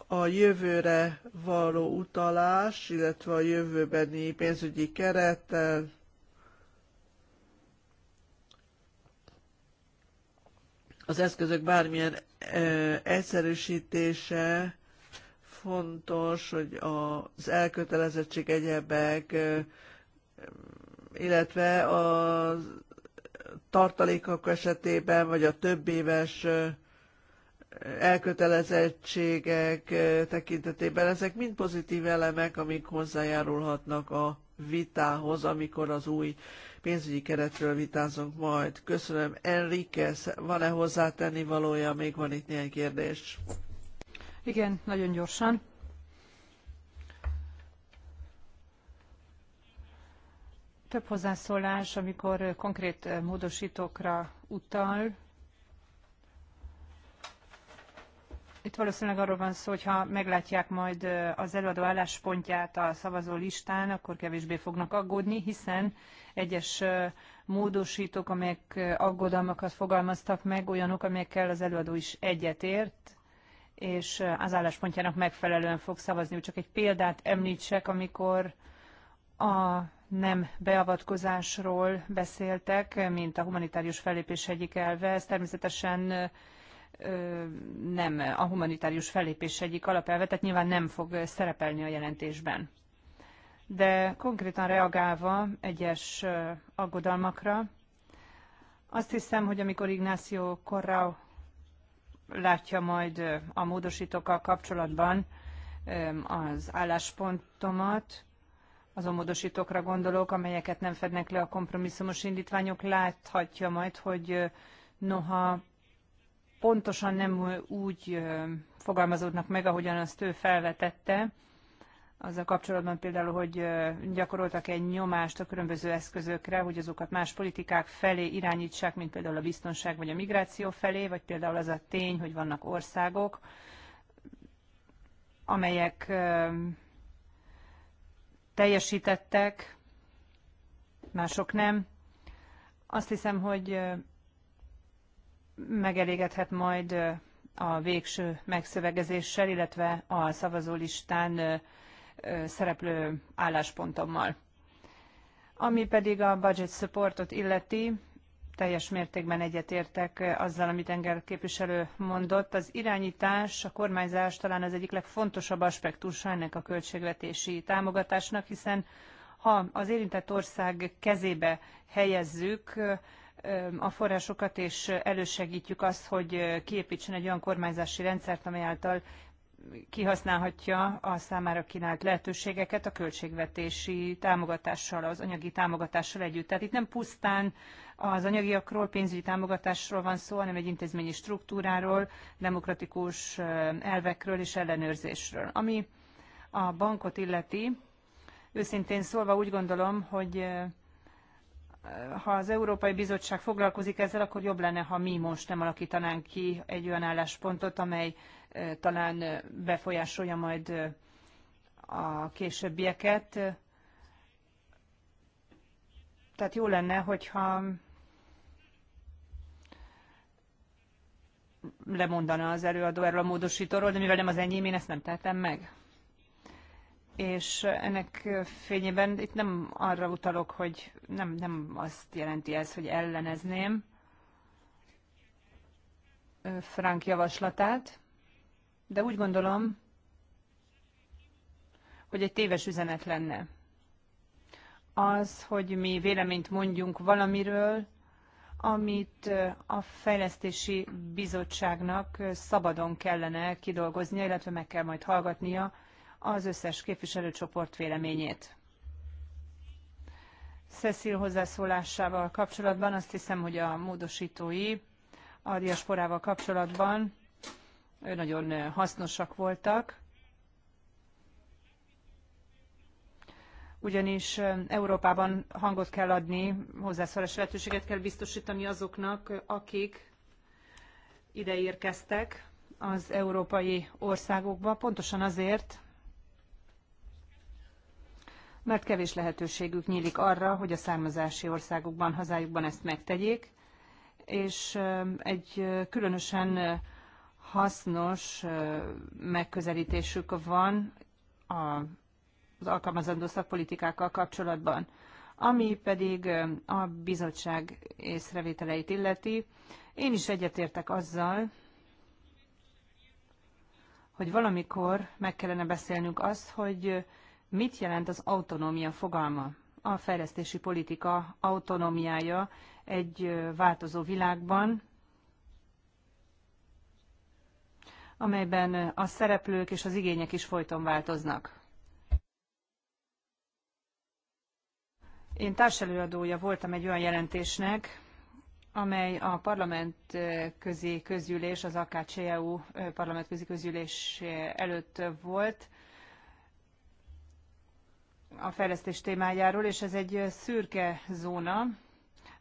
a jövőre való utalás, illetve a jövőbeni pénzügyi kerettel, az eszközök bármilyen ö, egyszerűsítése fontos, hogy az elkötelezettség egyebek, ö, illetve a tartalékok esetében, vagy a több éves elkötelezettségek tekintetében, ezek mind pozitív elemek, amik hozzájárulhatnak a vitához, amikor az új pénzügyi keretről vitázunk majd. Köszönöm. Enrique, van-e hozzátenni valója? Még van itt néhány kérdés. Igen, nagyon gyorsan. Több hozzászólás, amikor konkrét módosítókra utal, Itt valószínűleg arról van szó, hogy ha meglátják majd az előadó álláspontját a szavazó listán, akkor kevésbé fognak aggódni, hiszen egyes módosítók, amelyek aggodalmakat fogalmaztak meg, olyanok, amelyekkel az előadó is egyetért, és az álláspontjának megfelelően fog szavazni. Csak egy példát említsek, amikor a nem beavatkozásról beszéltek, mint a humanitárius fellépés egyik elve. Ez természetesen nem a humanitárius fellépés egyik alapelve, tehát nyilván nem fog szerepelni a jelentésben. De konkrétan reagálva egyes aggodalmakra, azt hiszem, hogy amikor Ignácio korra látja majd a módosítókkal kapcsolatban az álláspontomat, azon módosítókra gondolok, amelyeket nem fednek le a kompromisszumos indítványok, láthatja majd, hogy noha pontosan nem úgy fogalmazódnak meg, ahogyan azt ő felvetette, azzal kapcsolatban például, hogy gyakoroltak egy nyomást a különböző eszközökre, hogy azokat más politikák felé irányítsák, mint például a biztonság vagy a migráció felé, vagy például az a tény, hogy vannak országok, amelyek teljesítettek, mások nem. Azt hiszem, hogy megelégedhet majd a végső megszövegezéssel, illetve a szavazólistán szereplő álláspontommal. Ami pedig a budget supportot illeti, teljes mértékben egyetértek azzal, amit Enger képviselő mondott. Az irányítás, a kormányzás talán az egyik legfontosabb aspektusa ennek a költségvetési támogatásnak, hiszen ha az érintett ország kezébe helyezzük a forrásokat, és elősegítjük azt, hogy kiépítsen egy olyan kormányzási rendszert, amely által kihasználhatja a számára kínált lehetőségeket a költségvetési támogatással, az anyagi támogatással együtt. Tehát itt nem pusztán az anyagiakról, pénzügyi támogatásról van szó, hanem egy intézményi struktúráról, demokratikus elvekről és ellenőrzésről. Ami a bankot illeti, őszintén szólva úgy gondolom, hogy ha az Európai Bizottság foglalkozik ezzel, akkor jobb lenne, ha mi most nem alakítanánk ki egy olyan álláspontot, amely talán befolyásolja majd a későbbieket. Tehát jó lenne, hogyha lemondana az előadó erről a módosítóról, de mivel nem az enyém, én ezt nem tehetem meg és ennek fényében itt nem arra utalok, hogy nem, nem azt jelenti ez, hogy ellenezném Frank javaslatát, de úgy gondolom, hogy egy téves üzenet lenne. Az, hogy mi véleményt mondjunk valamiről, amit a fejlesztési bizottságnak szabadon kellene kidolgoznia, illetve meg kell majd hallgatnia, az összes képviselőcsoport véleményét. Cecil hozzászólásával kapcsolatban azt hiszem, hogy a módosítói a diasporával kapcsolatban nagyon hasznosak voltak, ugyanis Európában hangot kell adni, hozzászólás lehetőséget kell biztosítani azoknak, akik ide érkeztek az európai országokba, pontosan azért, mert kevés lehetőségük nyílik arra, hogy a származási országukban, hazájukban ezt megtegyék, és egy különösen hasznos megközelítésük van az alkalmazandó szakpolitikákkal kapcsolatban. Ami pedig a bizottság észrevételeit illeti, én is egyetértek azzal, hogy valamikor meg kellene beszélnünk azt, hogy Mit jelent az autonómia fogalma? A fejlesztési politika autonómiája egy változó világban, amelyben a szereplők és az igények is folyton változnak. Én társelőadója voltam egy olyan jelentésnek, amely a parlament közi közgyűlés, az AKCEU parlament közi közgyűlés előtt volt, a fejlesztés témájáról, és ez egy szürke zóna.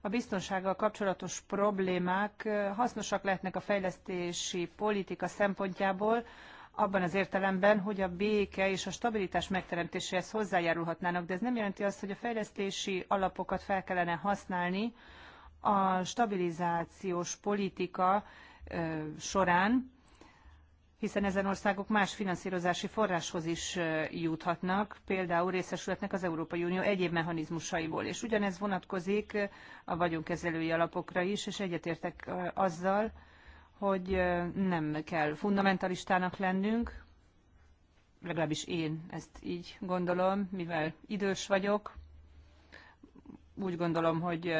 A biztonsággal kapcsolatos problémák hasznosak lehetnek a fejlesztési politika szempontjából, abban az értelemben, hogy a béke és a stabilitás megteremtéséhez hozzájárulhatnának, de ez nem jelenti azt, hogy a fejlesztési alapokat fel kellene használni a stabilizációs politika során, hiszen ezen országok más finanszírozási forráshoz is juthatnak, például részesülhetnek az Európai Unió egyéb mechanizmusaiból, és ugyanez vonatkozik a vagyonkezelői alapokra is, és egyetértek azzal, hogy nem kell fundamentalistának lennünk, legalábbis én ezt így gondolom, mivel idős vagyok, úgy gondolom, hogy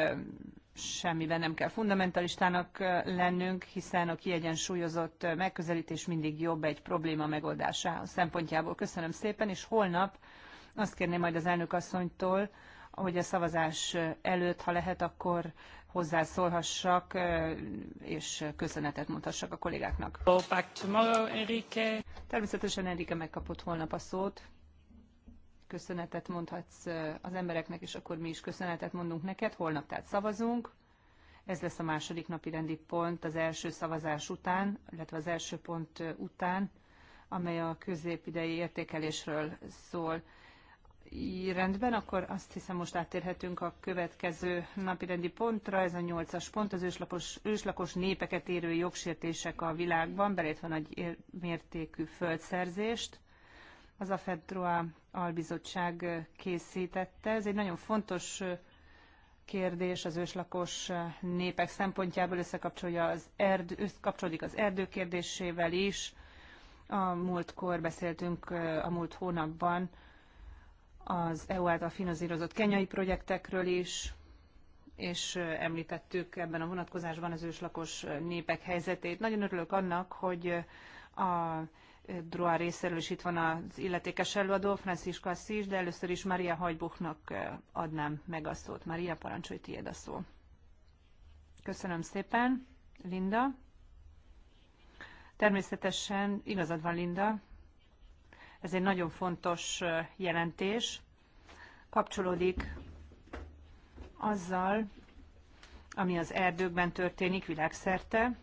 semmiben nem kell fundamentalistának lennünk, hiszen a kiegyensúlyozott megközelítés mindig jobb egy probléma megoldása szempontjából. Köszönöm szépen, és holnap azt kérném majd az elnök asszonytól, hogy a szavazás előtt, ha lehet, akkor hozzászólhassak, és köszönetet mondhassak a kollégáknak. Back tomorrow, Enrique. Természetesen Enrique megkapott holnap a szót köszönetet mondhatsz az embereknek, és akkor mi is köszönetet mondunk neked. Holnap tehát szavazunk. Ez lesz a második napi rendi pont az első szavazás után, illetve az első pont után, amely a középidei értékelésről szól. Rendben, akkor azt hiszem most áttérhetünk a következő rendi pontra. Ez a nyolcas pont, az őslakos, őslakos népeket érő jogsértések a világban, belétve nagy mértékű földszerzést az AFEDROA albizottság készítette. Ez egy nagyon fontos kérdés az őslakos népek szempontjából összekapcsolja az erdő, összekapcsolódik az erdő kérdésével is. A múltkor beszéltünk a múlt hónapban az EU által finanszírozott kenyai projektekről is, és említettük ebben a vonatkozásban az őslakos népek helyzetét. Nagyon örülök annak, hogy a Droa részéről is itt van az illetékes előadó, Francisco Assis, de először is Maria Hajbuchnak adnám meg a szót. Maria, parancsolj, tiéd a szó. Köszönöm szépen, Linda. Természetesen igazad van, Linda. Ez egy nagyon fontos jelentés. Kapcsolódik azzal, ami az erdőkben történik világszerte,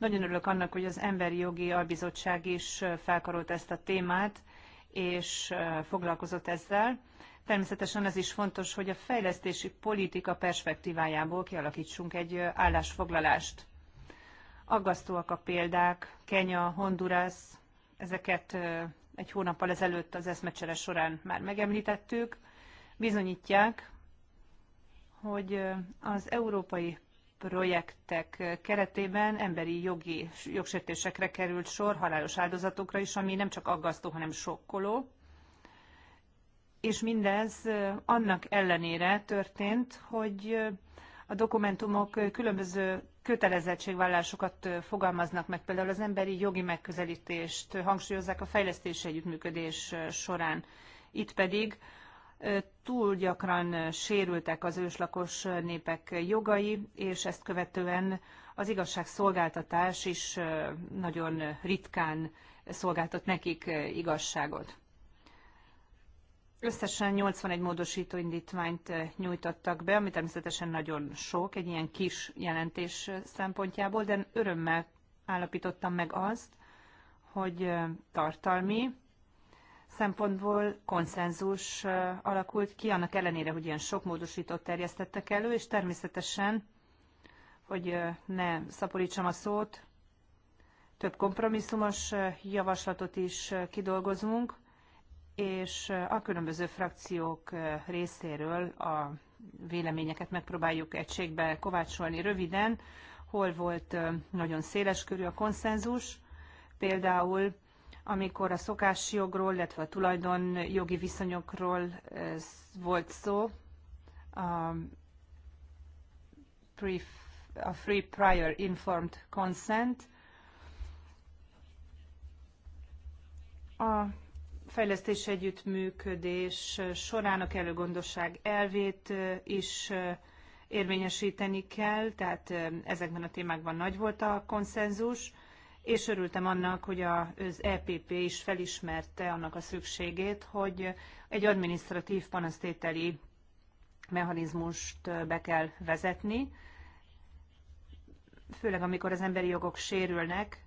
nagyon örülök annak, hogy az Emberi Jogi Albizottság is felkarolt ezt a témát, és foglalkozott ezzel. Természetesen ez is fontos, hogy a fejlesztési politika perspektívájából kialakítsunk egy állásfoglalást. Aggasztóak a példák, Kenya, Honduras, ezeket egy hónappal ezelőtt az eszmecsere során már megemlítettük, bizonyítják, hogy az Európai projektek keretében emberi jogi jogsértésekre került sor, halálos áldozatokra is, ami nem csak aggasztó, hanem sokkoló. És mindez annak ellenére történt, hogy a dokumentumok különböző kötelezettségvállásokat fogalmaznak meg, például az emberi jogi megközelítést hangsúlyozzák a fejlesztési együttműködés során. Itt pedig túl gyakran sérültek az őslakos népek jogai, és ezt követően az igazságszolgáltatás is nagyon ritkán szolgáltat nekik igazságot. Összesen 81 módosító indítványt nyújtottak be, ami természetesen nagyon sok egy ilyen kis jelentés szempontjából, de örömmel állapítottam meg azt, hogy tartalmi szempontból konszenzus alakult ki, annak ellenére, hogy ilyen sok módosítót terjesztettek elő, és természetesen, hogy ne szaporítsam a szót, több kompromisszumos javaslatot is kidolgozunk, és a különböző frakciók részéről a véleményeket megpróbáljuk egységbe kovácsolni röviden, hol volt nagyon széleskörű a konszenzus, például amikor a szokási jogról, illetve a jogi viszonyokról eh, volt szó, a, a Free Prior Informed Consent, a fejlesztés együttműködés során a kellő gondosság elvét eh, is eh, érvényesíteni kell, tehát ezekben a témákban nagy volt a konszenzus és örültem annak, hogy az EPP is felismerte annak a szükségét, hogy egy administratív panasztételi mechanizmust be kell vezetni, főleg amikor az emberi jogok sérülnek,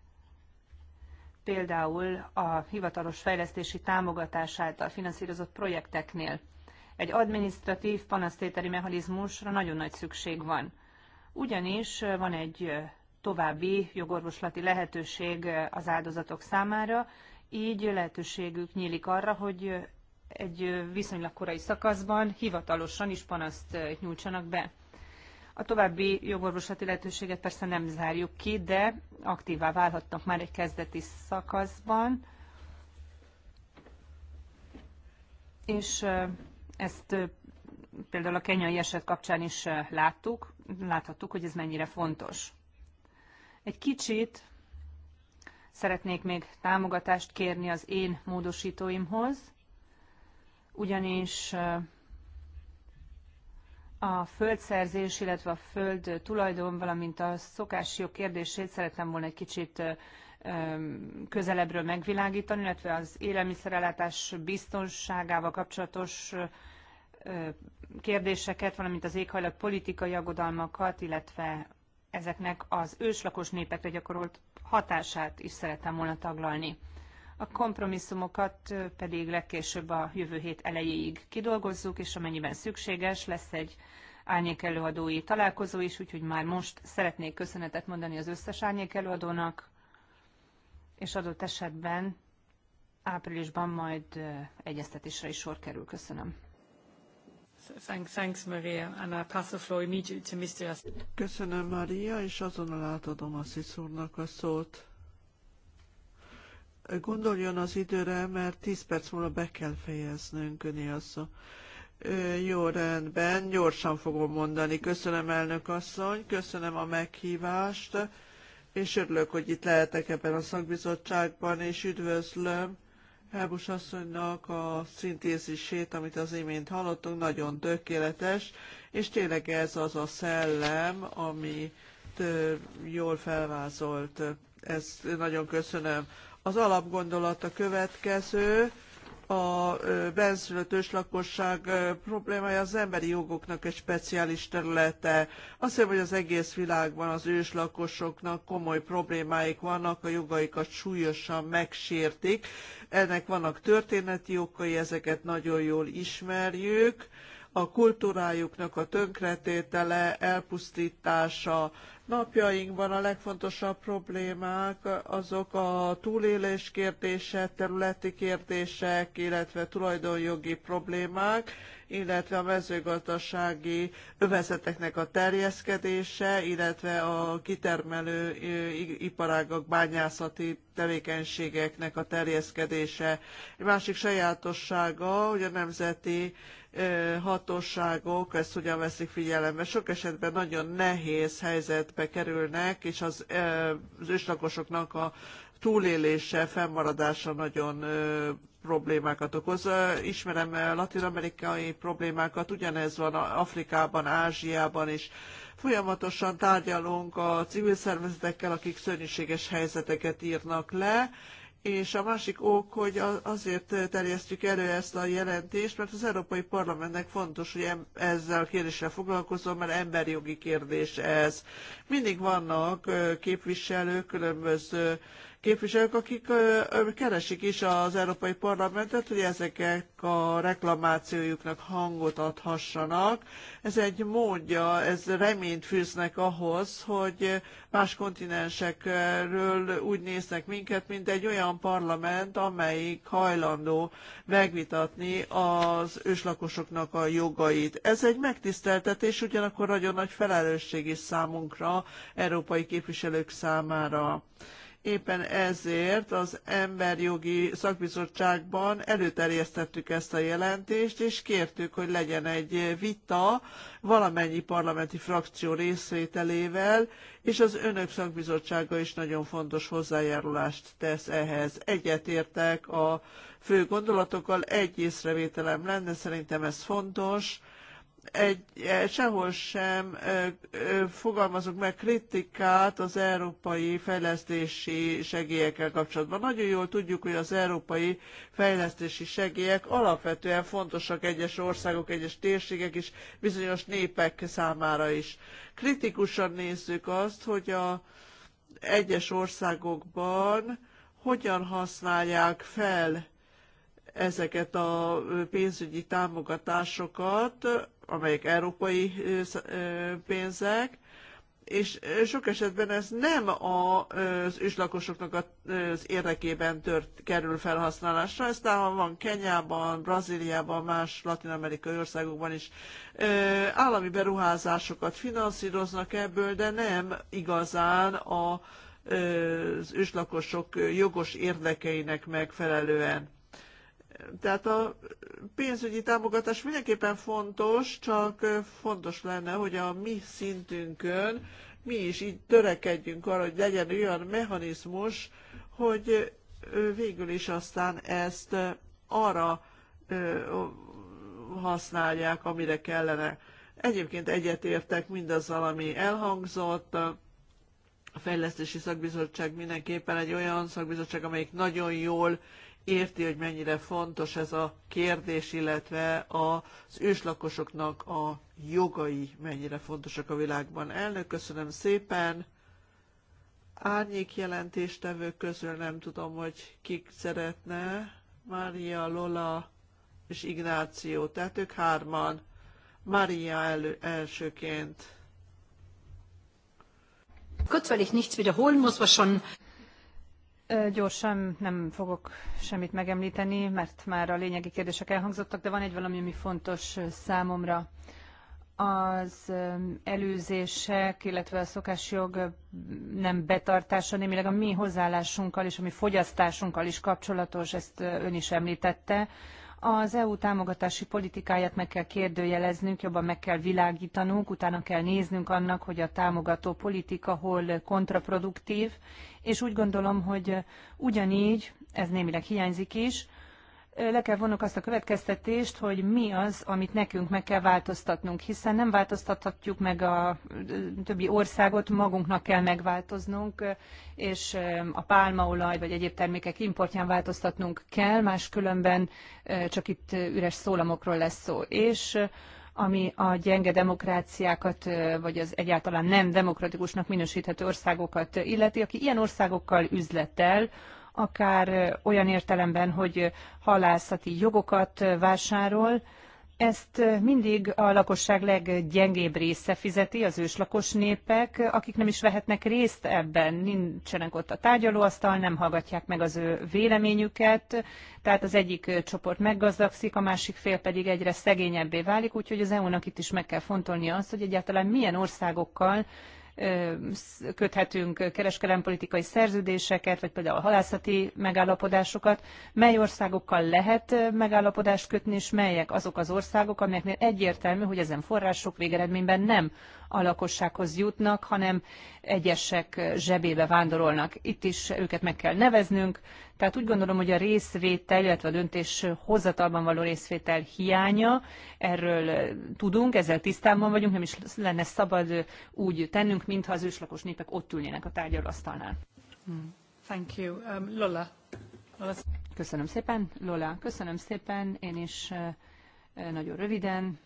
például a hivatalos fejlesztési támogatás által finanszírozott projekteknél. Egy administratív panasztételi mechanizmusra nagyon nagy szükség van. Ugyanis van egy további jogorvoslati lehetőség az áldozatok számára, így lehetőségük nyílik arra, hogy egy viszonylag korai szakaszban hivatalosan is panaszt nyújtsanak be. A további jogorvoslati lehetőséget persze nem zárjuk ki, de aktívá válhatnak már egy kezdeti szakaszban, és ezt például a kenyai eset kapcsán is láttuk, láthattuk, hogy ez mennyire fontos. Egy kicsit szeretnék még támogatást kérni az én módosítóimhoz, ugyanis a földszerzés, illetve a föld tulajdon, valamint a jog kérdését szeretem volna egy kicsit közelebbről megvilágítani, illetve az élelmiszerellátás biztonságával kapcsolatos kérdéseket, valamint az éghajlat politikai aggodalmakat, illetve ezeknek az őslakos népekre gyakorolt hatását is szerettem volna taglalni. A kompromisszumokat pedig legkésőbb a jövő hét elejéig kidolgozzuk, és amennyiben szükséges, lesz egy árnyék előadói találkozó is, úgyhogy már most szeretnék köszönetet mondani az összes árnyék előadónak, és adott esetben áprilisban majd egyeztetésre is sor kerül. Köszönöm. Köszönöm, Maria, és azonnal átadom a Sziszúrnak a szót. Gondoljon az időre, mert 10 perc múlva be kell fejeznünk, öné a szó. Jó, rendben, gyorsan fogom mondani. Köszönöm, elnök asszony, köszönöm a meghívást, és örülök, hogy itt lehetek ebben a szakbizottságban, és üdvözlöm Elbus asszonynak a szintézisét, amit az imént hallottunk, nagyon tökéletes, és tényleg ez az a szellem, ami jól felvázolt. Ezt nagyon köszönöm. Az alapgondolat a következő, a benszülött őslakosság problémája az emberi jogoknak egy speciális területe. Azt hiszem, hogy az egész világban az őslakosoknak komoly problémáik vannak, a jogaikat súlyosan megsértik. Ennek vannak történeti okai, ezeket nagyon jól ismerjük a kultúrájuknak a tönkretétele, elpusztítása. Napjainkban a legfontosabb problémák azok a túlélés kérdése, területi kérdések, illetve tulajdonjogi problémák, illetve a mezőgazdasági övezeteknek a terjeszkedése, illetve a kitermelő iparágak bányászati tevékenységeknek a terjeszkedése. Egy másik sajátossága, hogy a nemzeti hatóságok ezt hogyan veszik figyelembe. Sok esetben nagyon nehéz helyzetbe kerülnek, és az, az őslakosoknak a túlélése, fennmaradása nagyon problémákat okoz. Ismerem latin-amerikai problémákat, ugyanez van Afrikában, Ázsiában is. Folyamatosan tárgyalunk a civil szervezetekkel, akik szörnyűséges helyzeteket írnak le, és a másik ok, hogy azért terjesztjük elő ezt a jelentést, mert az Európai Parlamentnek fontos, hogy ezzel a kérdéssel foglalkozom, mert emberjogi kérdés ez. Mindig vannak képviselők, különböző képviselők, akik keresik is az Európai Parlamentet, hogy ezeknek a reklamációjuknak hangot adhassanak. Ez egy módja, ez reményt fűznek ahhoz, hogy más kontinensekről úgy néznek minket, mint egy olyan parlament, amelyik hajlandó megvitatni az őslakosoknak a jogait. Ez egy megtiszteltetés, ugyanakkor nagyon nagy felelősség is számunkra, európai képviselők számára. Éppen ezért az Emberjogi Szakbizottságban előterjesztettük ezt a jelentést, és kértük, hogy legyen egy vita valamennyi parlamenti frakció részvételével, és az önök szakbizottsága is nagyon fontos hozzájárulást tesz ehhez. Egyetértek a fő gondolatokkal, egy észrevételem lenne, szerintem ez fontos, egy, e, sehol sem e, e, fogalmazunk meg kritikát az európai fejlesztési segélyekkel kapcsolatban. Nagyon jól tudjuk, hogy az európai fejlesztési segélyek alapvetően fontosak egyes országok, egyes térségek és bizonyos népek számára is. Kritikusan nézzük azt, hogy a egyes országokban hogyan használják fel ezeket a pénzügyi támogatásokat amelyek európai pénzek, és sok esetben ez nem az őslakosoknak az érdekében tört, kerül felhasználásra, ez távol van Kenyában, Brazíliában, más latin-amerikai országokban is. Állami beruházásokat finanszíroznak ebből, de nem igazán a, az őslakosok jogos érdekeinek megfelelően. Tehát a pénzügyi támogatás mindenképpen fontos, csak fontos lenne, hogy a mi szintünkön mi is így törekedjünk arra, hogy legyen olyan mechanizmus, hogy végül is aztán ezt arra használják, amire kellene. Egyébként egyetértek mindazzal, ami elhangzott. A Fejlesztési Szakbizottság mindenképpen egy olyan szakbizottság, amelyik nagyon jól érti, hogy mennyire fontos ez a kérdés, illetve az őslakosoknak a jogai mennyire fontosak a világban. Elnök, köszönöm szépen! Árnyék jelentéstevők közül nem tudom, hogy kik szeretne. Mária, Lola és Ignáció, tehát ők hárman. Mária elő, elsőként. Kurz, weil ich nichts wiederholen muss, was schon Gyorsan nem fogok semmit megemlíteni, mert már a lényegi kérdések elhangzottak, de van egy valami, ami fontos számomra. Az előzések, illetve a szokásjog nem betartása némileg a mi hozzáállásunkkal és a mi fogyasztásunkkal is kapcsolatos, ezt ön is említette. Az EU támogatási politikáját meg kell kérdőjeleznünk, jobban meg kell világítanunk, utána kell néznünk annak, hogy a támogató politika hol kontraproduktív, és úgy gondolom, hogy ugyanígy, ez némileg hiányzik is, le kell vonnunk azt a következtetést, hogy mi az, amit nekünk meg kell változtatnunk, hiszen nem változtathatjuk meg a többi országot, magunknak kell megváltoznunk, és a pálmaolaj vagy egyéb termékek importján változtatnunk kell, máskülönben csak itt üres szólamokról lesz szó. És ami a gyenge demokráciákat, vagy az egyáltalán nem demokratikusnak minősíthető országokat illeti, aki ilyen országokkal üzletel, akár olyan értelemben, hogy halászati jogokat vásárol, ezt mindig a lakosság leggyengébb része fizeti, az őslakos népek, akik nem is vehetnek részt ebben, nincsenek ott a tárgyalóasztal, nem hallgatják meg az ő véleményüket, tehát az egyik csoport meggazdagszik, a másik fél pedig egyre szegényebbé válik, úgyhogy az EU-nak itt is meg kell fontolnia azt, hogy egyáltalán milyen országokkal köthetünk kereskedelempolitikai szerződéseket, vagy például halászati megállapodásokat, mely országokkal lehet megállapodást kötni, és melyek azok az országok, amelyeknél egyértelmű, hogy ezen források végeredményben nem a lakossághoz jutnak, hanem egyesek zsebébe vándorolnak. Itt is őket meg kell neveznünk, tehát úgy gondolom, hogy a részvétel, illetve a döntés hozatalban való részvétel hiánya, erről tudunk, ezzel tisztában vagyunk, nem is lenne szabad úgy tennünk, mintha az őslakos népek ott ülnének a tárgyalóasztalnál. Hmm. Thank you. Um, Lola. Lola. Köszönöm szépen, Lola. Köszönöm szépen, én is eh, nagyon röviden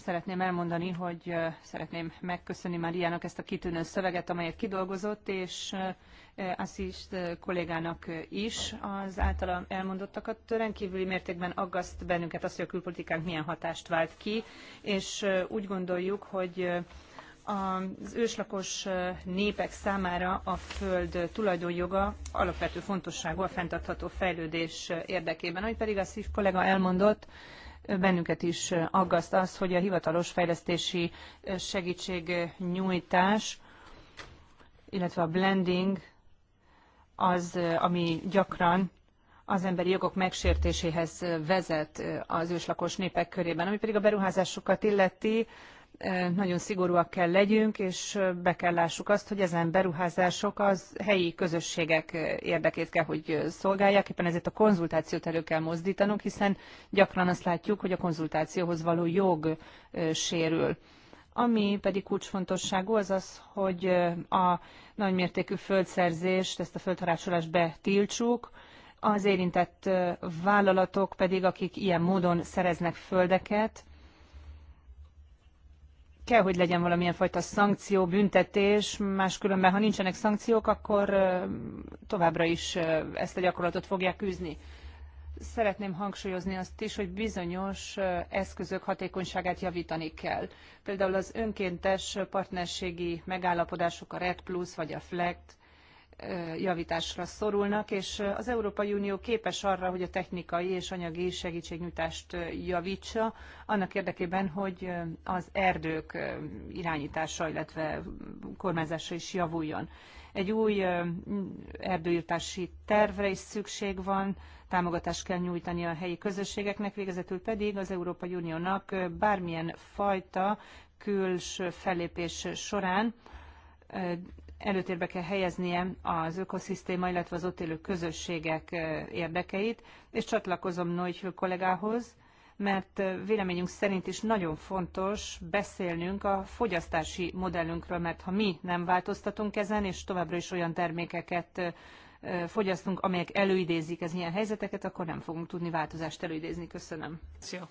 szeretném elmondani, hogy szeretném megköszönni Máriának ezt a kitűnő szöveget, amelyet kidolgozott, és e, Assist kollégának is az általa elmondottakat. Rendkívüli mértékben aggaszt bennünket az, hogy a külpolitikánk milyen hatást vált ki, és úgy gondoljuk, hogy az őslakos népek számára a föld tulajdonjoga alapvető fontosságú a fenntartható fejlődés érdekében. Ahogy pedig a szív kollega elmondott, bennünket is aggaszt az, hogy a hivatalos fejlesztési segítségnyújtás, illetve a blending az, ami gyakran az emberi jogok megsértéséhez vezet az őslakos népek körében. Ami pedig a beruházásokat illeti, nagyon szigorúak kell legyünk, és be kell lássuk azt, hogy ezen beruházások az helyi közösségek érdekét kell, hogy szolgálják. Éppen ezért a konzultációt elő kell mozdítanunk, hiszen gyakran azt látjuk, hogy a konzultációhoz való jog sérül. Ami pedig kulcsfontosságú az az, hogy a nagymértékű földszerzést, ezt a földharácsolást betiltsuk, az érintett vállalatok pedig, akik ilyen módon szereznek földeket, kell, hogy legyen valamilyen fajta szankció, büntetés, máskülönben, ha nincsenek szankciók, akkor továbbra is ezt a gyakorlatot fogják küzni. Szeretném hangsúlyozni azt is, hogy bizonyos eszközök hatékonyságát javítani kell. Például az önkéntes partnerségi megállapodások, a RED Plus vagy a FLECT, javításra szorulnak, és az Európai Unió képes arra, hogy a technikai és anyagi segítségnyújtást javítsa, annak érdekében, hogy az erdők irányítása, illetve kormányzása is javuljon. Egy új erdőirtási tervre is szükség van, támogatást kell nyújtani a helyi közösségeknek, végezetül pedig az Európai Uniónak bármilyen fajta külső fellépés során előtérbe kell helyeznie az ökoszisztéma, illetve az ott élő közösségek érdekeit, és csatlakozom Noich kollégához, mert véleményünk szerint is nagyon fontos beszélnünk a fogyasztási modellünkről, mert ha mi nem változtatunk ezen, és továbbra is olyan termékeket fogyasztunk, amelyek előidézik az ilyen helyzeteket, akkor nem fogunk tudni változást előidézni. Köszönöm. Szia.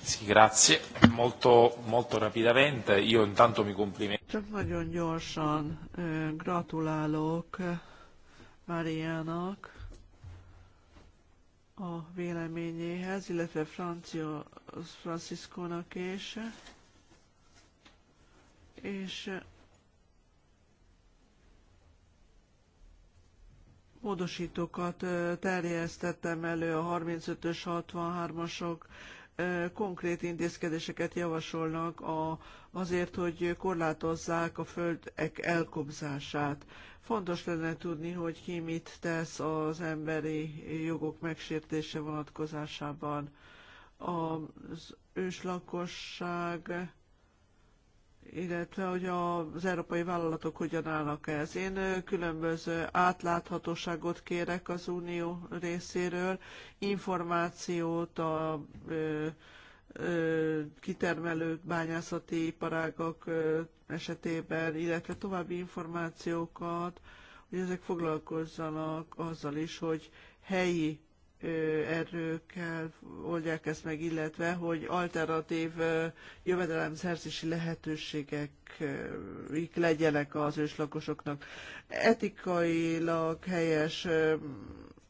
Sì, grazie. Molto, molto rapidamente. Io intanto mi complimento. Csak nagyon gyorsan gratulálok Mariának a véleményéhez, illetve Francio Franciscónak is. És módosítókat terjesztettem elő a 35-ös, 63-asok konkrét intézkedéseket javasolnak a, azért, hogy korlátozzák a földek elkobzását. Fontos lenne tudni, hogy ki mit tesz az emberi jogok megsértése vonatkozásában. Az őslakosság illetve hogy az európai vállalatok hogyan állnak ez. Én különböző átláthatóságot kérek az Unió részéről, információt a ö, ö, kitermelő bányászati iparágak ö, esetében, illetve további információkat, hogy ezek foglalkozzanak azzal is, hogy helyi erőkkel oldják ezt meg, illetve hogy alternatív jövedelemszerzési lehetőségek legyenek az őslakosoknak. Etikailag helyes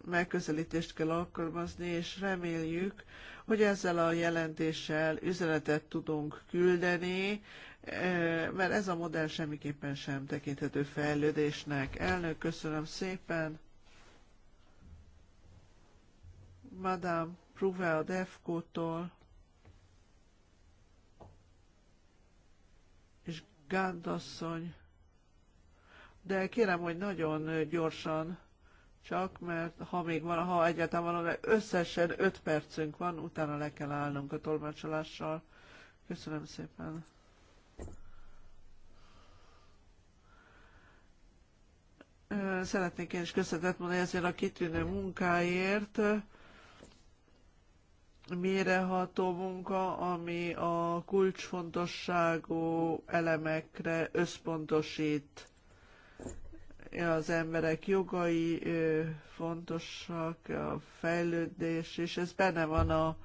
megközelítést kell alkalmazni, és reméljük, hogy ezzel a jelentéssel üzenetet tudunk küldeni, mert ez a modell semmiképpen sem tekinthető fejlődésnek. Elnök, köszönöm szépen! Madame Prouvé a Defkótól, és Gándasszony. De kérem, hogy nagyon gyorsan, csak mert ha még van, ha egyáltalán van, összesen 5 percünk van, utána le kell állnunk a tolmácsolással. Köszönöm szépen. Szeretnék én is köszönetet mondani ezért a kitűnő munkáért méreható munka, ami a kulcsfontosságú elemekre összpontosít. Az emberek jogai fontosak, a fejlődés, és ez benne van a,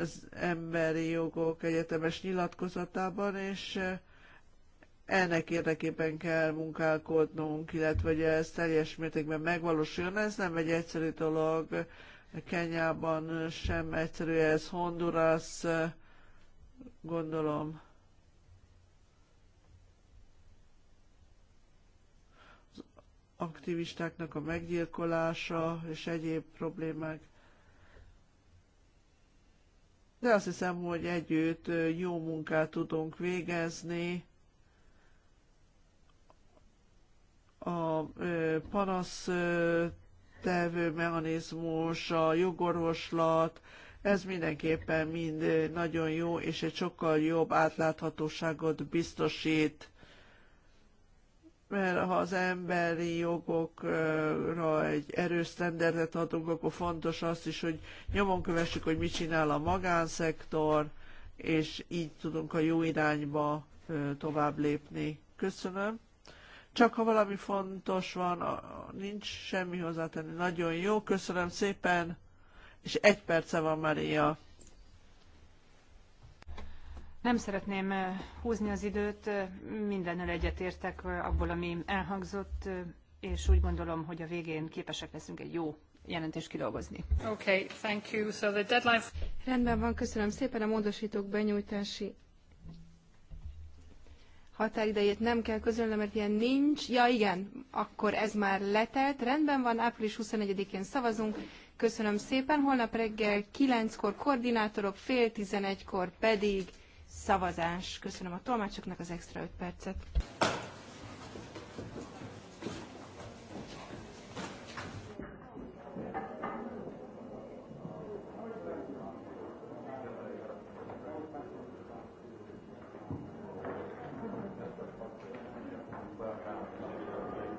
az emberi jogok egyetemes nyilatkozatában, és ennek érdekében kell munkálkodnunk, illetve hogy ez teljes mértékben megvalósuljon. Ez nem egy egyszerű dolog, Kenyában sem egyszerű ez, Honduras, gondolom. Az aktivistáknak a meggyilkolása és egyéb problémák. De azt hiszem, hogy együtt jó munkát tudunk végezni. A panasz tervő mechanizmus, a jogorvoslat, ez mindenképpen mind nagyon jó, és egy sokkal jobb átláthatóságot biztosít mert ha az emberi jogokra egy erős sztenderdet adunk, akkor fontos azt is, hogy nyomon kövessük, hogy mit csinál a magánszektor, és így tudunk a jó irányba tovább lépni. Köszönöm csak ha valami fontos van, nincs semmi hozzátenni. Nagyon jó, köszönöm szépen, és egy perce van Maria. Nem szeretném eh, húzni az időt, eh, mindennel egyetértek eh, abból, ami elhangzott, és úgy gondolom, hogy a végén képesek leszünk egy jó jelentést kidolgozni. Okay, thank you. So the deadline... Rendben van, köszönöm szépen. A módosítók benyújtási határidejét nem kell közölni, mert ilyen nincs. Ja igen, akkor ez már letelt. Rendben van, április 21-én szavazunk. Köszönöm szépen. Holnap reggel 9-kor koordinátorok, fél 11-kor pedig szavazás. Köszönöm a tolmácsoknak az extra 5 percet.